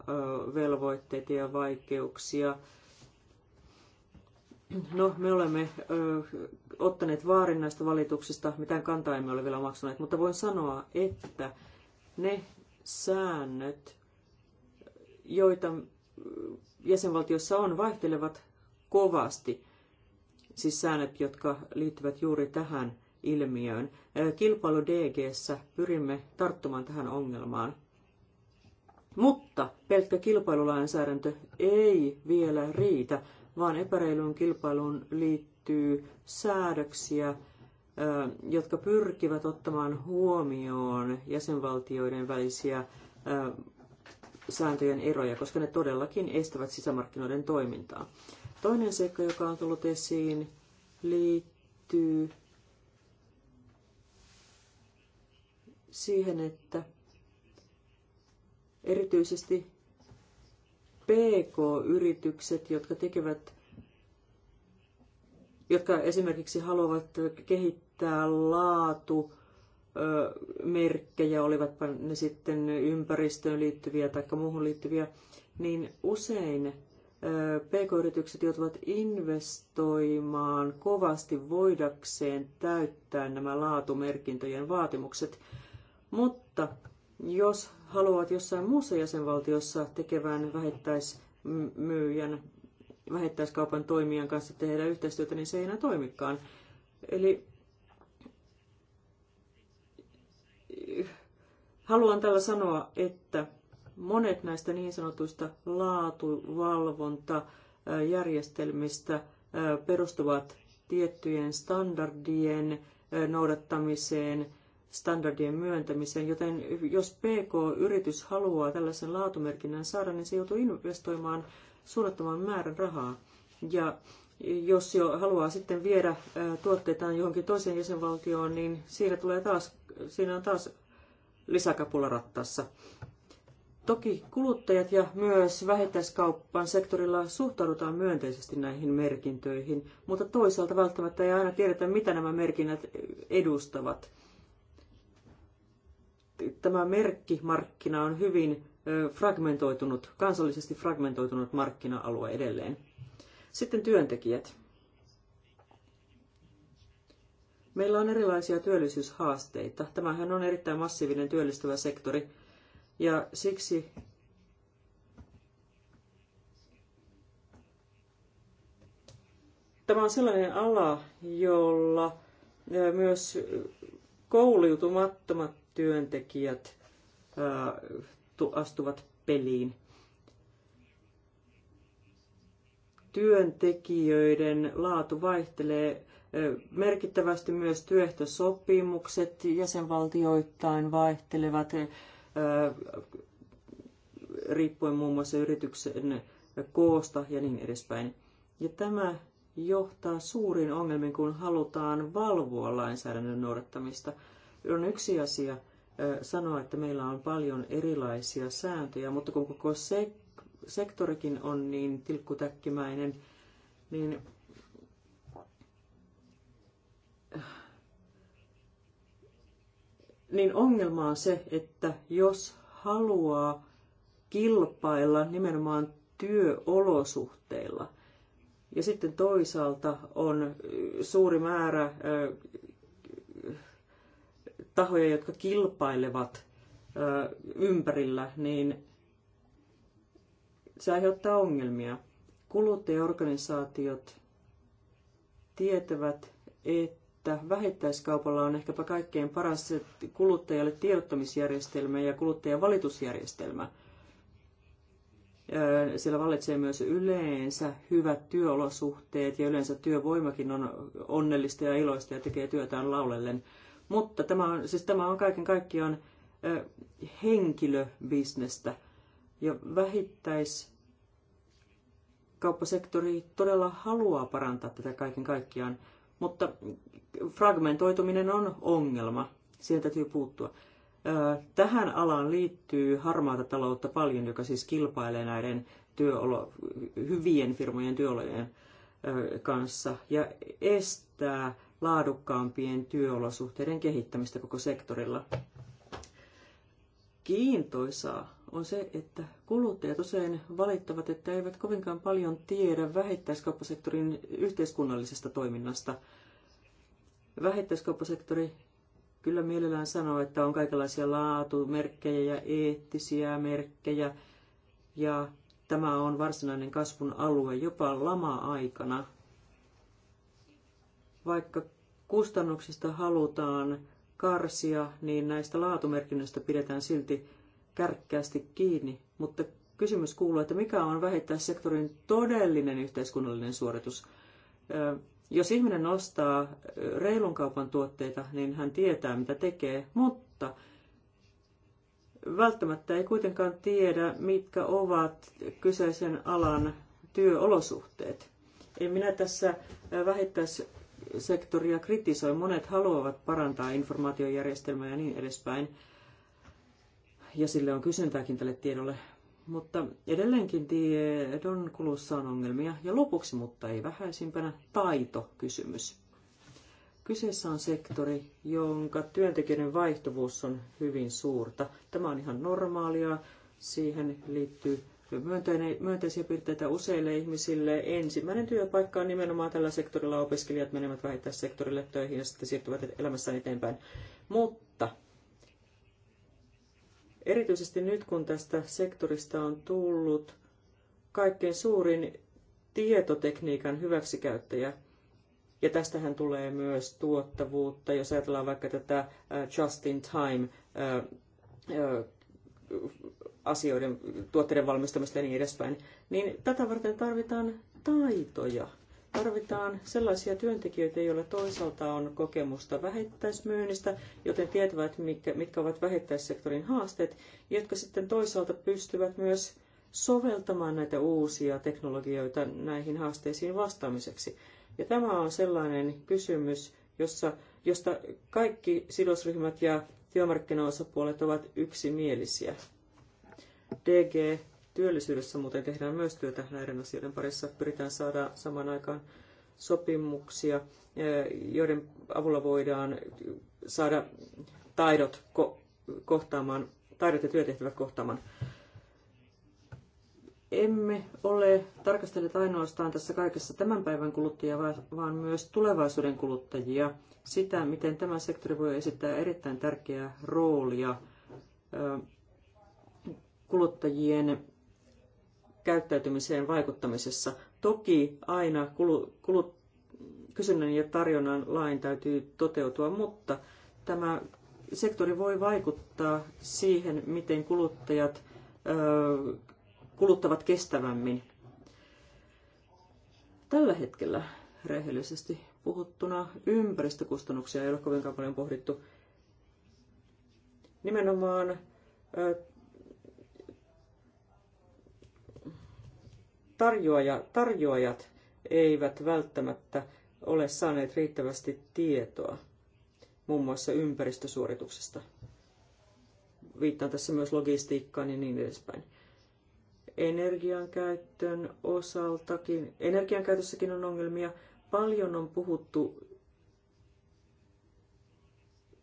velvoitteita ja vaikeuksia. No, me olemme ö, ottaneet vaarin näistä valituksista, mitään kantaa emme ole vielä maksaneet, mutta voin sanoa, että ne säännöt, joita jäsenvaltiossa on, vaihtelevat kovasti. Siis säännöt, jotka liittyvät juuri tähän ilmiöön. Kilpailu DGssä pyrimme tarttumaan tähän ongelmaan. Mutta pelkkä kilpailulainsäädäntö ei vielä riitä, vaan epäreiluun kilpailuun liittyy säädöksiä, jotka pyrkivät ottamaan huomioon jäsenvaltioiden välisiä sääntöjen eroja, koska ne todellakin estävät sisämarkkinoiden toimintaa. Toinen seikka, joka on tullut esiin, liittyy siihen, että erityisesti PK-yritykset, jotka tekevät, jotka esimerkiksi haluavat kehittää laatu merkkejä, olivatpa ne sitten ympäristöön liittyviä tai muuhun liittyviä, niin usein PK-yritykset joutuvat investoimaan kovasti voidakseen täyttää nämä laatumerkintöjen vaatimukset. Mutta jos haluat jossain muussa jäsenvaltiossa tekevän vähittäismyyjän, vähittäiskaupan toimijan kanssa tehdä yhteistyötä, niin se ei enää toimikaan. Eli Haluan tällä sanoa, että monet näistä niin sanotuista laatuvalvontajärjestelmistä perustuvat tiettyjen standardien noudattamiseen, standardien myöntämiseen, joten jos PK-yritys haluaa tällaisen laatumerkinnän saada, niin se joutuu investoimaan suunnattoman määrän rahaa. Ja jos jo haluaa sitten viedä tuotteitaan johonkin toiseen jäsenvaltioon, niin siinä, tulee taas, siinä on taas lisäkapularattaassa. Toki kuluttajat ja myös vähittäiskauppan sektorilla suhtaudutaan myönteisesti näihin merkintöihin, mutta toisaalta välttämättä ei aina tiedetä, mitä nämä merkinnät edustavat. Tämä merkkimarkkina on hyvin fragmentoitunut, kansallisesti fragmentoitunut markkina-alue edelleen. Sitten työntekijät. Meillä on erilaisia työllisyyshaasteita. Tämähän on erittäin massiivinen työllistävä sektori ja siksi tämä on sellainen ala, jolla myös koulutumattomat työntekijät astuvat peliin. Työntekijöiden laatu vaihtelee merkittävästi myös työehtosopimukset jäsenvaltioittain vaihtelevat riippuen muun muassa yrityksen koosta ja niin edespäin. Ja tämä johtaa suuriin ongelmiin, kun halutaan valvoa lainsäädännön noudattamista. On yksi asia sanoa, että meillä on paljon erilaisia sääntöjä, mutta kun koko sektorikin on niin tilkkutäkkimäinen, niin niin ongelma on se, että jos haluaa kilpailla nimenomaan työolosuhteilla, ja sitten toisaalta on suuri määrä tahoja, jotka kilpailevat ympärillä, niin se aiheuttaa ongelmia. Kuluttajaorganisaatiot tietävät, että että vähittäiskaupalla on ehkäpä kaikkein paras kuluttajalle tiedottamisjärjestelmä ja kuluttajavalitusjärjestelmä. Siellä vallitsee myös yleensä hyvät työolosuhteet ja yleensä työvoimakin on onnellista ja iloista ja tekee työtään laulellen. Mutta tämä on, siis tämä on kaiken kaikkiaan henkilöbisnestä ja vähittäis kauppasektori todella haluaa parantaa tätä kaiken kaikkiaan. Mutta fragmentoituminen on ongelma. Siihen täytyy puuttua. Tähän alaan liittyy harmaata taloutta paljon, joka siis kilpailee näiden työolo, hyvien firmojen työolojen kanssa ja estää laadukkaampien työolosuhteiden kehittämistä koko sektorilla. Kiintoisaa on se, että kuluttajat usein valittavat, että eivät kovinkaan paljon tiedä vähittäiskauppasektorin yhteiskunnallisesta toiminnasta. Vähittäiskauppasektori kyllä mielellään sanoo, että on kaikenlaisia laatumerkkejä ja eettisiä merkkejä, ja tämä on varsinainen kasvun alue jopa lama-aikana. Vaikka kustannuksista halutaan karsia, niin näistä laatumerkinnöistä pidetään silti kärkkäästi kiinni, mutta kysymys kuuluu, että mikä on vähittäissektorin todellinen yhteiskunnallinen suoritus? Jos ihminen ostaa reilun kaupan tuotteita, niin hän tietää, mitä tekee, mutta välttämättä ei kuitenkaan tiedä, mitkä ovat kyseisen alan työolosuhteet. En minä tässä vähittäissektoria kritisoi. Monet haluavat parantaa informaatiojärjestelmää ja niin edespäin ja sille on kysyntääkin tälle tiedolle. Mutta edelleenkin tiedon kulussa on ongelmia. Ja lopuksi, mutta ei vähäisimpänä, taitokysymys. Kyseessä on sektori, jonka työntekijöiden vaihtuvuus on hyvin suurta. Tämä on ihan normaalia. Siihen liittyy myönteisiä piirteitä useille ihmisille. Ensimmäinen työpaikka on nimenomaan tällä sektorilla. Opiskelijat menevät vähittäissektorille töihin ja sitten siirtyvät elämässään eteenpäin. Mutta Erityisesti nyt, kun tästä sektorista on tullut kaikkein suurin tietotekniikan hyväksikäyttäjä, ja tästähän tulee myös tuottavuutta, jos ajatellaan vaikka tätä äh, just in time äh, äh, asioiden, tuotteiden valmistamista ja niin edespäin, niin tätä varten tarvitaan taitoja. Tarvitaan sellaisia työntekijöitä, joilla toisaalta on kokemusta vähittäismyynnistä, joten tietävät, mitkä, mitkä ovat vähittäissektorin haasteet, jotka sitten toisaalta pystyvät myös soveltamaan näitä uusia teknologioita näihin haasteisiin vastaamiseksi. Ja tämä on sellainen kysymys, jossa, josta kaikki sidosryhmät ja työmarkkinaosapuolet ovat yksimielisiä. DG Työllisyydessä muuten tehdään myös työtä näiden asioiden parissa. Pyritään saada samaan aikaan sopimuksia, eh, joiden avulla voidaan saada taidot kohtaamaan, taidot ja työtehtävät kohtaamaan. Emme ole tarkastelleet ainoastaan tässä kaikessa tämän päivän kuluttajia, vaan myös tulevaisuuden kuluttajia. Sitä, miten tämä sektori voi esittää erittäin tärkeää roolia eh, kuluttajien käyttäytymiseen vaikuttamisessa. Toki aina kulu, kulu, kysynnän ja tarjonnan lain täytyy toteutua, mutta tämä sektori voi vaikuttaa siihen, miten kuluttajat ö, kuluttavat kestävämmin. Tällä hetkellä rehellisesti puhuttuna ympäristökustannuksia ei ole kovinkaan paljon pohdittu. Nimenomaan tarjoaja, tarjoajat eivät välttämättä ole saaneet riittävästi tietoa muun muassa ympäristösuorituksesta. Viittaan tässä myös logistiikkaan ja niin edespäin. Energian käytön osaltakin, energian käytössäkin on ongelmia. Paljon on puhuttu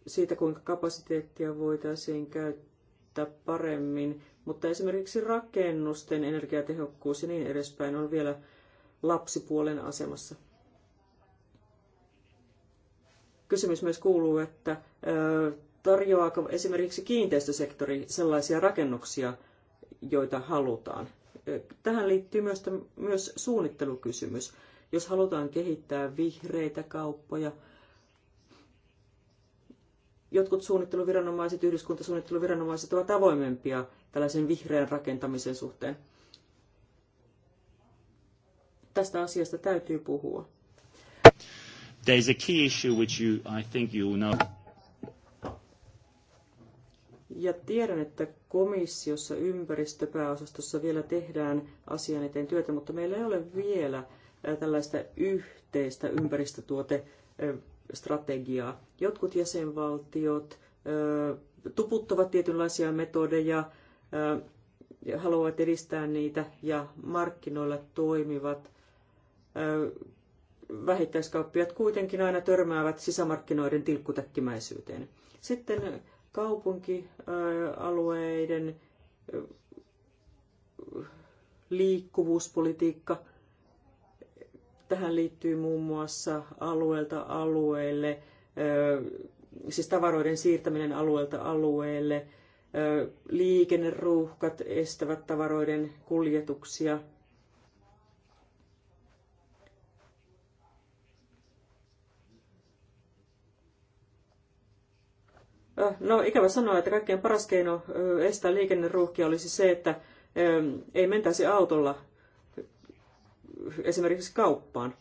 siitä, kuinka kapasiteettia voitaisiin käyttää käyttää paremmin, mutta esimerkiksi rakennusten energiatehokkuus ja niin edespäin on vielä lapsipuolen asemassa. Kysymys myös kuuluu, että tarjoaako esimerkiksi kiinteistösektori sellaisia rakennuksia, joita halutaan. Tähän liittyy myös, myös suunnittelukysymys. Jos halutaan kehittää vihreitä kauppoja, jotkut suunnitteluviranomaiset, yhdyskuntasuunnitteluviranomaiset ovat avoimempia tällaisen vihreän rakentamisen suhteen. Tästä asiasta täytyy puhua. a key issue which you, I think you know. Ja tiedän, että komissiossa ympäristöpääosastossa vielä tehdään asian eteen työtä, mutta meillä ei ole vielä tällaista yhteistä ympäristötuote strategiaa. Jotkut jäsenvaltiot tuputtavat tietynlaisia metodeja, haluavat edistää niitä ja markkinoilla toimivat vähittäiskauppiat kuitenkin aina törmäävät sisämarkkinoiden tilkkutäkkimäisyyteen. Sitten kaupunkialueiden liikkuvuuspolitiikka – Tähän liittyy muun muassa alueelta alueelle, siis tavaroiden siirtäminen alueelta alueelle, liikenneruuhkat estävät tavaroiden kuljetuksia. No ikävä sanoa, että kaikkein paras keino estää liikenneruuhkia olisi se, että ei mentäisi autolla esimerkiksi kauppaan.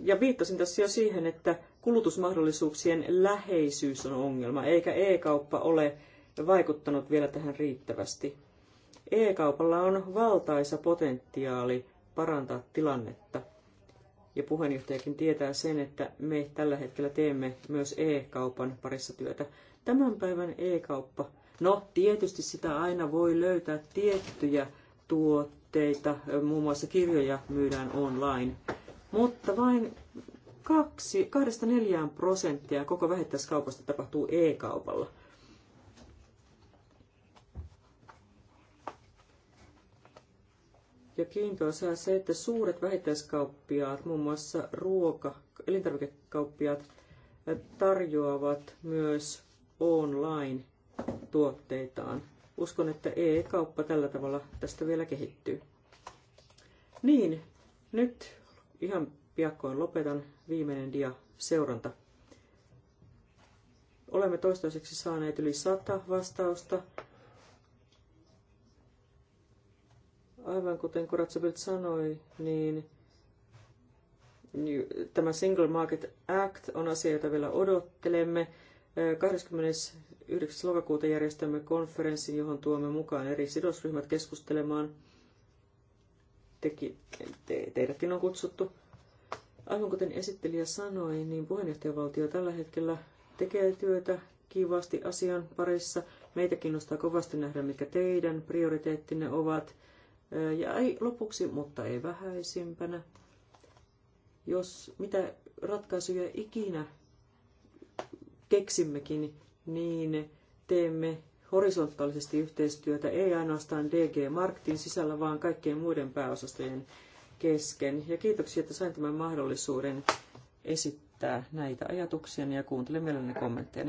Ja viittasin tässä jo siihen, että kulutusmahdollisuuksien läheisyys on ongelma, eikä e-kauppa ole vaikuttanut vielä tähän riittävästi. E-kaupalla on valtaisa potentiaali parantaa tilannetta. Ja puheenjohtajakin tietää sen, että me tällä hetkellä teemme myös e-kaupan parissa työtä. Tämän päivän e-kauppa. No, tietysti sitä aina voi löytää tiettyjä tuotteita tuotteita, muun muassa kirjoja myydään online, mutta vain kaksi, kahdesta neljään prosenttia koko vähittäiskaupasta tapahtuu e-kaupalla. Ja kiintoisaa se, että suuret vähittäiskauppiaat, muun muassa ruoka, elintarvikekauppiaat, tarjoavat myös online tuotteitaan. Uskon, että e-kauppa tällä tavalla tästä vielä kehittyy. Niin, nyt ihan piakkoin lopetan viimeinen dia seuranta. Olemme toistaiseksi saaneet yli sata vastausta. Aivan kuten Kuratsabilt sanoi, niin tämä Single Market Act on asia, jota vielä odottelemme. 20. 9. lokakuuta järjestämme konferenssin, johon tuomme mukaan eri sidosryhmät keskustelemaan. Teki, te, teidätkin on kutsuttu. Aivan kuten esittelijä sanoi, niin puheenjohtajavaltio tällä hetkellä tekee työtä kiivaasti asian parissa. Meitä kiinnostaa kovasti nähdä, mikä teidän prioriteettinne ovat. Ja ei lopuksi, mutta ei vähäisimpänä. Jos mitä ratkaisuja ikinä keksimmekin, niin teemme horisontaalisesti yhteistyötä ei ainoastaan DG Marktin sisällä, vaan kaikkien muiden pääosastojen kesken. Ja kiitoksia, että sain tämän mahdollisuuden esittää näitä ajatuksia ja kuuntele mielelläni kommentteja.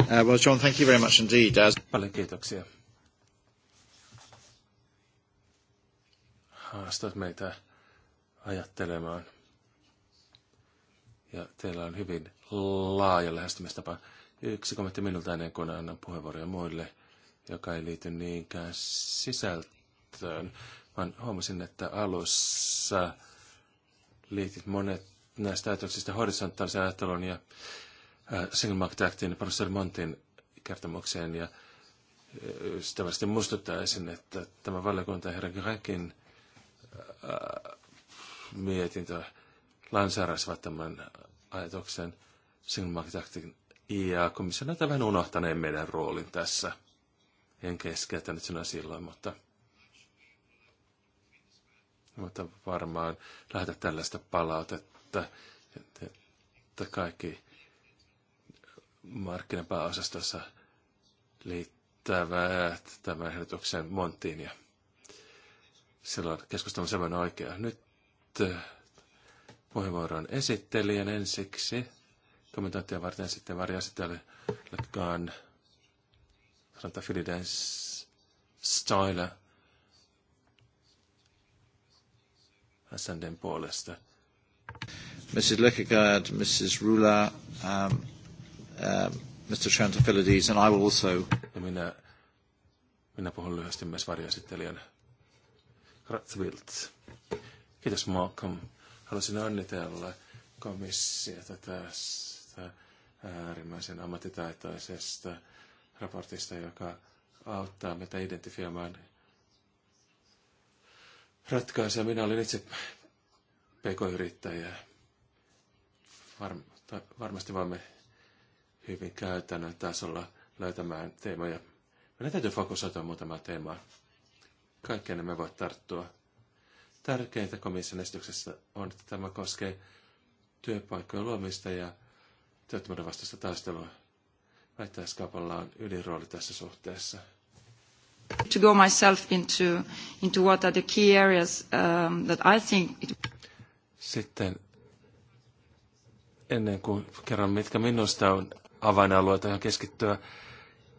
Uh, well, John, thank you very much indeed. As... Paljon kiitoksia. Haastat meitä ajattelemaan. Ja teillä on hyvin laaja lähestymistapa. Yksi kommentti minulta ennen kuin annan puheenvuoroja muille, joka ei liity niinkään sisältöön, vaan huomasin, että alussa liitit monet näistä ajatuksista horisontaalisen ajattelun ja äh, Single Market Actin professori Montin kertomukseen ja äh, ystävästi muistuttaisin, että tämä valiokunta herra Grekin äh, mietintö lanseerasivat tämän ajatuksen Sigmaktactin IA-komissio näyttää vähän unohtaneen meidän roolin tässä. En keskeytänyt sinä silloin, mutta, mutta varmaan lähetä tällaista palautetta, että kaikki markkinapääosastossa liittävät tämän ehdotuksen monttiin ja silloin keskustelun semmoinen oikea. Nyt puheenvuoron esittelijän ensiksi. Kommentointia varten sitten varjaesittelijä Letkaan sanotaan Filidens Styler SNDn puolesta. Mrs. Lickergaard, Mrs. Rula, um, um, Mr. Chantafilides, and I will also... Ja minä, minä puhun lyhyesti myös varjoesittelijän Kratzwilt. Kiitos Malcolm Haluaisin onnitella komissiota tästä äärimmäisen ammattitaitoisesta raportista, joka auttaa meitä identifioimaan ratkaisuja. Minä olin itse pk-yrittäjä. Varm, varmasti voimme hyvin käytännön tasolla löytämään teemoja. Meidän täytyy fokusoitua muutamaa teemaa. Kaikkeen emme voi tarttua. Tärkeintä komission esityksessä on, että tämä koskee työpaikkojen luomista ja työttömyyden vastaista taistelua. Väittäiskaupalla on ydinrooli tässä suhteessa. To go myself into, into what are the key areas um, that I think... It... Sitten ennen kuin kerron, mitkä minusta on avainalueita johon keskittyä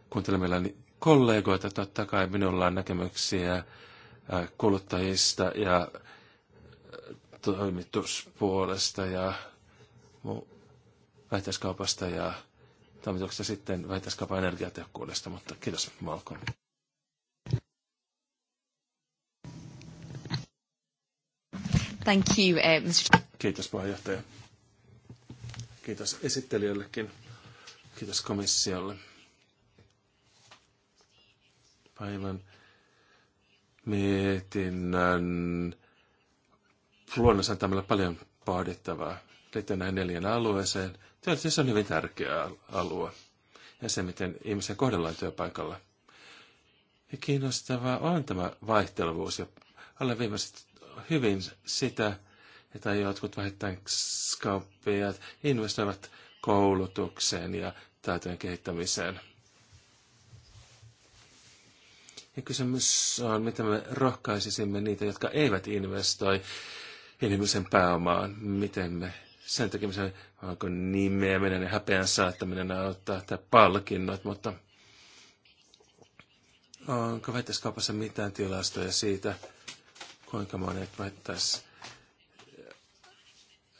kuuntelemillani kollegoita. Totta kai minulla on näkemyksiä Äh, kuluttajista ja äh, toimituspuolesta ja väitöskaupasta ja toimituksesta sitten väitöskaupan energiatehokkuudesta, mutta kiitos Malcolm. Thank you, uh, Mr. Kiitos puheenjohtaja. Kiitos esittelijöillekin. Kiitos komissiolle. Päivän mietinnän luonnossa on tämmöllä paljon pohdittavaa liittyen näihin neljän alueeseen. Työllisyys on hyvin tärkeä alue ja se, miten ihmisiä kohdellaan työpaikalla. Ja kiinnostavaa on tämä vaihtelevuus ja viimeiset hyvin sitä, että jotkut vähittäiskauppiaat investoivat koulutukseen ja taitojen kehittämiseen – ja kysymys on, miten me rohkaisisimme niitä, jotka eivät investoi inhimillisen pääomaan. Miten me sen tekemisen, onko nimeäminen ja häpeän saattaminen auttaa tai palkinnot, mutta onko väittäiskaupassa mitään tilastoja siitä, kuinka monet väittäis,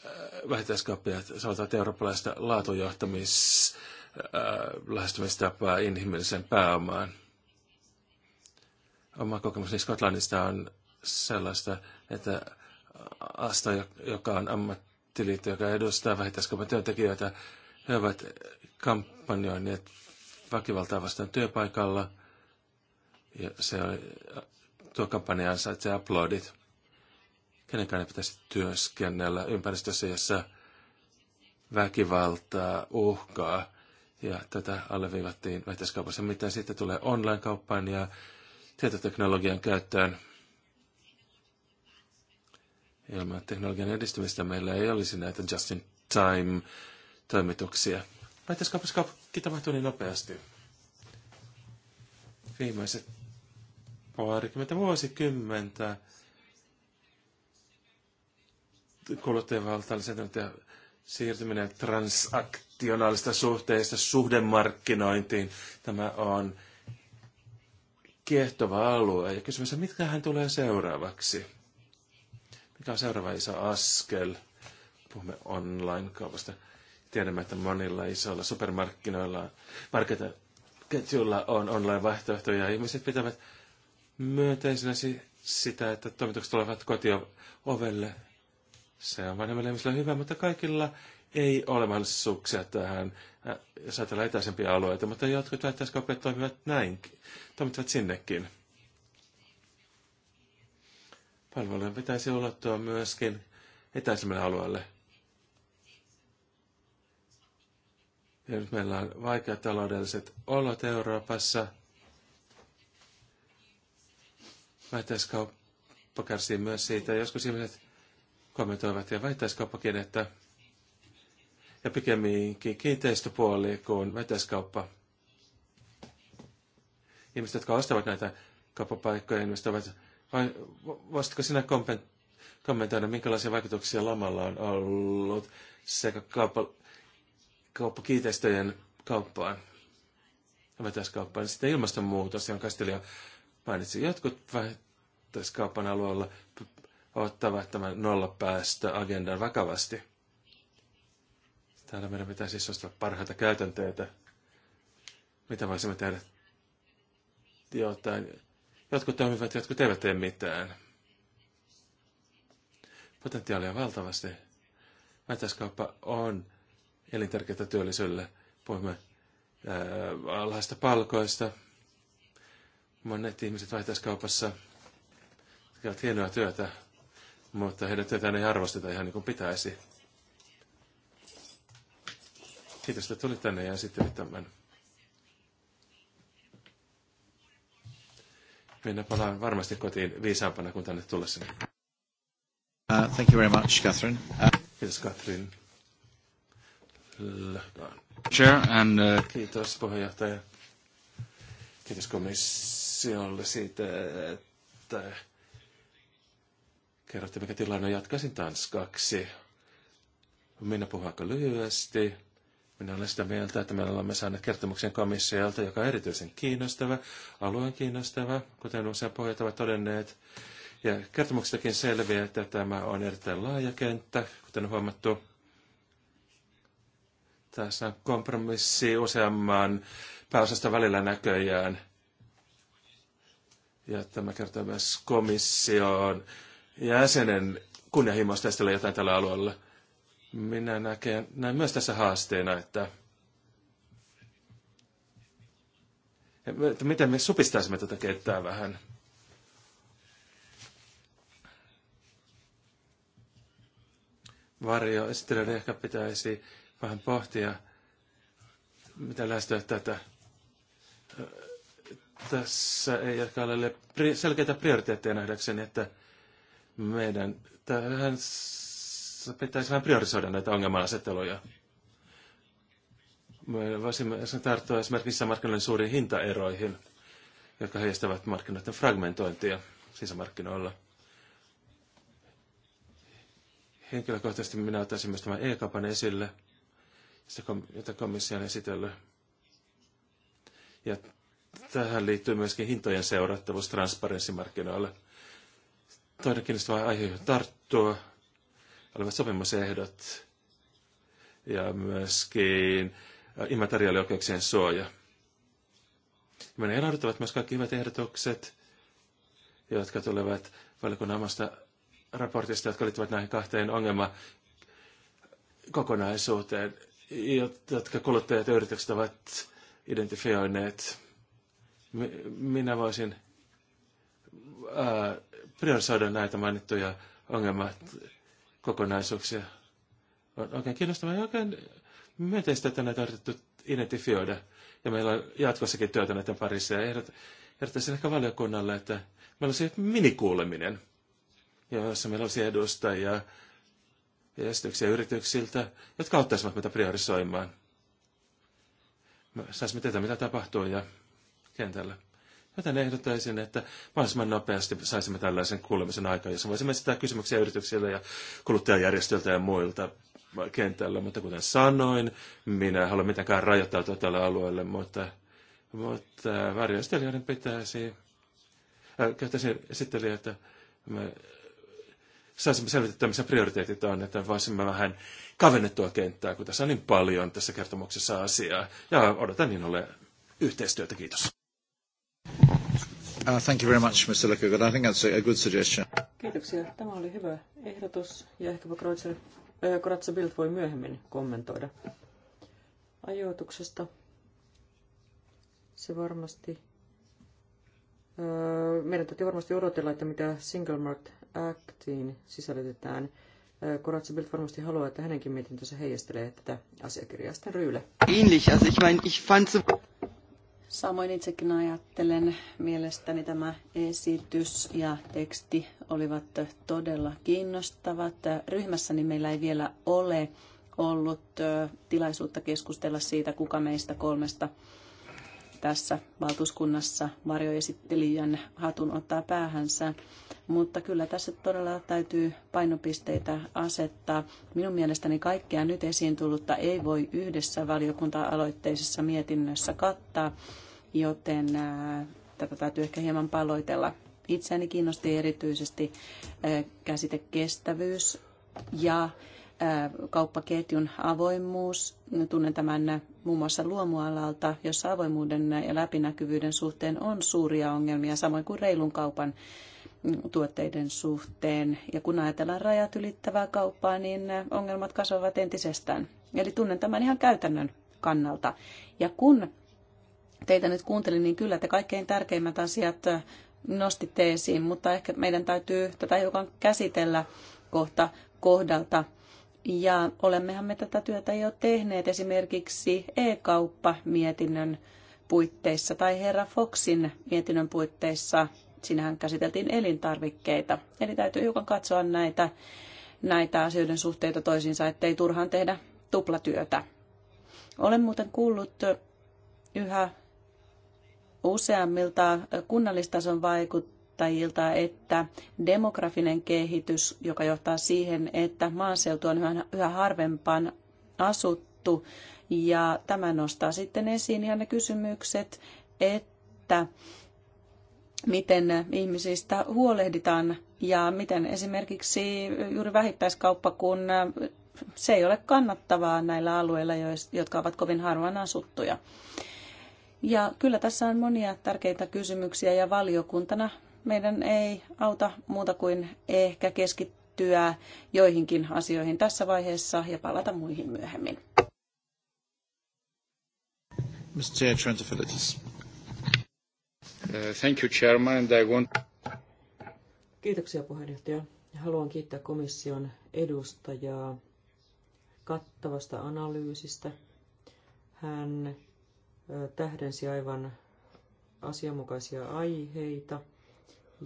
äh, väittäiskauppiaat sanotaan eurooppalaista laatujohtamis äh, lähestymistapaa inhimilliseen pääomaan. Oma kokemukseni Skotlannista on sellaista, että Asta, joka on ammattiliitto, joka edustaa vähittäiskaupan työntekijöitä, he ovat kampanjoineet väkivaltaa vastaan työpaikalla. Ja se oli, tuo kampanja ansaitsee aplodit. Kenenkään ei pitäisi työskennellä ympäristössä, jossa väkivaltaa uhkaa. Ja tätä alleviivattiin vähittäiskaupassa. mitä sitten tulee online-kauppaan ja tietoteknologian käyttöön. Ilman teknologian edistymistä meillä ei olisi näitä Justin time toimituksia. Väitöskaupas kaupunki tapahtui niin nopeasti. Viimeiset parikymmentä vuosikymmentä kuluttajavalta ja siirtyminen transaktionaalista suhteista suhdemarkkinointiin. Tämä on kiehtova alue. Ja kysymys mitkä hän tulee seuraavaksi? Mikä on seuraava iso askel? Puhumme online-kaupasta. Tiedämme, että monilla isoilla supermarkkinoilla, marketa, on online-vaihtoehtoja. Ihmiset pitävät myönteisenä sitä, että toimitukset tulevat Ovelle. Se on vanhemmille ihmisille hyvä, mutta kaikilla ei ole mahdollisuuksia tähän Äh, jos ajatellaan etäisempiä alueita, mutta jotkut väittäiskauppiaat toimivat näin, toimivat sinnekin. Palvelujen pitäisi ulottua myöskin etäisemmälle alueelle. Ja nyt meillä on vaikeat taloudelliset olot Euroopassa. Väittäiskauppa kärsii myös siitä. Joskus ihmiset kommentoivat ja väittäiskauppakin, että ja pikemminkin kiinteistöpuoli kuin vetäiskauppa. Ihmiset, jotka ostavat näitä kauppapaikkoja, investoivat. Vai voisitko sinä kommentoida, minkälaisia vaikutuksia lamalla on ollut sekä kauppa, kauppakiinteistöjen kauppaan ja vetäiskauppaan? Sitten ilmastonmuutos, jonka kastelia mainitsi. Jotkut vähittäiskaupan alueella ottavat tämän nollapäästöagendan vakavasti – Täällä meidän pitää siis ostaa parhaita käytänteitä, mitä voisimme tehdä jotain. Jotkut toimivat, jotkut eivät tee mitään. Potentiaalia valtavasti. Vähittäiskauppa on elintärkeää työllisyydelle. Puhumme ää, alhaista palkoista. Monet ihmiset vähittäiskaupassa tekevät hienoa työtä, mutta heidän työtään ei arvosteta ihan niin kuin pitäisi Kiitos, että tulit tänne ja nyt tämän. Minä palaan varmasti kotiin viisaampana kuin tänne tullessa. Uh, thank you very much, Catherine. Uh... Kiitos, Catherine. Chair and, uh... Kiitos, puheenjohtaja. Kiitos komissiolle siitä, että kerrotte, mikä tilanne on. Jatkaisin tanskaksi. Minä puhun aika lyhyesti. Minä olen sitä mieltä, että me olemme saaneet kertomuksen komissiolta, joka on erityisen kiinnostava, alueen kiinnostava, kuten usein pohjat ovat todenneet. Ja kertomuksestakin selviää, että tämä on erittäin laaja kenttä, kuten huomattu. Tässä on kompromissi useamman pääosasta välillä näköjään. Ja tämä kertoo myös komission jäsenen kunnianhimoista jotain tällä alueella. Minä näkeen, näen myös tässä haasteena, että, että miten me supistaisimme tätä kenttää vähän. Varjo esittelijöiden ehkä pitäisi vähän pohtia, mitä lähestyä tätä. Tässä ei ehkä ole selkeitä prioriteetteja nähdäkseni, että meidän tähän se pitäisi vähän priorisoida näitä ongelmanasetteluja. Me voisimme tarttua esimerkiksi sisämarkkinoiden suuriin hintaeroihin, jotka heijastavat markkinoiden fragmentointia sisämarkkinoilla. Henkilökohtaisesti minä ottaisin myös tämän e-kaupan esille, jota komissio on esitellyt. Ja tähän liittyy myöskin hintojen seurattavuus transparenssimarkkinoilla. Toinen kiinnostava aihe tarttua olivat sopimusehdot ja myöskin äh, immateriaalioikeuksien suoja. Meidän ilahduttavat myös kaikki hyvät ehdotukset, jotka tulevat valiokunnan omasta raportista, jotka liittyvät näihin kahteen kokonaisuuteen, jotka kuluttajat ja yritykset ovat identifioineet. Minä voisin äh, priorisoida näitä mainittuja ongelmat kokonaisuuksia. On oikein kiinnostavaa ja oikein myönteistä, että näitä on yritetty identifioida. Ja meillä on jatkossakin työtä näiden parissa. Ja ehdottaisin ehkä valiokunnalle, että meillä olisi minikuuleminen, jossa meillä olisi edustajia ja esityksiä yrityksiltä, jotka auttaisivat meitä priorisoimaan. Saisimme tietää, mitä tapahtuu ja kentällä. Joten ehdottaisin, että mahdollisimman nopeasti saisimme tällaisen kuulemisen aikaa, jossa voisimme sitä kysymyksiä yrityksille ja kuluttajajärjestöiltä ja muilta kentällä. Mutta kuten sanoin, minä en halua mitenkään rajoittautua tälle alueelle, mutta, mutta varjoistelijoiden pitäisi äh, käyttäisin esittelijä, että me saisimme selvitettyä, missä prioriteetit on, että voisimme vähän kavennettua kenttää, kun tässä on niin paljon tässä kertomuksessa asiaa. Ja odotan niin ole yhteistyötä. Kiitos. Uh, thank you very much, Mr. I think that's a good suggestion. Kiitoksia. Tämä oli hyvä ehdotus ja ehkäpä Koratsa äh, Bild voi myöhemmin kommentoida ajoituksesta. Se varmasti, äh, meidän täytyy varmasti odotella, että mitä Single Market Actiin sisällytetään. Äh, Kuratsa Bild varmasti haluaa, että hänenkin mietintönsä heijastelee tätä asiakirjaa sitten Ryyle. Ähnlich, also ich meine, ich fand so... Samoin itsekin ajattelen, mielestäni tämä esitys ja teksti olivat todella kiinnostavat. Ryhmässäni meillä ei vielä ole ollut tilaisuutta keskustella siitä, kuka meistä kolmesta tässä valtuuskunnassa varjoesittelijän hatun ottaa päähänsä. Mutta kyllä tässä todella täytyy painopisteitä asettaa. Minun mielestäni kaikkea nyt esiin tullutta ei voi yhdessä valiokunta-aloitteisessa mietinnössä kattaa, joten tätä täytyy ehkä hieman paloitella. Itseäni kiinnosti erityisesti käsite kestävyys ja kauppaketjun avoimuus. Tunnen tämän muun muassa luomualalta, jossa avoimuuden ja läpinäkyvyyden suhteen on suuria ongelmia, samoin kuin reilun kaupan tuotteiden suhteen. Ja kun ajatellaan rajat ylittävää kauppaa, niin ongelmat kasvavat entisestään. Eli tunnen tämän ihan käytännön kannalta. Ja kun teitä nyt kuuntelin, niin kyllä te kaikkein tärkeimmät asiat nostitte esiin, mutta ehkä meidän täytyy tätä hiukan käsitellä kohta kohdalta ja olemmehan me tätä työtä jo tehneet esimerkiksi e-kauppa-mietinnön puitteissa tai herra Foxin mietinnön puitteissa. Sinähän käsiteltiin elintarvikkeita. Eli täytyy hiukan katsoa näitä, näitä asioiden suhteita toisiinsa, ettei turhaan tehdä tuplatyötä. Olen muuten kuullut yhä useammilta kunnallistason vaikuttajilta, tuottajilta, että demografinen kehitys, joka johtaa siihen, että maaseutu on yhä, yhä harvempaan asuttu, ja tämä nostaa sitten esiin ihan ne kysymykset, että miten ihmisistä huolehditaan ja miten esimerkiksi juuri vähittäiskauppa, kun se ei ole kannattavaa näillä alueilla, jotka ovat kovin harvaan asuttuja. Ja kyllä tässä on monia tärkeitä kysymyksiä ja valiokuntana meidän ei auta muuta kuin ehkä keskittyä joihinkin asioihin tässä vaiheessa ja palata muihin myöhemmin. Mr. Trentafilides. Uh, thank you, Chairman, and I want... Kiitoksia puheenjohtaja. Haluan kiittää komission edustajaa kattavasta analyysistä. Hän tähdensi aivan asianmukaisia aiheita –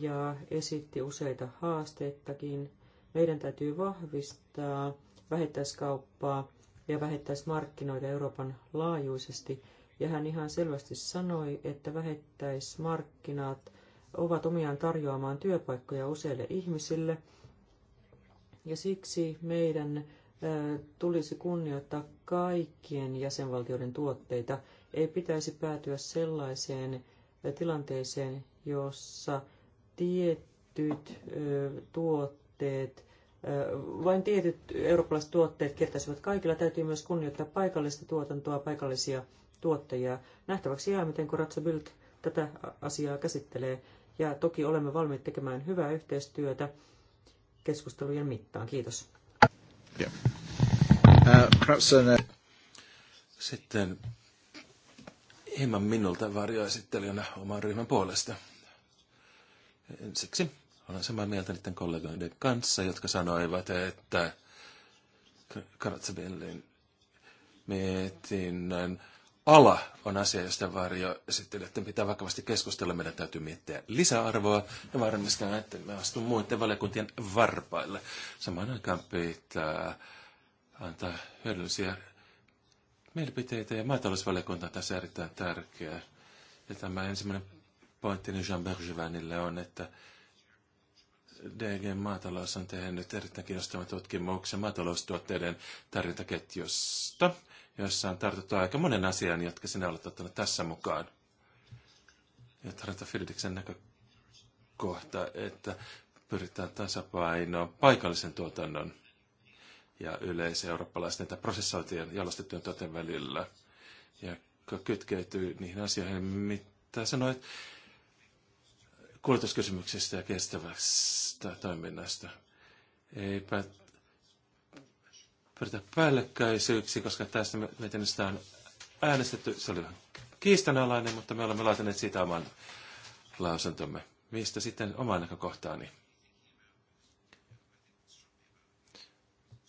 ja esitti useita haasteitakin Meidän täytyy vahvistaa vähittäiskauppaa ja vähittäismarkkinoita Euroopan laajuisesti. Ja hän ihan selvästi sanoi, että vähittäismarkkinat ovat omiaan tarjoamaan työpaikkoja useille ihmisille. Ja siksi meidän tulisi kunnioittaa kaikkien jäsenvaltioiden tuotteita. Ei pitäisi päätyä sellaiseen tilanteeseen, jossa tietyt tuotteet, vain tietyt eurooppalaiset tuotteet kertaisivat kaikilla. Täytyy myös kunnioittaa paikallista tuotantoa, paikallisia tuottajia. Nähtäväksi jää, miten Koratsa Bild tätä asiaa käsittelee. Ja toki olemme valmiit tekemään hyvää yhteistyötä keskustelujen mittaan. Kiitos. Sitten hieman minulta varjoesittelijänä oman ryhmän puolesta. Siksi olen samaa mieltä niiden kollegoiden kanssa, jotka sanoivat, että Karatsabellin mietinnän ala on asia, josta varjo että pitää vakavasti keskustella. Meidän täytyy miettiä lisäarvoa ja varmistaa, että me astun muiden valiokuntien varpaille. Samaan aikaan pitää antaa hyödyllisiä mielipiteitä ja maatalousvaliokunta on tässä erittäin tärkeä, Ja tämä ensimmäinen Pointtini Jean Bergevinille on, että DG Maatalous on tehnyt erittäin kiinnostavan tutkimuksen maataloustuotteiden tarjontaketjusta, jossa on tartuttu aika monen asian, jotka sinä olet ottanut tässä mukaan. Ja tarjota Fyrdiksen näkökohta, että pyritään tasapainoon paikallisen tuotannon ja yleiseurooppalaisten että prosessointien jalostettujen tuotteiden välillä, ja kytkeytyy niihin asioihin, mitä sanoit kulutuskysymyksistä ja kestävästä toiminnasta. Eipä pyritä päällekkäisyyksiin, koska tästä mietinnöstä on äänestetty. Se oli vähän kiistanalainen, mutta me olemme laitaneet siitä oman lausuntomme. Mistä sitten oma näkökohtaani?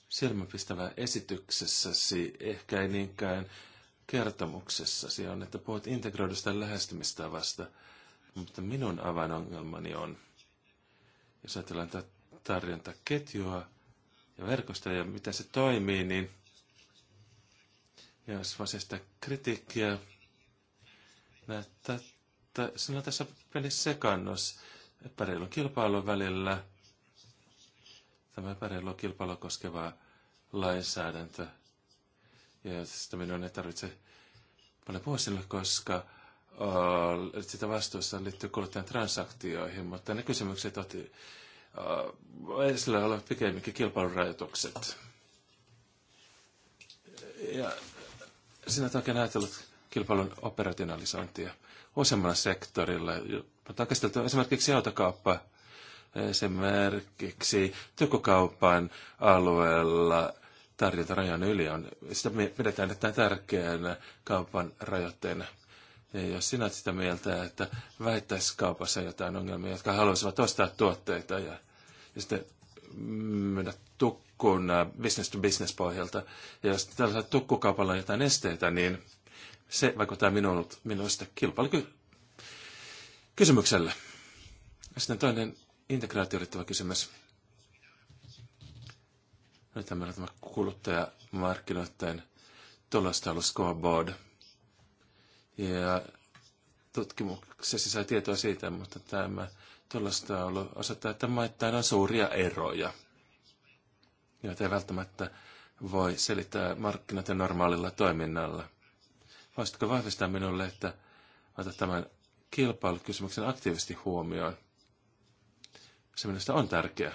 Silmäpistävää esityksessäsi ehkä ei niinkään kertomuksessasi on, että puhut integroidusta lähestymistavasta vasta mutta minun avainongelmani on, jos ajatellaan tätä tarjontaketjua ja verkosta ja miten se toimii, niin jos sitä kritiikkiä näyttää, että sinulla tässä pelissä sekannus epäreilun kilpailun välillä. Tämä epäreilu kilpailu koskeva lainsäädäntö. Ja sitä minun ei tarvitse paljon puhua sille, koska Äh, sitä vastuussa liittyy kuluttajan transaktioihin, mutta ne kysymykset otti äh, esillä olevat pikemminkin kilpailurajoitukset. Ja sinä oikein ajatellut kilpailun operationalisointia useammalla sektorilla. Mutta on käsitelty esimerkiksi autokauppa, esimerkiksi tukokaupan alueella tarjonta rajan yli on. Sitä pidetään erittäin tärkeänä kaupan rajoitteena. Ja jos sinä olet sitä mieltä, että väittäisi kaupassa jotain ongelmia, jotka haluaisivat ostaa tuotteita ja, ja sitten mennä tukkuun äh, business to business pohjalta. Ja jos tällaisella tukkukaupalla on jotain esteitä, niin se vaikuttaa minun, minusta kilpailukyky kysymykselle. Sitten toinen integraatio liittyvä kysymys. Nyt meillä on tämä kuluttajamarkkinoiden tulostaulu scoreboard – ja tutkimuksessa sai tietoa siitä, mutta tämä tuollaista ollut osoittaa, että maittain on suuria eroja, joita ei välttämättä voi selittää markkinat ja normaalilla toiminnalla. Voisitko vahvistaa minulle, että ota tämän kilpailukysymyksen aktiivisesti huomioon? Se minusta on tärkeää.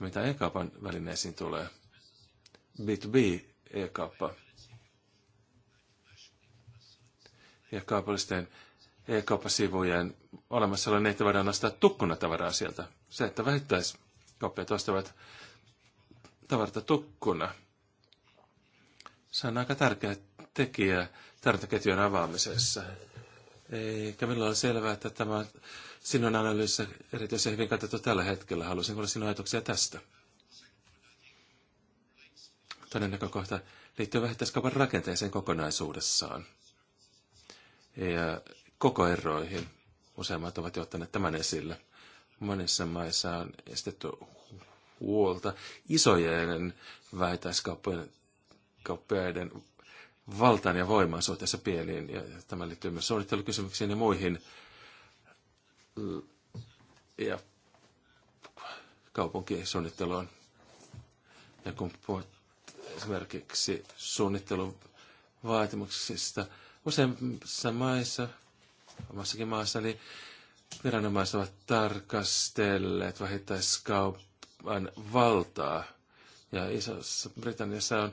Ja mitä e-kaupan välineisiin tulee? B2B e-kauppa. ja kaupallisten e-kauppasivujen olemassaolo, niitä voidaan nostaa tukkuna tavaraa sieltä. Se, että vähittäiskauppiaat ostavat tavarta tukkuna, se on aika tärkeä tekijä tarjontaketjujen avaamisessa. Eikä minulla ole selvää, että tämä sinun analyysissä erityisen hyvin katsottu tällä hetkellä. Haluaisin kuulla sinun ajatuksia tästä. Toinen näkökohta liittyy vähittäiskaupan rakenteeseen kokonaisuudessaan ja kokoeroihin. Useimmat ovat jo ottaneet tämän esille. Monissa maissa on estetty huolta isojen vähittäiskauppiaiden valtaan ja voimaan suhteessa pieniin. Ja tämä liittyy myös suunnittelukysymyksiin ja muihin. Ja kaupunkisuunnitteluun. Ja kun puhut esimerkiksi suunnittelun vaatimuksista, Useimmissa maissa, omassakin maassa, niin viranomaiset ovat tarkastelleet vähittäiskaupan valtaa. Ja Isossa Britanniassa on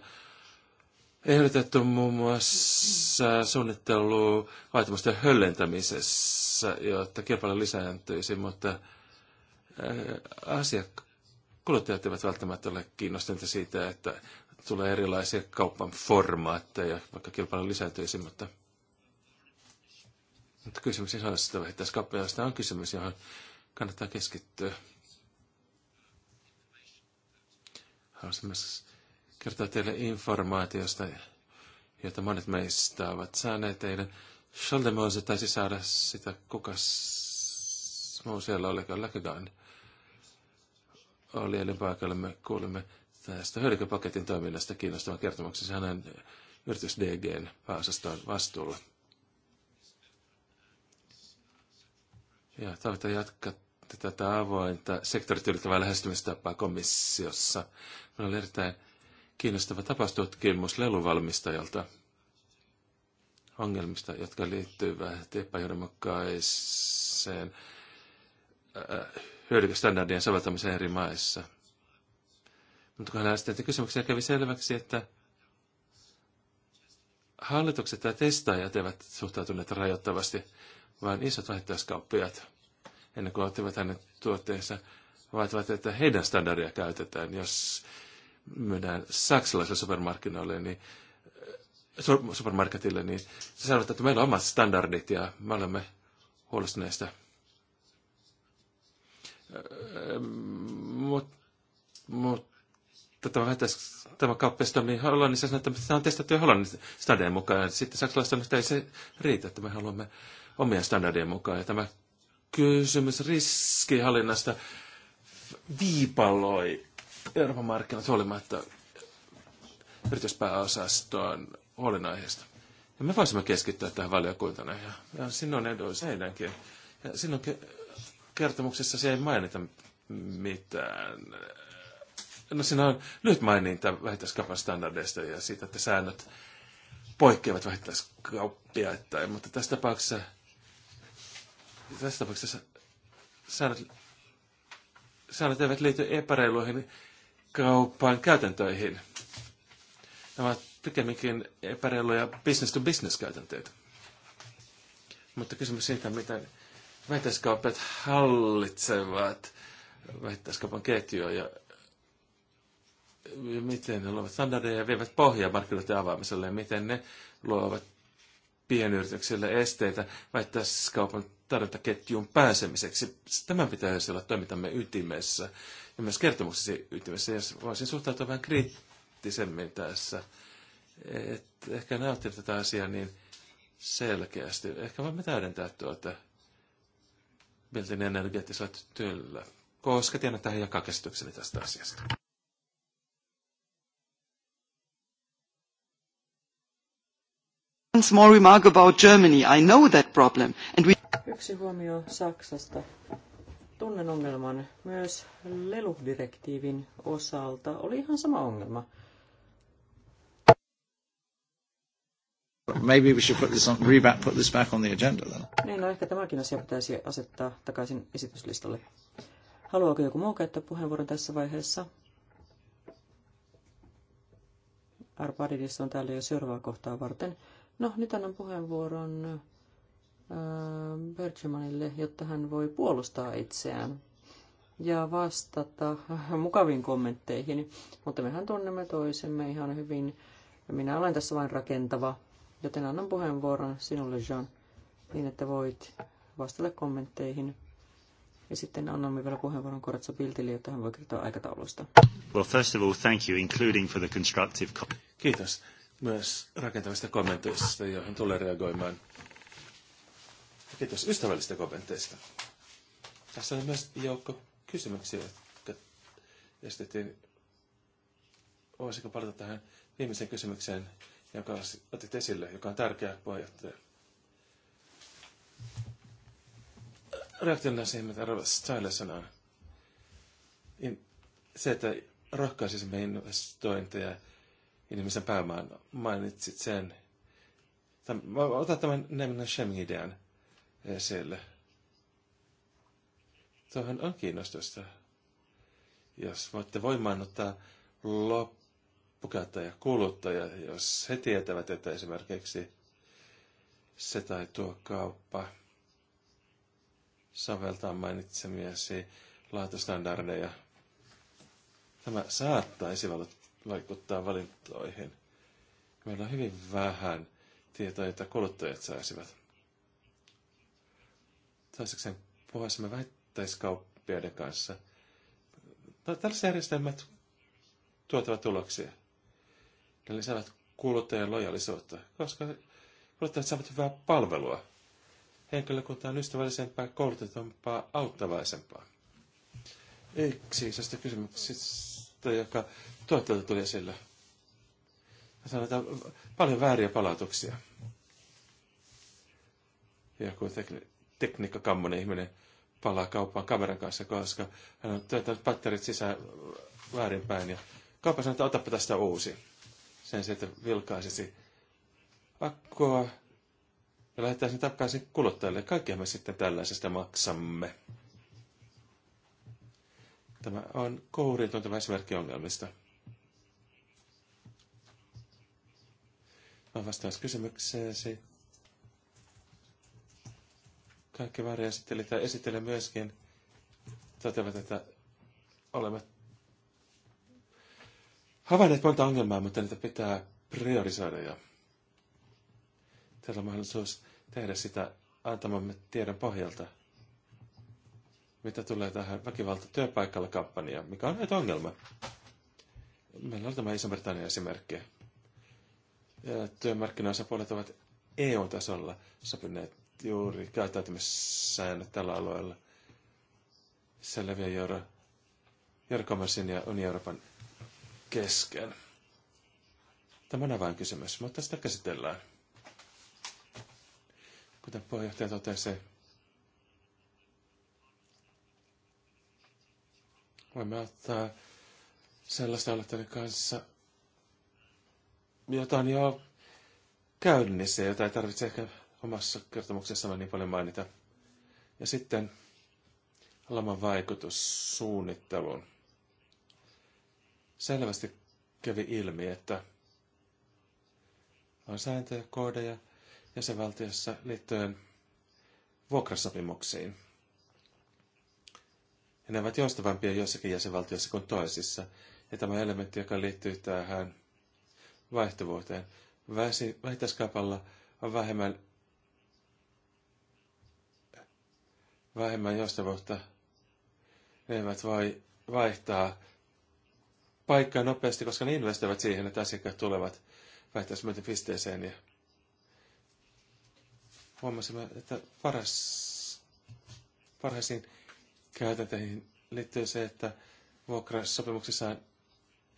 ehdotettu muun muassa suunnittelu vaatimusten höllentämisessä, jotta kilpailu lisääntyisi, mutta äh, asiakkaat kuluttajat eivät välttämättä ole kiinnostuneita siitä, että tulee erilaisia kaupan formaatteja, vaikka kilpailu lisääntyisi, mutta mutta kysymys isoista vähittäiskauppilaista on kysymys, johon kannattaa keskittyä. Haluaisin myös kertoa teille informaatiosta, jota monet meistä ovat saaneet teille. Scholdemose taisi saada sitä, kuka muu siellä kun Läkegan oli elinpaikalla. Me kuulimme tästä hölkäpaketin toiminnasta kiinnostavan kertomuksen hänen yritys DGn pääosastoon vastuulla. Ja toivotan jatkatte tätä avointa sektorit ylittävää lähestymistapaa komissiossa. Meillä oli erittäin kiinnostava tapaustutkimus leluvalmistajalta ongelmista, jotka liittyvät epäjohdonmukaiseen äh, hyödykestandardien soveltamiseen eri maissa. Mutta kun hän sitten kysymyksiä, kävi selväksi, että hallitukset ja testaajat eivät suhtautuneet rajoittavasti vaan isot vähittäiskauppiat, ennen kuin ottivat hänen tuotteensa, vaativat, että heidän standardia käytetään. Jos myydään saksalaisille supermarkkinoille, niin äh, supermarketille, niin se sanotaan, että meillä on omat standardit ja me olemme huolestuneista. Äh, Mutta mut, tämä, väittäis, tämä kauppias toimii niin Hollannissa, että tämä on testattu Hollannin standardien mukaan. Sitten saksalaiset sanoo, että ei se riitä, että me haluamme omien standardien mukaan. Ja tämä kysymys riskihallinnasta viipaloi Euroopan markkinat huolimatta yrityspääosastoon huolenaiheesta. Ja me voisimme keskittyä tähän valiokuntana ja, ja sinun eduissa heidänkin. Ja sinun ke- kertomuksessa se ei mainita mitään. No siinä on lyhyt maininta vähittäiskaupan standardeista ja siitä, että säännöt poikkeavat vähittäiskauppiaittain, mutta tässä tapauksessa tässä tapauksessa säännöt, säännöt eivät liity epäreiluihin kauppaan käytäntöihin. Nämä ovat pikemminkin epäreiluja business-to-business-käytänteitä. Mutta kysymys siitä, miten vähittäiskaupat hallitsevat vähittäiskaupan ketjua ja miten ne luovat standardeja ja vievät pohjaa markkinoiden avaamiselle ja miten ne luovat pienyrityksille esteitä vähittäiskaupan tarjontaketjuun pääsemiseksi. Tämän pitäisi olla toimintamme ytimessä ja myös kertomuksesi ytimessä. Ja voisin suhtautua vähän kriittisemmin tässä, että ehkä en tätä asiaa niin selkeästi. Ehkä voimme täydentää tuota Beltin energeettisella työllä, koska tiedän, että hän jakaa käsitykseni tästä asiasta. one small remark about Germany. I know that problem. And we... Yksi huomio Saksasta. Tunnen ongelman myös leludirektiivin osalta. Oli ihan sama ongelma. Maybe we should put this on, reback, put this back on the agenda then. Niin, no ehkä tämäkin asia pitäisi asettaa takaisin esityslistalle. Haluaako joku muu käyttää puheenvuoron tässä vaiheessa? Arpadidissa on täällä jo seuraavaa kohtaa varten. No, nyt annan puheenvuoron äh, Bergemanille, jotta hän voi puolustaa itseään ja vastata mukaviin kommentteihin. Mutta mehän tunnemme toisemme ihan hyvin. Minä olen tässä vain rakentava, joten annan puheenvuoron sinulle, Jean, niin että voit vastata kommentteihin. Ja sitten annamme vielä puheenvuoron Koratsa Piltille, jotta hän voi kertoa aikataulusta. Well, first of all, thank you, including for the constructive... Kiitos myös rakentavista kommenteista, joihin tulee reagoimaan. Kiitos ystävällisistä kommenteista. Tässä on myös joukko kysymyksiä, jotka esitettiin. Voisiko palata tähän viimeiseen kysymykseen, jonka otit esille, joka on tärkeä puheenjohtaja. Reaktiona siihen, mitä Robert Style sanoi. Se, että rohkaisisimme investointeja inhimillisen pääomaan. Mainitsit sen. Ota otan tämän Neminen Shem-idean esille. Tuohan on kiinnostusta. Jos voitte ottaa loppukäyttäjä kuluttaja, jos he tietävät, että esimerkiksi se tai tuo kauppa soveltaa mainitsemiasi laatustandardeja. Tämä saattaisi valot vaikuttaa valintoihin. Meillä on hyvin vähän tietoa, jota kuluttajat saisivat. Toisekseen puhuisimme väittäiskauppiaiden kanssa. No, tällaiset järjestelmät tuottavat tuloksia. Ne lisäävät kuluttajien lojallisuutta, koska kuluttajat saavat hyvää palvelua. Henkilökunta on ystävällisempää, koulutetumpaa, auttavaisempaa. Yksi isosta kysymyksistä joka tuotteelta tuli esille. Sanotaan paljon vääriä palautuksia. Ja kun tek- tekniikkakammonen ihminen palaa kauppaan kameran kanssa, koska hän on työtänyt patterit sisään väärinpäin. Ja kauppa sanoi, että otapa tästä uusi. Sen sieltä vilkaisisi akkoa ja lähettäisiin takaisin kuluttajille. Kaikkihan me sitten tällaisesta maksamme. Tämä on kouriin tämä esimerkki ongelmista. Mä vastaan kysymykseesi. Kaikki esitteli tai esittelijät myöskin toteavat, että olemme havainneet monta ongelmaa, mutta niitä pitää priorisoida. Ja teillä on mahdollisuus tehdä sitä antamamme tiedon pohjalta mitä tulee tähän väkivalta työpaikalla kampanjaan, mikä on näitä ongelma. Meillä on tämä Iso-Britannian esimerkki. Ja työmarkkinaosapuolet ovat EU-tasolla sopineet juuri käyttäytymissäännöt tällä alueella. Se leviää Euro, Eurokomersin ja Uni Euroopan kesken. Tämä on avainkysymys, mutta sitä käsitellään. Kuten puheenjohtaja totesi, Voimme ottaa sellaista aloittajan kanssa, jota on jo käynnissä, jota ei tarvitse ehkä omassa kertomuksessa niin paljon mainita. Ja sitten laman vaikutus suunnitteluun. Selvästi kävi ilmi, että on sääntöjä, koodeja jäsenvaltiossa liittyen vuokrasopimuksiin – ja ne ovat joustavampia joissakin jäsenvaltioissa kuin toisissa. Ja tämä elementti, joka liittyy tähän vaihtuvuuteen. Vähittäiskaupalla on vähemmän, vähemmän joustavuutta. Ne eivät voi vaihtaa paikkaa nopeasti, koska ne investoivat siihen, että asiakkaat tulevat vähittäismyyntipisteeseen. Ja huomasimme, että paras, parhaisiin käytänteihin liittyy se, että vuokrasopimuksissa on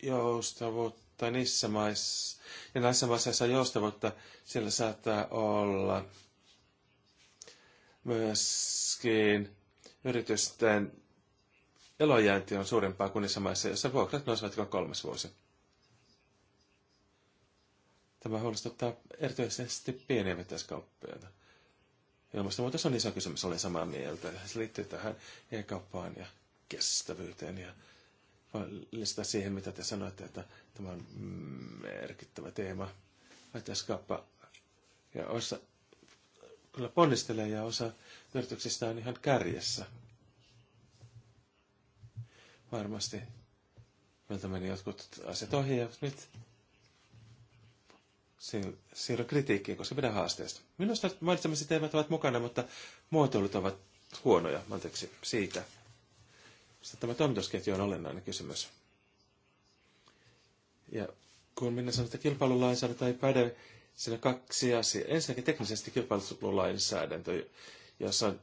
joustavuutta niissä maissa, ja näissä maissa, joissa on joustavuutta, siellä saattaa olla myöskin yritysten elojäänti on suurempaa kuin niissä maissa, joissa vuokrat nousevat joka kolmas vuosi. Tämä huolestuttaa erityisesti pieniä vetäiskauppiaita. Ilmastonmuutos on iso kysymys, olen samaa mieltä. Se liittyy tähän e-kauppaan ja kestävyyteen ja lisätä siihen, mitä te sanoitte, että tämä on merkittävä teema. Väitöskauppa ja osa kyllä ponnistelee ja osa yrityksistä on ihan kärjessä. Varmasti meiltä meni jotkut asiat ohi ja nyt siirryn kritiikkiin, koska pidän haasteesta. Minusta mainitsemasi teemat ovat mukana, mutta muotoilut ovat huonoja, anteeksi, siitä. Sitten tämä toimitusketju on olennainen kysymys. Ja kun minä sanon, että kilpailulainsäädäntö ei päde, siinä on kaksi asiaa. Ensinnäkin teknisesti kilpailulainsäädäntö, jossa on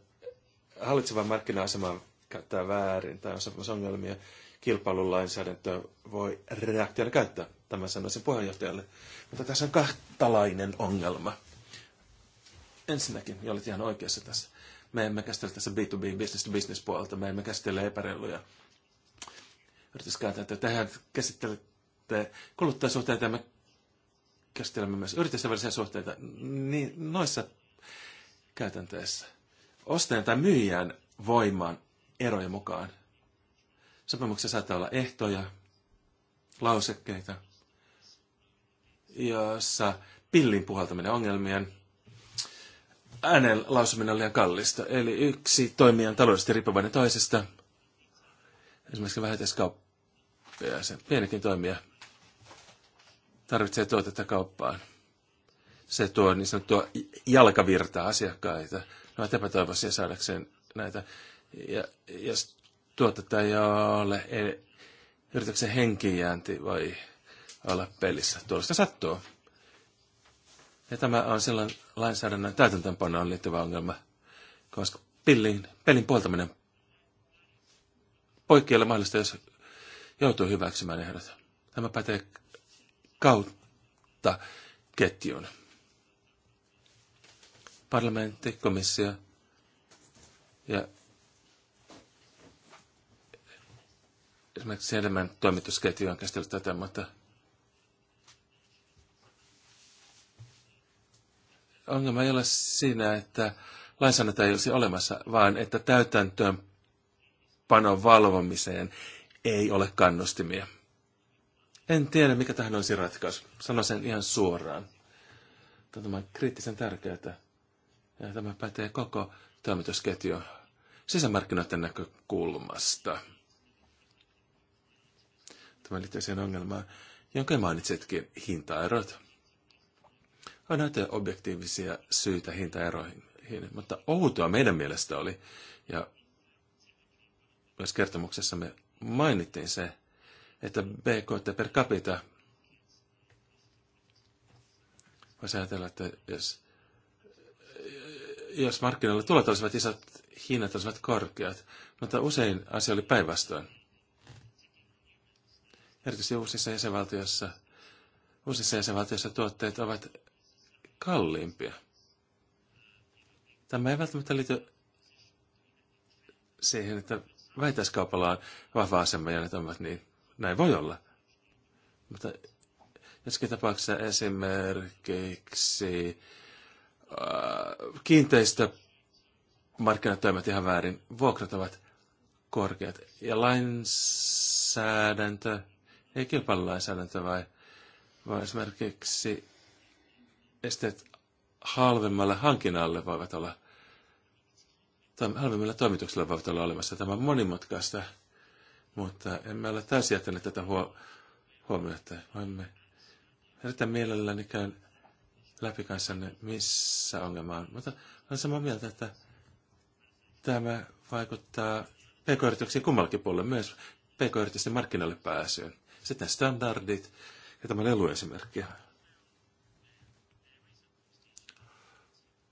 hallitsevan markkina asemaan käyttää väärin tai on ongelmia, kilpailulainsäädäntö voi reaktiona käyttää Tämän sanoisin puheenjohtajalle. Mutta tässä on kahtalainen ongelma. Ensinnäkin, ja olit ihan oikeassa tässä, me emme käsittele tässä B2B, business to business puolelta, me emme käsittele epäreiluja yrityskäytäntöjä. tehän käsittelette kuluttajasuhteita ja me käsittelemme myös yritysten välisiä suhteita niin noissa käytänteissä. Ostajan tai myyjän voiman erojen mukaan. Sopimuksessa saattaa olla ehtoja, lausekkeita, jossa pillin puhaltaminen ongelmien äänen lausuminen on liian kallista. Eli yksi toimija on taloudellisesti riippuvainen toisesta. Esimerkiksi vähittäiskauppia, sen pienikin toimija tarvitsee tuotetta kauppaan. Se tuo niin sanottua jalkavirtaa asiakkaita. Ne ovat epätoivoisia saadakseen näitä. Ja jos tuotetta ei ole, ei, yrityksen henkiinjäänti voi olla pelissä. Tuollaista sattuu. Ja tämä on silloin lainsäädännön täytäntöönpanoon liittyvä ongelma, koska pillin, pelin puoltaminen poikki ole mahdollista, jos joutuu hyväksymään ehdot. Tämä pätee kautta ketjun. Parlamentti, komissio ja esimerkiksi enemmän toimitusketju on käsitellyt tätä, mutta ongelma ei ole siinä, että lainsäädäntö ei olisi olemassa, vaan että panon valvomiseen ei ole kannustimia. En tiedä, mikä tähän olisi ratkaisu. Sano sen ihan suoraan. Tämä on kriittisen tärkeää. Ja tämä pätee koko toimitusketju sisämarkkinoiden näkökulmasta. Tämä liittyy siihen ongelmaan, jonka mainitsitkin, hintaerot on näitä objektiivisia syitä hintaeroihin. Mutta outoa meidän mielestä oli, ja myös me mainittiin se, että BKT per capita, voisi ajatella, että jos, jos markkinoilla tulot olisivat isot, hinnat olisivat korkeat, mutta usein asia oli päinvastoin. Erityisesti uusissa jäsenvaltioissa, uusissa jäsenvaltioissa tuotteet ovat kalliimpia. Tämä ei välttämättä liity siihen, että väitäiskaupalla on vahva asema ja ne ovat niin. Näin voi olla. Mutta jossakin tapauksessa esimerkiksi äh, kiinteistömarkkinat toimivat ihan väärin. Vuokrat ovat korkeat. Ja lainsäädäntö, ei kilpailulainsäädäntö vai, vai esimerkiksi esteet halvemmalle hankinnalle voivat olla, tai halvemmilla toimitukselle voivat olla olemassa. Tämä on monimutkaista, mutta emme ole täysin jättäneet tätä huo- huomiota. Voimme erittäin mielelläni käyn läpi kanssanne, missä ongelma on. Mutta olen samaa mieltä, että tämä vaikuttaa pk-yrityksiin kummallakin puolella, myös pk-yritysten markkinoille pääsyyn. Sitten standardit, ja tämä lelu esimerkki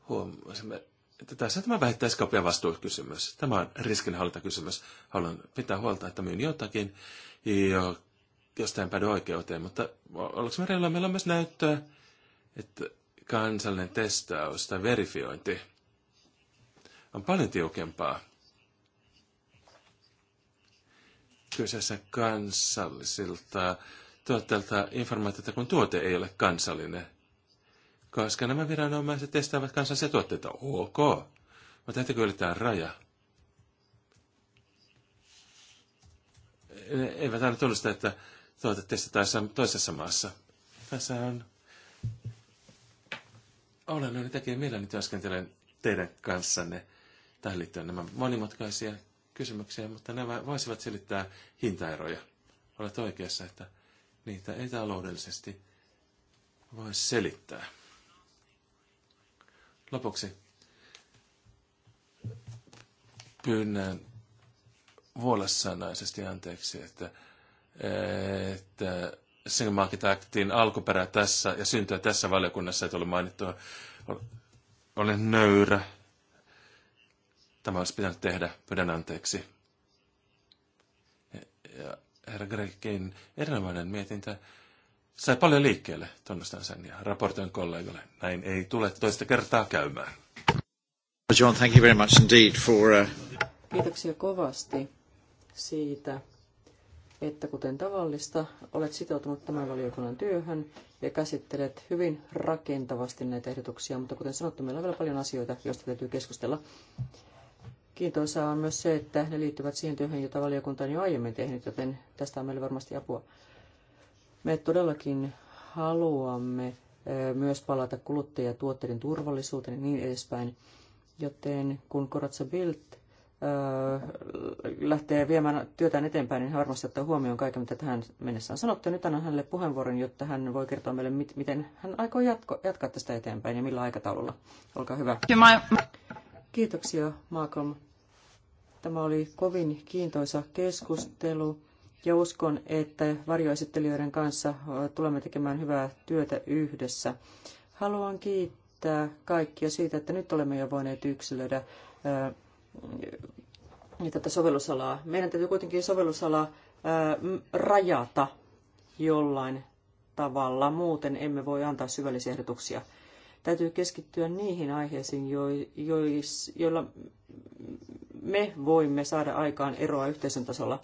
huomasimme, että tässä tämä vähittäiskaupan vastuukysymys. Tämä on riskinhallintakysymys. Haluan pitää huolta, että myyn jotakin, jo, jostain päädy oikeuteen, mutta oliko me reilua? Meillä on myös näyttöä, että kansallinen testaus tai verifiointi on paljon tiukempaa. Kyseessä kansallisilta tuotteelta informaatiota, kun tuote ei ole kansallinen – koska nämä viranomaiset testaavat se tuotteita. Ok. Mutta täytyykö ylittää raja? Ne eivät aina tunnusta, että tuote testataan toisessa maassa. Tässä on... Olen nyt tekee mielelläni työskentelen teidän kanssanne tähän liittyen nämä monimutkaisia kysymyksiä, mutta nämä voisivat selittää hintaeroja. Olet oikeassa, että niitä ei taloudellisesti voi selittää. Lopuksi pyynnän vuolessanaisesti anteeksi, että, että Single Market Actin alkuperä tässä ja syntyä tässä valiokunnassa ei ole mainittua. Olen nöyrä. Tämä olisi pitänyt tehdä. Pyydän anteeksi. Ja herra Grekin erinomainen mietintä sai paljon liikkeelle, tunnustan sen, ja raportoin kollegalle. Näin ei tule toista kertaa käymään. John, thank you very much indeed for... Uh... Kiitoksia kovasti siitä, että kuten tavallista olet sitoutunut tämän valiokunnan työhön ja käsittelet hyvin rakentavasti näitä ehdotuksia, mutta kuten sanottu, meillä on vielä paljon asioita, joista täytyy keskustella. Kiintoisaa on myös se, että ne liittyvät siihen työhön, jota valiokunta on jo aiemmin tehnyt, joten tästä on meille varmasti apua. Me todellakin haluamme myös palata kuluttajatuotteiden turvallisuuteen ja niin edespäin. Joten kun Koratsa Bild lähtee viemään työtään eteenpäin, niin hän varmasti ottaa huomioon kaiken, mitä tähän mennessä on sanottu. Nyt annan hänelle puheenvuoron, jotta hän voi kertoa meille, miten hän aikoo jatko, jatkaa tästä eteenpäin ja millä aikataululla. Olkaa hyvä. Kiitoksia, Malcolm. Tämä oli kovin kiintoisa keskustelu ja uskon, että varjoesittelijöiden kanssa tulemme tekemään hyvää työtä yhdessä. Haluan kiittää kaikkia siitä, että nyt olemme jo voineet yksilöidä tätä sovellusalaa. Meidän täytyy kuitenkin sovellusala rajata jollain tavalla, muuten emme voi antaa syvällisiä ehdotuksia. Täytyy keskittyä niihin aiheisiin, joilla me voimme saada aikaan eroa yhteisön tasolla.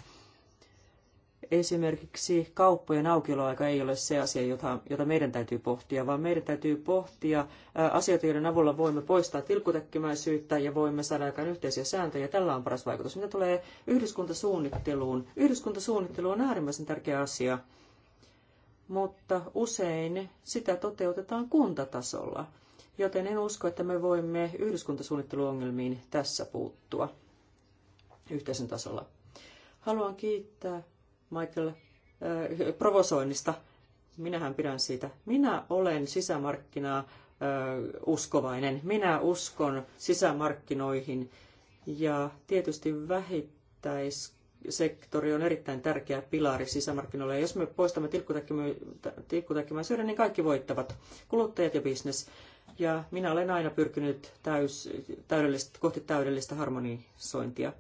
Esimerkiksi kauppojen aukioloaika ei ole se asia, jota, jota meidän täytyy pohtia, vaan meidän täytyy pohtia asioita, joiden avulla voimme poistaa tilkutäkkimäisyyttä ja voimme saada aikaan yhteisiä sääntöjä. Tällä on paras vaikutus. Mitä tulee yhdyskuntasuunnitteluun? Yhdyskuntasuunnittelu on äärimmäisen tärkeä asia, mutta usein sitä toteutetaan kuntatasolla, joten en usko, että me voimme yhdyskuntasuunnitteluongelmiin tässä puuttua yhteisön tasolla. Haluan kiittää Michael, äh, provosoinnista. Minähän pidän siitä. Minä olen sisämarkkinaa äh, uskovainen. Minä uskon sisämarkkinoihin ja tietysti vähittäis sektori on erittäin tärkeä pilari sisämarkkinoille. Ja jos me poistamme tilkkutäkkimäisyyden, niin kaikki voittavat, kuluttajat ja bisnes. Ja minä olen aina pyrkinyt täys, täydellistä, kohti täydellistä harmonisointia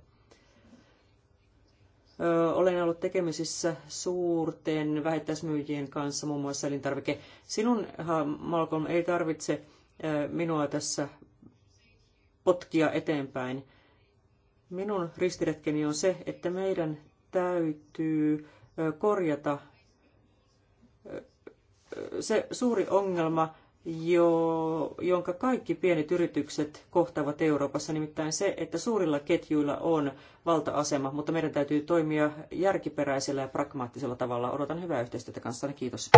olen ollut tekemisissä suurten vähittäismyyjien kanssa, muun muassa elintarvike. Sinun, äh, Malcolm, ei tarvitse minua tässä potkia eteenpäin. Minun ristiretkeni on se, että meidän täytyy korjata se suuri ongelma, jo, jonka kaikki pienet yritykset kohtavat Euroopassa, nimittäin se, että suurilla ketjuilla on valta-asema, mutta meidän täytyy toimia järkiperäisellä ja pragmaattisella tavalla. Odotan hyvää yhteistyötä kanssanne. Kiitos.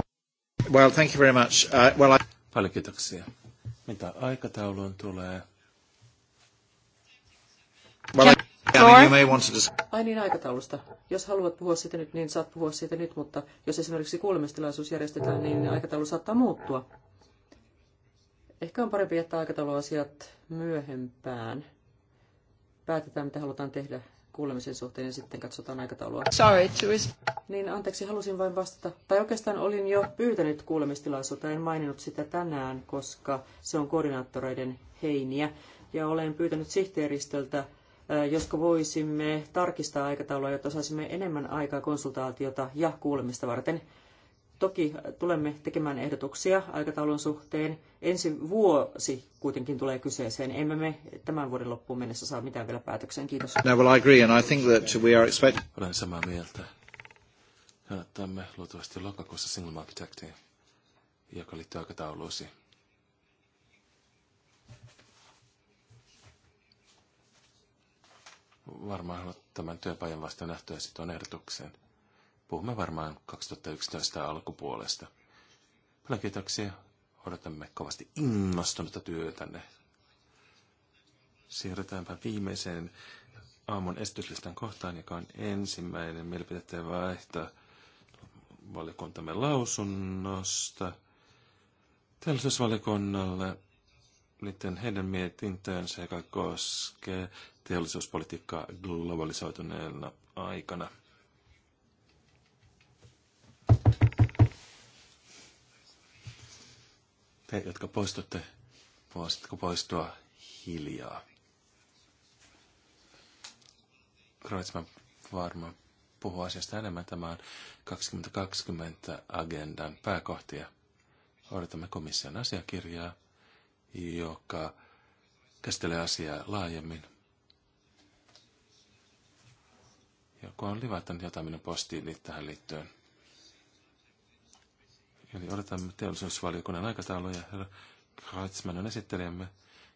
Well, thank you very much. Uh, well, I... Paljon kiitoksia. Mitä aikatauluun tulee? Well, I... Ai niin, aikataulusta. Jos haluat puhua siitä nyt, niin saat puhua siitä nyt, mutta jos esimerkiksi kuulemistilaisuus järjestetään, niin aikataulu saattaa muuttua. Ehkä on parempi jättää aikatauluasiat myöhempään. Päätetään, mitä halutaan tehdä kuulemisen suhteen ja niin sitten katsotaan aikataulua. Sorry, Juice. Niin, anteeksi, halusin vain vastata. Tai oikeastaan olin jo pyytänyt kuulemistilaisuutta, en maininnut sitä tänään, koska se on koordinaattoreiden heiniä. Ja olen pyytänyt sihteeristöltä, josko voisimme tarkistaa aikataulua, jotta saisimme enemmän aikaa konsultaatiota ja kuulemista varten. Toki tulemme tekemään ehdotuksia aikataulun suhteen. Ensi vuosi kuitenkin tulee kyseeseen. Emme me tämän vuoden loppuun mennessä saa mitään vielä päätökseen. Kiitos. No, well, I agree, and I think that we are expect- Olen samaa mieltä. Ja otamme luultavasti lokakuussa Single Market Actiin, joka liittyy aikatauluusi. Varmaan tämän työpajan vasta nähtyä sitten Puhumme varmaan 2011 alkupuolesta. Paljon kiitoksia. Odotamme kovasti innostunutta työtänne. Siirrytäänpä viimeiseen aamun esityslistan kohtaan, joka on ensimmäinen mielipiteiden vaihto valiokuntamme lausunnosta teollisuusvaliokunnalle liittyen heidän mietintöönsä, joka koskee teollisuuspolitiikkaa globalisoituneena aikana. Te, jotka poistutte, voisitko poistua hiljaa? Kreutzmann varmaan puhuu asiasta enemmän. Tämä on 2020 agendan pääkohtia. Odotamme komission asiakirjaa, joka käsittelee asiaa laajemmin. Joku on livattanut jotain minun postiini tähän liittyen. Eli odotamme teollisuusvaliokunnan aikatauluja. Kreutzmann on esittelijämme.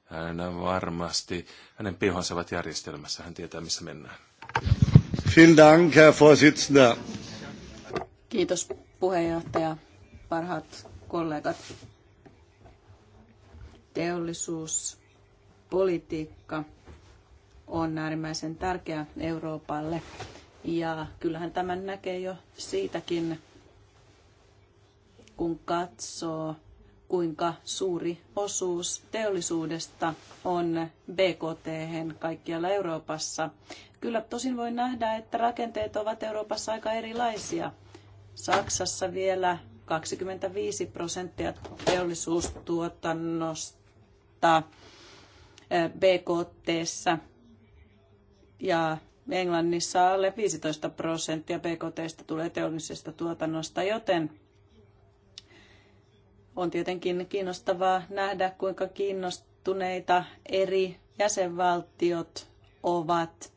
Hän on varmasti, hänen pihonsa ovat järjestelmässä, hän tietää missä mennään. Vielen Dank, Herr Vorsitzender. Kiitos puheenjohtaja, parhaat kollegat. Teollisuuspolitiikka on äärimmäisen tärkeä Euroopalle ja kyllähän tämän näkee jo siitäkin, kun katsoo, kuinka suuri osuus teollisuudesta on BKT kaikkialla Euroopassa. Kyllä tosin voi nähdä, että rakenteet ovat Euroopassa aika erilaisia. Saksassa vielä 25 prosenttia teollisuustuotannosta eh, BKT ja Englannissa alle 15 prosenttia BKT tulee teollisesta tuotannosta, joten on tietenkin kiinnostavaa nähdä, kuinka kiinnostuneita eri jäsenvaltiot ovat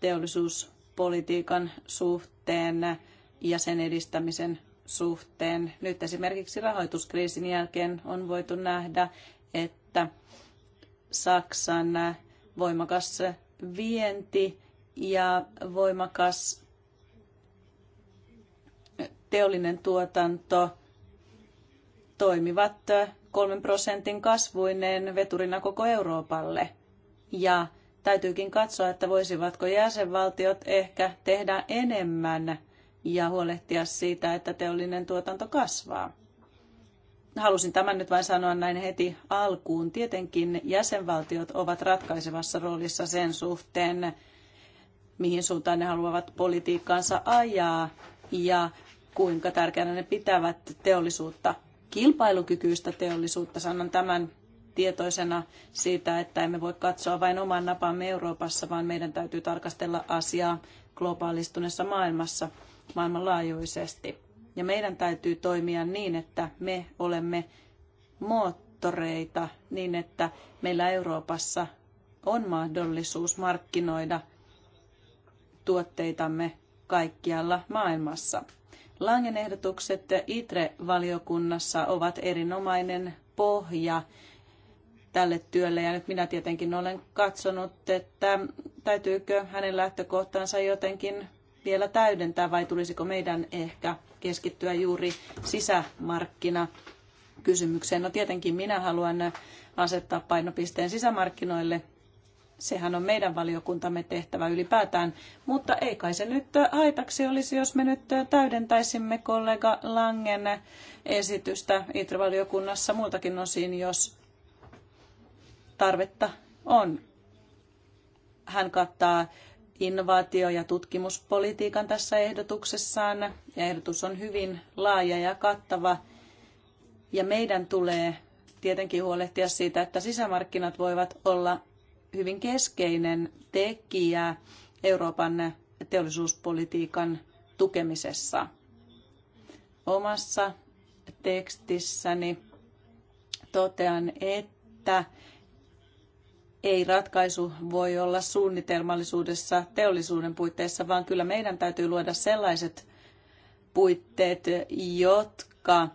teollisuuspolitiikan suhteen ja sen edistämisen suhteen. Nyt esimerkiksi rahoituskriisin jälkeen on voitu nähdä, että Saksan voimakas vienti ja voimakas teollinen tuotanto toimivat kolmen prosentin kasvuineen veturina koko Euroopalle. Ja täytyykin katsoa, että voisivatko jäsenvaltiot ehkä tehdä enemmän ja huolehtia siitä, että teollinen tuotanto kasvaa. Halusin tämän nyt vain sanoa näin heti alkuun. Tietenkin jäsenvaltiot ovat ratkaisevassa roolissa sen suhteen, mihin suuntaan ne haluavat politiikkaansa ajaa ja kuinka tärkeänä ne pitävät teollisuutta kilpailukykyistä teollisuutta. Sanon tämän tietoisena siitä, että emme voi katsoa vain oman napamme Euroopassa, vaan meidän täytyy tarkastella asiaa globaalistuneessa maailmassa maailmanlaajuisesti. Ja meidän täytyy toimia niin, että me olemme moottoreita niin, että meillä Euroopassa on mahdollisuus markkinoida tuotteitamme kaikkialla maailmassa. Langen ehdotukset ITRE-valiokunnassa ovat erinomainen pohja tälle työlle. Ja nyt minä tietenkin olen katsonut, että täytyykö hänen lähtökohtansa jotenkin vielä täydentää vai tulisiko meidän ehkä keskittyä juuri sisämarkkina kysymykseen. No tietenkin minä haluan asettaa painopisteen sisämarkkinoille Sehän on meidän valiokuntamme tehtävä ylipäätään, mutta ei kai se nyt haitaksi olisi, jos me nyt täydentäisimme kollega Langen esitystä ITRE-valiokunnassa muiltakin osin, jos tarvetta on. Hän kattaa innovaatio- ja tutkimuspolitiikan tässä ehdotuksessaan, ja ehdotus on hyvin laaja ja kattava, ja meidän tulee tietenkin huolehtia siitä, että sisämarkkinat voivat olla hyvin keskeinen tekijä Euroopan teollisuuspolitiikan tukemisessa. Omassa tekstissäni totean, että ei ratkaisu voi olla suunnitelmallisuudessa teollisuuden puitteissa, vaan kyllä meidän täytyy luoda sellaiset puitteet, jotka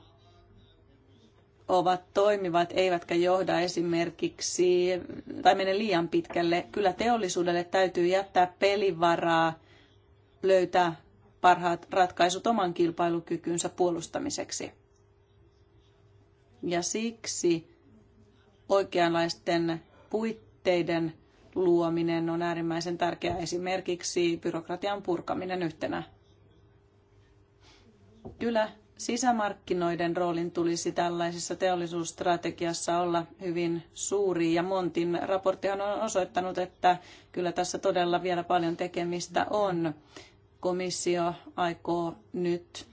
ovat toimivat, eivätkä johda esimerkiksi tai mene liian pitkälle. Kyllä teollisuudelle täytyy jättää pelivaraa löytää parhaat ratkaisut oman kilpailukykynsä puolustamiseksi. Ja siksi oikeanlaisten puitteiden luominen on äärimmäisen tärkeää, esimerkiksi byrokratian purkaminen yhtenä. Kyllä sisämarkkinoiden roolin tulisi tällaisessa teollisuusstrategiassa olla hyvin suuri. Ja Montin raporttihan on osoittanut, että kyllä tässä todella vielä paljon tekemistä on. Komissio aikoo nyt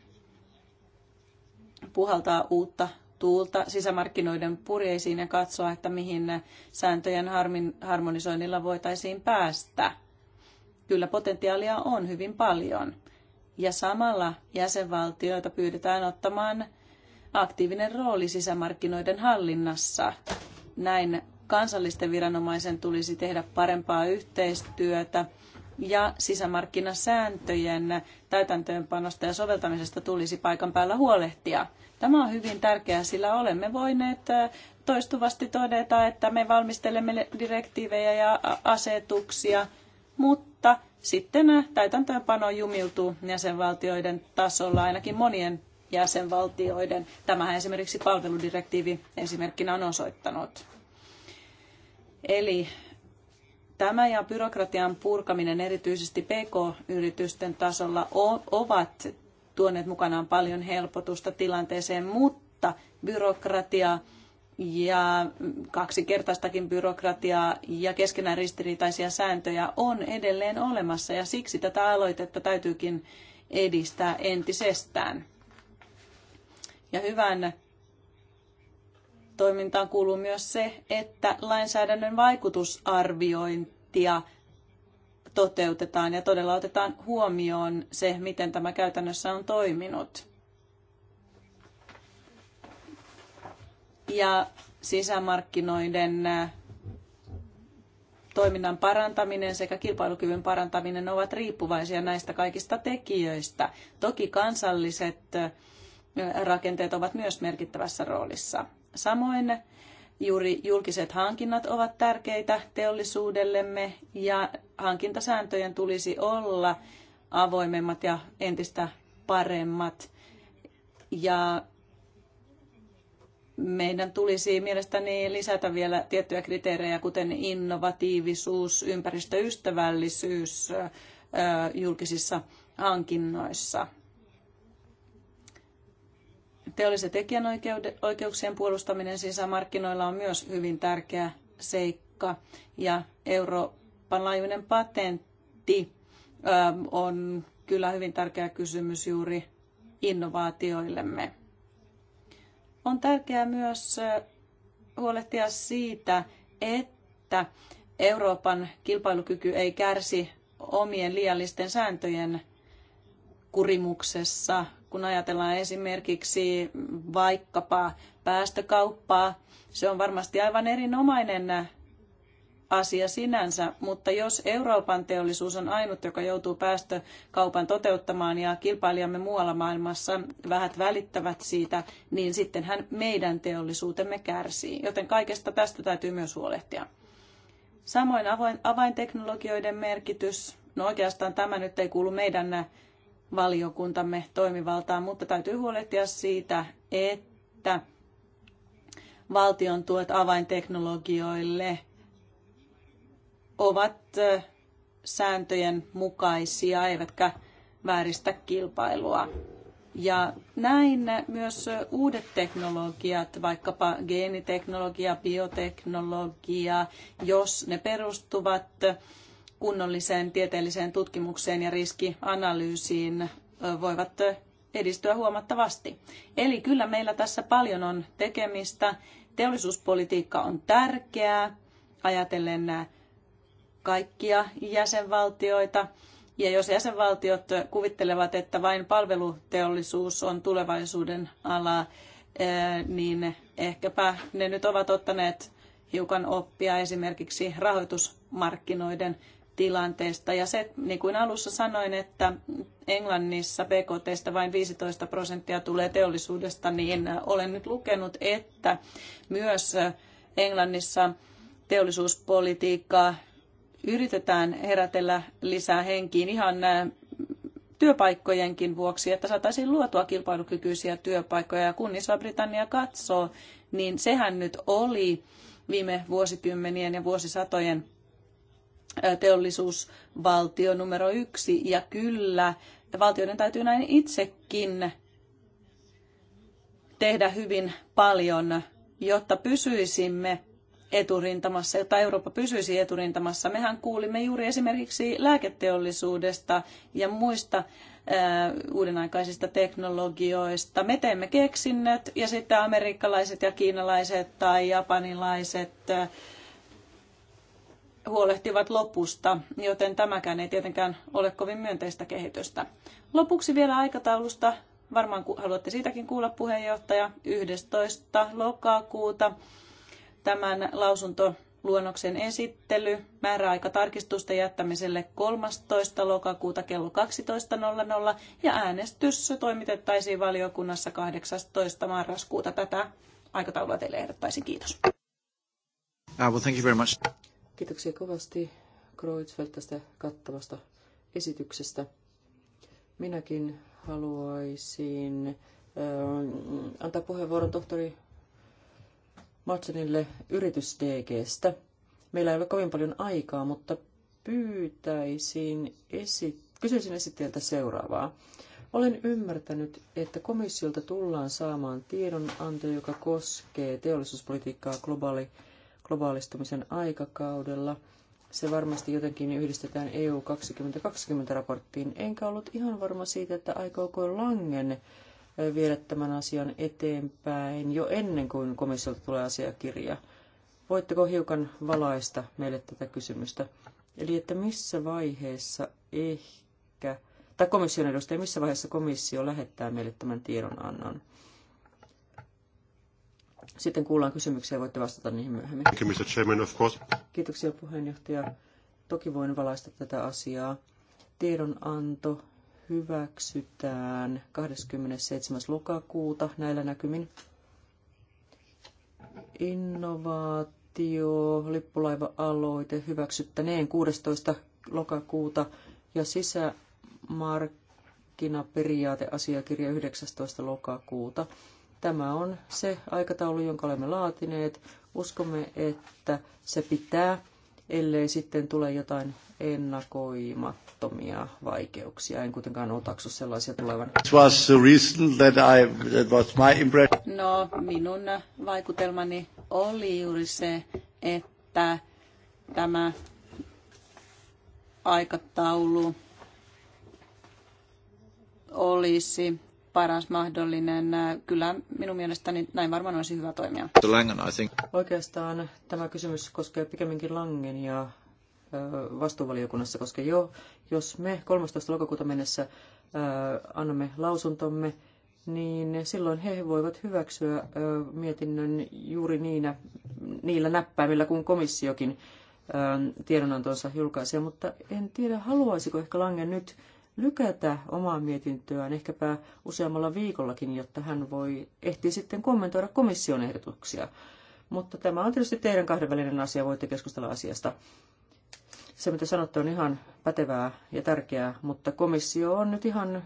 puhaltaa uutta tuulta sisämarkkinoiden purjeisiin ja katsoa, että mihin sääntöjen harmonisoinnilla voitaisiin päästä. Kyllä potentiaalia on hyvin paljon ja samalla jäsenvaltioita pyydetään ottamaan aktiivinen rooli sisämarkkinoiden hallinnassa. Näin kansallisten viranomaisen tulisi tehdä parempaa yhteistyötä ja sisämarkkinasääntöjen täytäntöönpanosta ja soveltamisesta tulisi paikan päällä huolehtia. Tämä on hyvin tärkeää, sillä olemme voineet toistuvasti todeta, että me valmistelemme direktiivejä ja asetuksia, mutta sitten äh, täytäntöönpano jumiutuu jäsenvaltioiden tasolla, ainakin monien jäsenvaltioiden. Tämähän esimerkiksi palveludirektiivi esimerkkinä on osoittanut. Eli tämä ja byrokratian purkaminen erityisesti PK-yritysten tasolla ovat tuoneet mukanaan paljon helpotusta tilanteeseen, mutta byrokratiaa ja kaksinkertaistakin byrokratiaa ja keskenään ristiriitaisia sääntöjä on edelleen olemassa ja siksi tätä aloitetta täytyykin edistää entisestään. Ja hyvän toimintaan kuuluu myös se, että lainsäädännön vaikutusarviointia toteutetaan ja todella otetaan huomioon se, miten tämä käytännössä on toiminut. ja sisämarkkinoiden äh, toiminnan parantaminen sekä kilpailukyvyn parantaminen ovat riippuvaisia näistä kaikista tekijöistä. Toki kansalliset äh, rakenteet ovat myös merkittävässä roolissa. Samoin juuri julkiset hankinnat ovat tärkeitä teollisuudellemme ja hankintasääntöjen tulisi olla avoimemmat ja entistä paremmat. Ja meidän tulisi mielestäni lisätä vielä tiettyjä kriteerejä, kuten innovatiivisuus, ympäristöystävällisyys julkisissa hankinnoissa. Teollisen tekijänoikeuksien puolustaminen sisämarkkinoilla on myös hyvin tärkeä seikka ja Euroopan laajuinen patentti on kyllä hyvin tärkeä kysymys juuri innovaatioillemme. On tärkeää myös huolehtia siitä, että Euroopan kilpailukyky ei kärsi omien liiallisten sääntöjen kurimuksessa, kun ajatellaan esimerkiksi vaikkapa päästökauppaa. Se on varmasti aivan erinomainen asia sinänsä, mutta jos Euroopan teollisuus on ainut, joka joutuu päästökaupan toteuttamaan ja kilpailijamme muualla maailmassa vähät välittävät siitä, niin sittenhän meidän teollisuutemme kärsii. Joten kaikesta tästä täytyy myös huolehtia. Samoin avainteknologioiden merkitys. No oikeastaan tämä nyt ei kuulu meidän valiokuntamme toimivaltaan, mutta täytyy huolehtia siitä, että valtion tuet avainteknologioille – ovat sääntöjen mukaisia, eivätkä vääristä kilpailua. Ja näin myös uudet teknologiat, vaikkapa geeniteknologia, bioteknologia, jos ne perustuvat kunnolliseen tieteelliseen tutkimukseen ja riskianalyysiin, voivat edistyä huomattavasti. Eli kyllä meillä tässä paljon on tekemistä. Teollisuuspolitiikka on tärkeää, ajatellen kaikkia jäsenvaltioita. Ja jos jäsenvaltiot kuvittelevat, että vain palveluteollisuus on tulevaisuuden ala, eh, niin ehkäpä ne nyt ovat ottaneet hiukan oppia esimerkiksi rahoitusmarkkinoiden tilanteesta. Ja se, niin kuin alussa sanoin, että Englannissa BKT vain 15 prosenttia tulee teollisuudesta, niin olen nyt lukenut, että myös Englannissa teollisuuspolitiikkaa yritetään herätellä lisää henkiin ihan työpaikkojenkin vuoksi, että saataisiin luotua kilpailukykyisiä työpaikkoja. Ja kun Iso-Britannia katsoo, niin sehän nyt oli viime vuosikymmenien ja vuosisatojen teollisuusvaltio numero yksi. Ja kyllä, valtioiden täytyy näin itsekin tehdä hyvin paljon, jotta pysyisimme eturintamassa, jotta Eurooppa pysyisi eturintamassa. Mehän kuulimme juuri esimerkiksi lääketeollisuudesta ja muista äh, uudenaikaisista teknologioista. Me teemme keksinnöt ja sitten amerikkalaiset ja kiinalaiset tai japanilaiset äh, huolehtivat lopusta, joten tämäkään ei tietenkään ole kovin myönteistä kehitystä. Lopuksi vielä aikataulusta. Varmaan haluatte siitäkin kuulla puheenjohtaja 11. lokakuuta tämän lausuntoluonnoksen esittely. Määräaika tarkistusten jättämiselle 13. lokakuuta kello 12.00 ja äänestys toimitettaisiin valiokunnassa 18. marraskuuta. Tätä aikataulua teille ehdottaisin. Kiitos. Uh, well, thank you very much. Kiitoksia kovasti Kreutzfeldt tästä kattavasta esityksestä. Minäkin haluaisin äh, antaa puheenvuoron tohtori Martinille yritys DGstä. Meillä ei ole kovin paljon aikaa, mutta pyytäisin esi- kysyisin esittäjältä seuraavaa. Olen ymmärtänyt, että komissiolta tullaan saamaan tiedonanto, joka koskee teollisuuspolitiikkaa globaali, globaalistumisen aikakaudella. Se varmasti jotenkin yhdistetään EU 2020-raporttiin. Enkä ollut ihan varma siitä, että aikooko Langen viedä tämän asian eteenpäin jo ennen kuin komissiolta tulee asiakirja. Voitteko hiukan valaista meille tätä kysymystä? Eli että missä vaiheessa ehkä, tai komission edustaja, missä vaiheessa komissio lähettää meille tämän tiedonannon? Sitten kuullaan kysymyksiä ja voitte vastata niihin myöhemmin. Mr. Chairman, of course. Kiitoksia puheenjohtaja. Toki voin valaista tätä asiaa. Tiedonanto hyväksytään 27. lokakuuta näillä näkymin. Innovaatio, lippulaiva-aloite hyväksyttäneen 16. lokakuuta ja sisämarkkinaperiaateasiakirja 19. lokakuuta. Tämä on se aikataulu, jonka olemme laatineet. Uskomme, että se pitää ellei sitten tule jotain ennakoimattomia vaikeuksia. En kuitenkaan otaksu sellaisia tulevan. was reason that I, that was my No, minun vaikutelmani oli juuri se, että tämä aikataulu olisi paras mahdollinen. Kyllä minun mielestäni näin varmaan olisi hyvä toimia. Oikeastaan tämä kysymys koskee pikemminkin Langen ja vastuuvaliokunnassa, koska jo, jos me 13. lokakuuta mennessä annamme lausuntomme, niin silloin he voivat hyväksyä mietinnön juuri niinä, niillä näppäimillä, kun komissiokin tiedonantonsa julkaisee. Mutta en tiedä, haluaisiko ehkä Lange nyt lykätä omaa mietintöään ehkäpä useammalla viikollakin, jotta hän voi ehtiä sitten kommentoida komission ehdotuksia. Mutta tämä on tietysti teidän kahdenvälinen asia, voitte keskustella asiasta. Se, mitä sanotte, on ihan pätevää ja tärkeää, mutta komissio on nyt ihan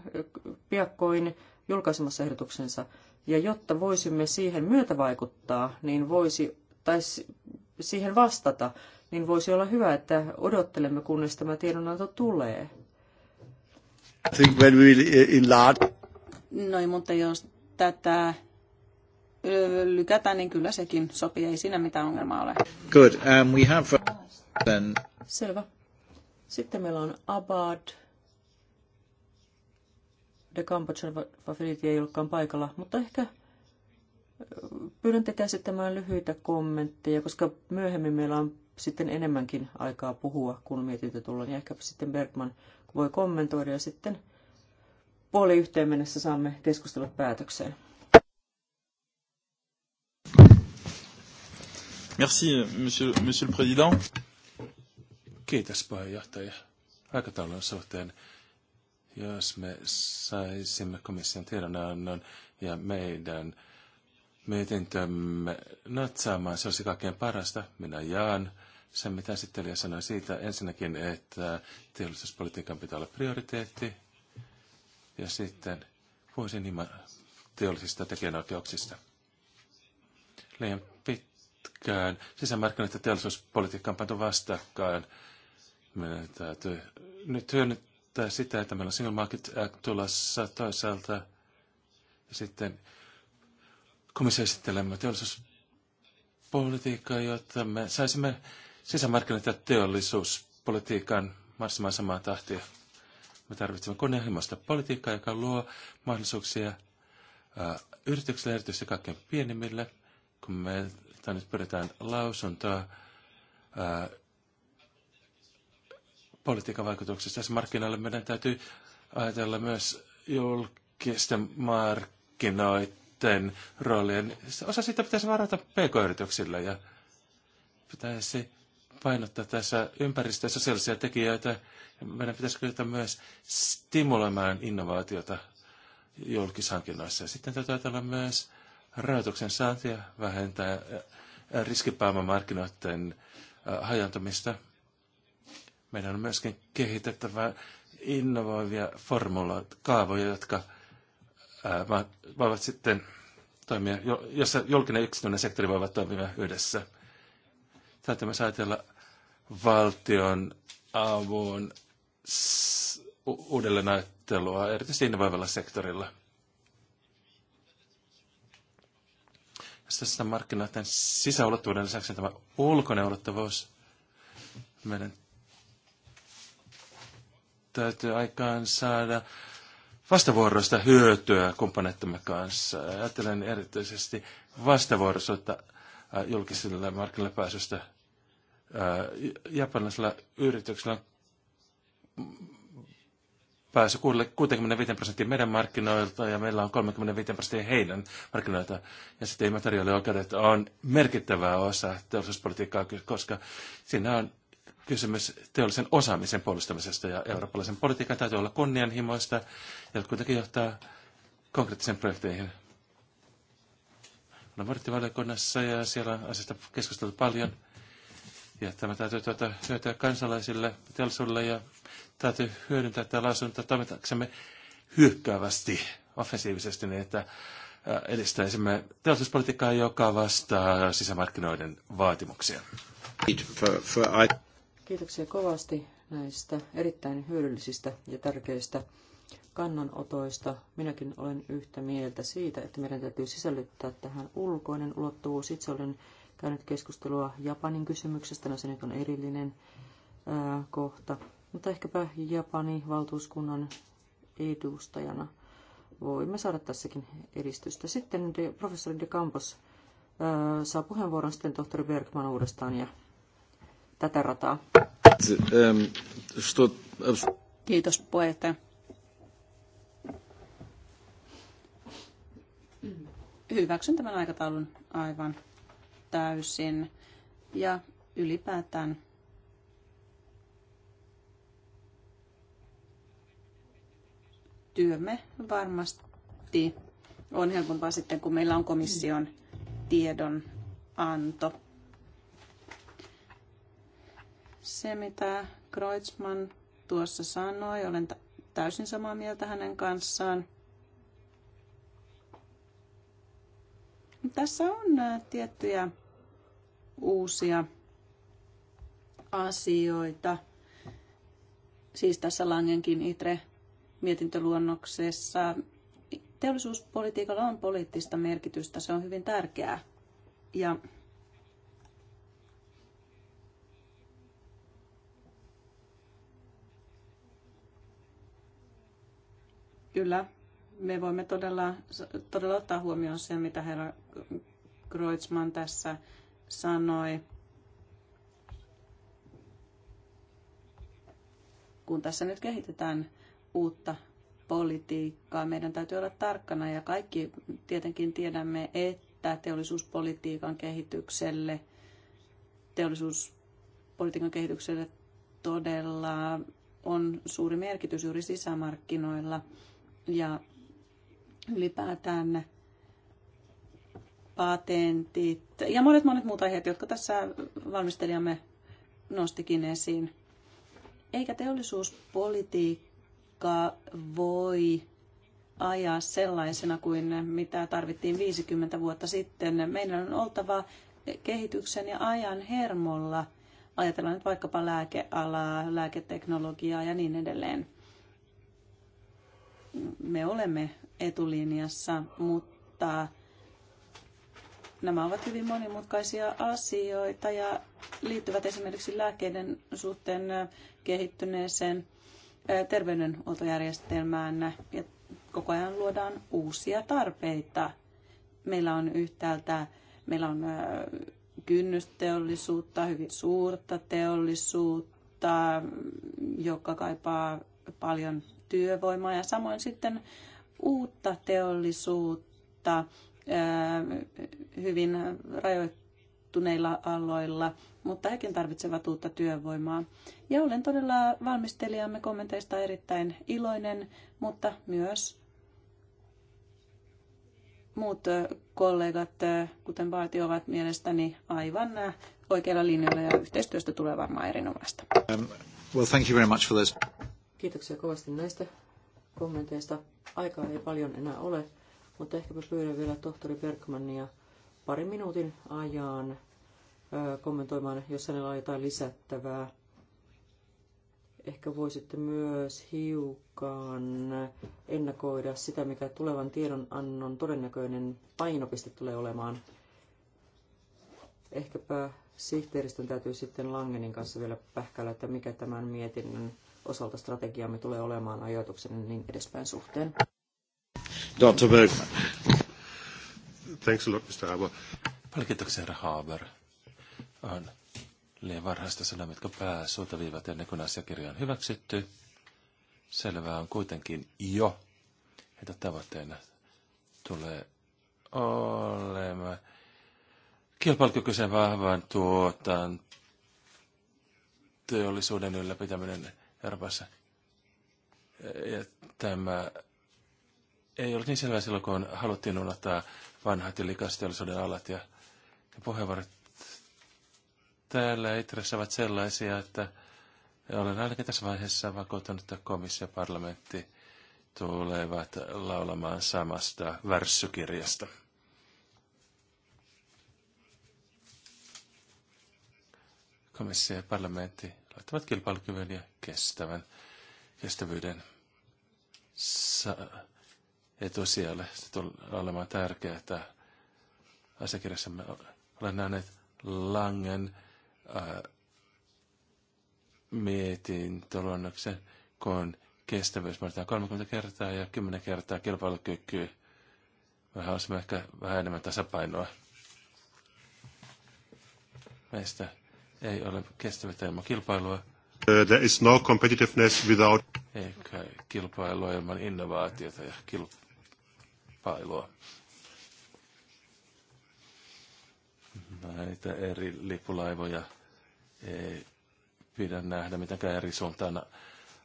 piakkoin julkaisemassa ehdotuksensa. Ja jotta voisimme siihen myötävaikuttaa, niin voisi, tai siihen vastata, niin voisi olla hyvä, että odottelemme, kunnes tämä tiedonanto tulee think when we eh, enlarge... Noin, mutta jos tätä lykätään, niin kyllä sekin sopii. Ei siinä mitään ongelmaa ole. Good. Um, we have then... Selvä. Sitten meillä on Abad. The Cambodian Facility ei olekaan paikalla, mutta ehkä pyydän teitä esittämään lyhyitä kommentteja, koska myöhemmin meillä on sitten enemmänkin aikaa puhua, kun mietintö tullaan, ja ehkä sitten Bergman voi kommentoida ja sitten puoli yhteen mennessä saamme keskustella päätökseen. Merci, monsieur, monsieur le président. Kiitos puheenjohtaja. Aikataulun suhteen, jos me saisimme komission tiedonannon ja meidän mietintömme natsaamaan, se olisi kaikkein parasta. Minä jaan se, mitä esittelijä sanoi siitä ensinnäkin, että teollisuuspolitiikan pitää olla prioriteetti ja sitten vuosien hima teollisista tekijänoikeuksista. Liian pitkään sisämarkkinat ja teollisuuspolitiikka on pantu vastakkain. Meidän täytyy nyt hyödyntää sitä, että meillä on Single Market Act tulossa toisaalta ja sitten komissio esittelemme teollisuuspolitiikkaa, jotta me saisimme sisämarkkinat ja teollisuuspolitiikan marssimaan samaa tahtia. Me tarvitsemme kunnianhimoista politiikkaa, joka luo mahdollisuuksia äh, yrityksille, erityisesti kaikkein pienimmille. Kun me nyt pyritään lausuntoa ää, äh, politiikan vaikutuksista tässä markkinoille, meidän täytyy ajatella myös julkisten markkinoiden roolien. Osa siitä pitäisi varata pk-yrityksille ja pitäisi painottaa tässä ympäristö- ja sosiaalisia tekijöitä. Meidän pitäisi kyetä myös stimuloimaan innovaatiota julkishankinnoissa. Sitten täytyy ajatella myös rahoituksen saantia, vähentää äh, riskipääomamarkkinoiden äh, hajantumista. Meidän on myöskin kehitettävä innovoivia formuloita, kaavoja, jotka äh, voivat sitten toimia, jossa julkinen ja yksityinen sektori voivat toimia yhdessä. Täytyy myös ajatella valtion avun uudelleenajattelua, erityisesti innovoivalla sektorilla. Tässä markkinoiden sisäulottuvuuden lisäksi tämä ulkoinen ulottuvuus meidän täytyy aikaan saada vastavuoroista hyötyä kumppaneittamme kanssa. Ajattelen erityisesti vastavuoroisuutta äh, julkisille markkinoille pääsystä japanilaisilla yrityksillä on pääsy 65 prosenttia meidän markkinoilta ja meillä on 35 prosenttia heidän markkinoilta. Ja sitten immateriaali on merkittävä osa teollisuuspolitiikkaa, koska siinä on kysymys teollisen osaamisen puolustamisesta ja eurooppalaisen politiikan täytyy olla kunnianhimoista ja kuitenkin johtaa konkreettisiin projekteihin. Olen ja siellä on asiasta keskusteltu paljon. Ja tämä täytyy tuota, hyötyä kansalaisille, telsulle ja täytyy hyödyntää tämä lausunto toimintaksemme hyökkäävästi, offensiivisesti, niin että edistäisimme teollisuuspolitiikkaa, joka vastaa sisämarkkinoiden vaatimuksia. Kiitoksia kovasti näistä erittäin hyödyllisistä ja tärkeistä kannanotoista. Minäkin olen yhtä mieltä siitä, että meidän täytyy sisällyttää tähän ulkoinen ulottuvuus. Itse olen käynyt keskustelua Japanin kysymyksestä, no se nyt on erillinen ää, kohta. Mutta ehkäpä Japani valtuuskunnan edustajana voimme saada tässäkin edistystä. Sitten de, professori De Campos ää, saa puheenvuoron sitten tohtori Bergman uudestaan ja tätä rataa. Ähm, Kiitos puheenjohtaja. Hyväksyn tämän aikataulun aivan täysin ja ylipäätään työmme varmasti on helpompaa sitten, kun meillä on komission tiedonanto. Se, mitä Kreutzmann tuossa sanoi, olen täysin samaa mieltä hänen kanssaan. Tässä on äh, tiettyjä uusia asioita. Siis tässä Langenkin ITRE mietintöluonnoksessa teollisuuspolitiikalla on poliittista merkitystä, se on hyvin tärkeää. Ja kyllä me voimme todella, todella ottaa huomioon sen, mitä herra Kreutzmann tässä sanoi, kun tässä nyt kehitetään uutta politiikkaa, meidän täytyy olla tarkkana ja kaikki tietenkin tiedämme, että teollisuuspolitiikan kehitykselle, teollisuuspolitiikan kehitykselle todella on suuri merkitys juuri sisämarkkinoilla ja ylipäätään patentit ja monet monet muut aiheet, jotka tässä valmistelijamme nostikin esiin. Eikä teollisuuspolitiikka voi ajaa sellaisena kuin mitä tarvittiin 50 vuotta sitten. Meidän on oltava kehityksen ja ajan hermolla. Ajatellaan nyt vaikkapa lääkealaa, lääketeknologiaa ja niin edelleen. Me olemme etulinjassa, mutta Nämä ovat hyvin monimutkaisia asioita ja liittyvät esimerkiksi lääkkeiden suhteen kehittyneeseen terveydenhuoltojärjestelmään ja koko ajan luodaan uusia tarpeita. Meillä on yhtäältä meillä on kynnysteollisuutta, hyvin suurta teollisuutta, joka kaipaa paljon työvoimaa ja samoin sitten uutta teollisuutta, hyvin rajoittuneilla aloilla, mutta hekin tarvitsevat uutta työvoimaa. Ja olen todella valmistelijamme kommenteista erittäin iloinen, mutta myös muut kollegat, kuten Vaati, ovat mielestäni aivan oikealla linjalla ja yhteistyöstä tulee varmaan erinomaista. Um, well, thank you very much for this. Kiitoksia kovasti näistä kommenteista. Aikaa ei paljon enää ole. Mutta ehkäpä pyydän vielä tohtori Bergmania parin minuutin ajan kommentoimaan, jos hänellä on jotain lisättävää. Ehkä voisitte myös hiukan ennakoida sitä, mikä tulevan tiedonannon todennäköinen painopiste tulee olemaan. Ehkäpä sihteeristön täytyy sitten Langenin kanssa vielä pähkällä, että mikä tämän mietinnön osalta strategiamme tulee olemaan ajatuksen niin edespäin suhteen. Dr. Bergman. Thanks a lot, Mr. Haber. Paljon kiitoksia, herra Haber. On liian varhaista sanoa, mitkä pääsuuntaviivat ennen kuin asiakirja on hyväksytty. Selvää on kuitenkin jo, että tavoitteena tulee olemaan kilpailukykyisen vahvan tuotan teollisuuden ylläpitäminen Euroopassa. Ja tämä ei ollut niin selvää silloin, kun haluttiin unohtaa vanhat ja likasteollisuuden alat ja ne puheenvuorot täällä Itressä ovat sellaisia, että olen ainakin tässä vaiheessa vakuuttanut, että komissio ja parlamentti tulevat laulamaan samasta värssykirjasta. Komissio ja parlamentti laittavat kilpailukyvyn ja kestävän, kestävyyden sa- etusijalle. Se tulee olemaan tärkeää, että me olen nähnyt Langen ää, äh, mietintölonnoksen, kun kestävyys määritetään 30 kertaa ja 10 kertaa kilpailukyky. Vähän haluaisimme ehkä vähän enemmän tasapainoa. Meistä ei ole kestävyyttä ilman kilpailua. Uh, there is no competitiveness without... Eikä kilpailua ilman innovaatiota ja kilpailua kilpailua. Näitä eri lipulaivoja ei pidä nähdä mitenkään eri suuntaan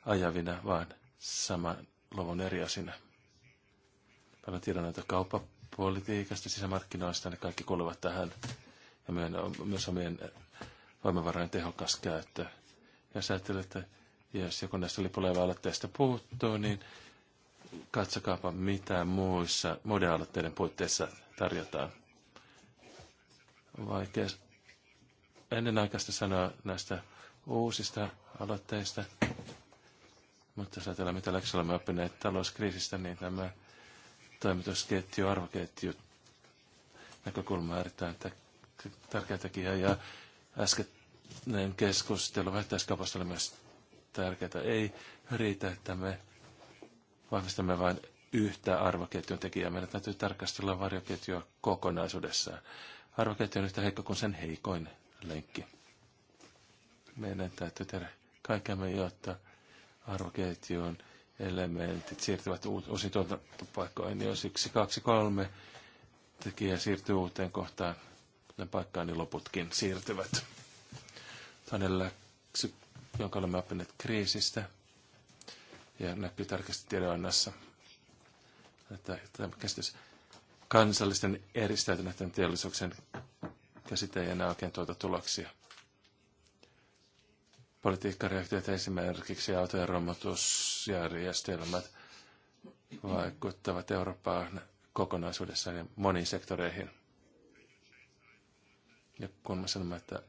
ajavina, vaan saman luvun eri osina. Paljon näitä kauppapolitiikasta, sisämarkkinoista, ne kaikki kuuluvat tähän. Ja meidän, myös omien voimavarojen tehokas käyttö. Ja sä että jos joku näistä lipulaiva-aloitteista puuttuu, niin katsokaapa mitä muissa, muiden puitteissa tarjotaan. Vaikea ennenaikaista sanoa näistä uusista aloitteista, mutta jos ajatellaan mitä läksellä me oppineet talouskriisistä, niin tämä toimitusketju, arvoketju näkökulma on erittäin tärkeä tekijä. Ja äskeinen keskustelu vähittäiskaupasta oli myös tärkeää. Ei riitä, että me vahvistamme vain yhtä arvoketjun tekijää. Meidän täytyy tarkastella varjoketjua kokonaisuudessaan. Arvoketju on yhtä heikko kuin sen heikoin lenkki. Meidän täytyy tehdä kaikkemme, jotta arvoketjun elementit siirtyvät osin tuotantopaikkoihin, jos yksi, kaksi, kolme tekijä siirtyy uuteen kohtaan, kuten paikkaan, niin loputkin siirtyvät. Tämä on läksy, jonka olemme oppineet kriisistä – ja näkyy tarkasti tiedonannossa. Tämä kansallisten eristäytyneiden teollisuuksien käsite ei enää oikein tuota tuloksia. Politiikkareaktiot esimerkiksi autojen romutusjärjestelmät vaikuttavat Eurooppaan kokonaisuudessaan ja moniin sektoreihin. Ja kun mä sanon, että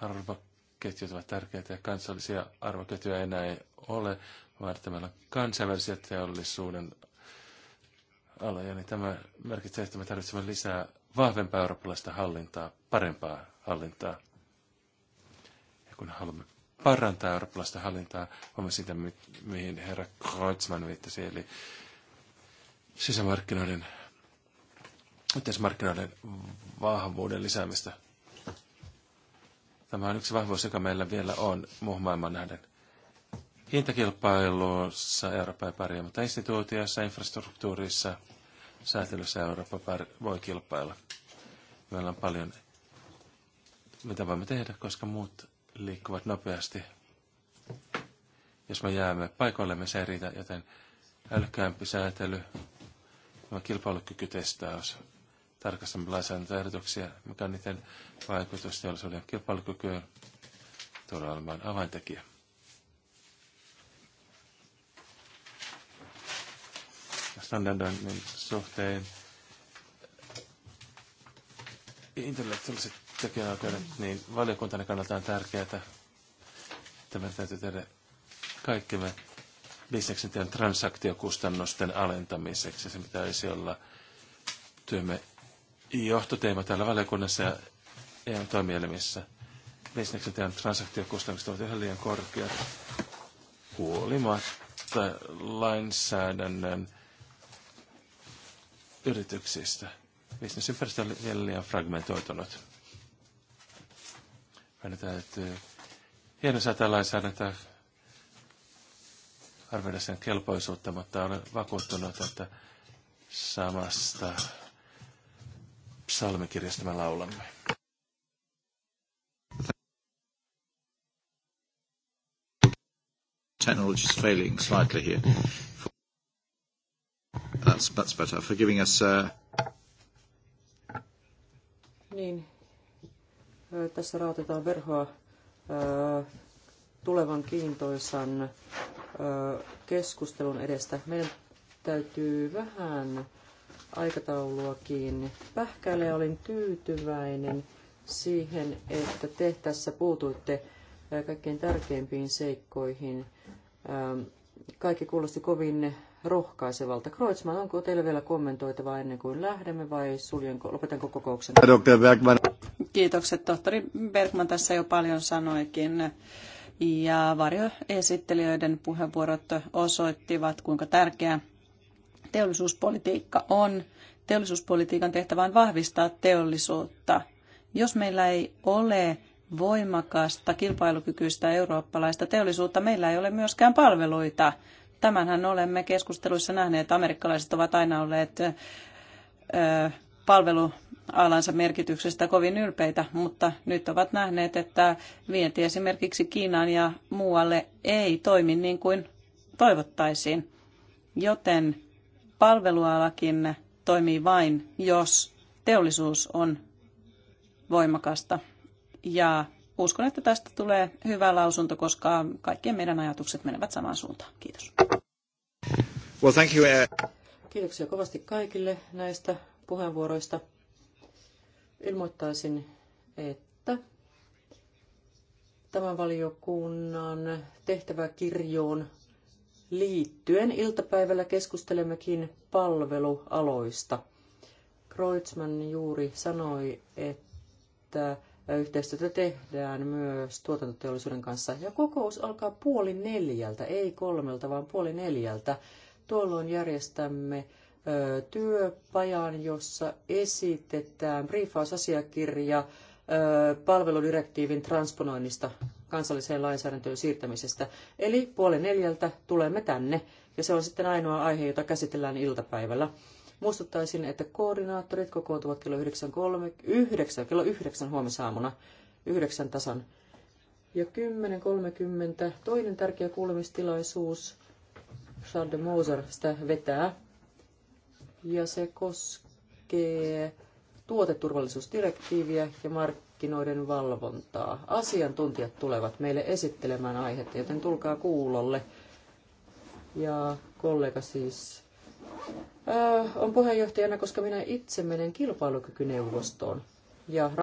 arvoketjut ovat tärkeitä ja kansallisia arvoketjuja enää ei ole, varten kansainvälisiä teollisuuden aloja, niin tämä merkitsee, että me tarvitsemme lisää vahvempaa eurooppalaista hallintaa, parempaa hallintaa. Ja kun haluamme parantaa eurooppalaista hallintaa, olemme sitä, mi- mihin herra Kreutzmann viittasi, eli sisämarkkinoiden, yhteismarkkinoiden vahvuuden lisäämistä. Tämä on yksi vahvuus, joka meillä vielä on muuhun maailmaan nähden – Hintakilpailussa Eurooppa ei pärjää, mutta instituutioissa, infrastruktuurissa, säätelyssä Eurooppa voi kilpailla. Meillä on paljon, mitä voimme tehdä, koska muut liikkuvat nopeasti. Jos me jäämme paikoillemme, se ei riitä, joten älykkäämpi säätely, tämä kilpailukykytestaus, tarkastamme lainsäädäntöehdotuksia, mikä on niiden vaikutus teollisuuden kilpailukykyyn, tulee olemaan avaintekijä. standardoinnin suhteen intellektuaaliset tekijänoikeudet, niin valiokuntana kannalta on tärkeää, että meidän täytyy tehdä kaikkemme bisneksen teidän transaktiokustannusten alentamiseksi. Se pitäisi olla työmme johtoteema täällä valiokunnassa ja EU-toimielimissä. Bisneksen teidän transaktiokustannukset ovat ihan liian korkeat huolimatta lainsäädännön yrityksistä. Bisnesympäristö on vielä liian fragmentoitunut. Mennetään, että hieno säätälainsäädäntö arvioida sen kelpoisuutta, mutta olen vakuuttunut, että samasta psalmikirjasta me laulamme. Technology is failing slightly here. That's, that's better. For giving us... Uh... Niin. Tässä raotetaan verhoa tulevan kiintoisan keskustelun edestä. Meidän täytyy vähän aikatauluakin Pähkäle ja olin tyytyväinen siihen, että te tässä puutuitte kaikkein tärkeimpiin seikkoihin. Kaikki kuulosti kovin rohkaisevalta. Kreutzmann, onko teillä vielä kommentoitavaa ennen kuin lähdemme vai suljenko, lopetanko kokouksen? Kiitokset, tohtori Bergman tässä jo paljon sanoikin. Ja varjoesittelijöiden puheenvuorot osoittivat, kuinka tärkeä teollisuuspolitiikka on. Teollisuuspolitiikan tehtävä on vahvistaa teollisuutta. Jos meillä ei ole voimakasta, kilpailukykyistä eurooppalaista teollisuutta, meillä ei ole myöskään palveluita. Tämänhän olemme keskusteluissa nähneet. Amerikkalaiset ovat aina olleet palvelualansa merkityksestä kovin ylpeitä, mutta nyt ovat nähneet, että vienti esimerkiksi Kiinaan ja muualle ei toimi niin kuin toivottaisiin. Joten palvelualakin toimii vain, jos teollisuus on voimakasta ja uskon, että tästä tulee hyvä lausunto, koska kaikkien meidän ajatukset menevät samaan suuntaan. Kiitos. Well, thank you. Kiitoksia kovasti kaikille näistä puheenvuoroista. Ilmoittaisin, että tämän valiokunnan tehtäväkirjoon liittyen iltapäivällä keskustelemmekin palvelualoista. Kreutzmann juuri sanoi, että Yhteistyötä tehdään myös tuotantoteollisuuden kanssa. Ja kokous alkaa puoli neljältä, ei kolmelta, vaan puoli neljältä. Tuolloin järjestämme työpajan, jossa esitetään briefausasiakirja palveludirektiivin transponoinnista kansalliseen lainsäädäntöön siirtämisestä. Eli puoli neljältä tulemme tänne, ja se on sitten ainoa aihe, jota käsitellään iltapäivällä. Muistuttaisin, että koordinaattorit kokoontuvat kello 9.30, kello 9 huomisaamuna, 9 tasan. Ja 10.30 toinen tärkeä kuulemistilaisuus, Charles de Moser sitä vetää, ja se koskee tuoteturvallisuusdirektiiviä ja markkinoiden valvontaa. Asiantuntijat tulevat meille esittelemään aihetta, joten tulkaa kuulolle. Ja kollega siis on puheenjohtajana, koska minä itse menen kilpailukykyneuvostoon ja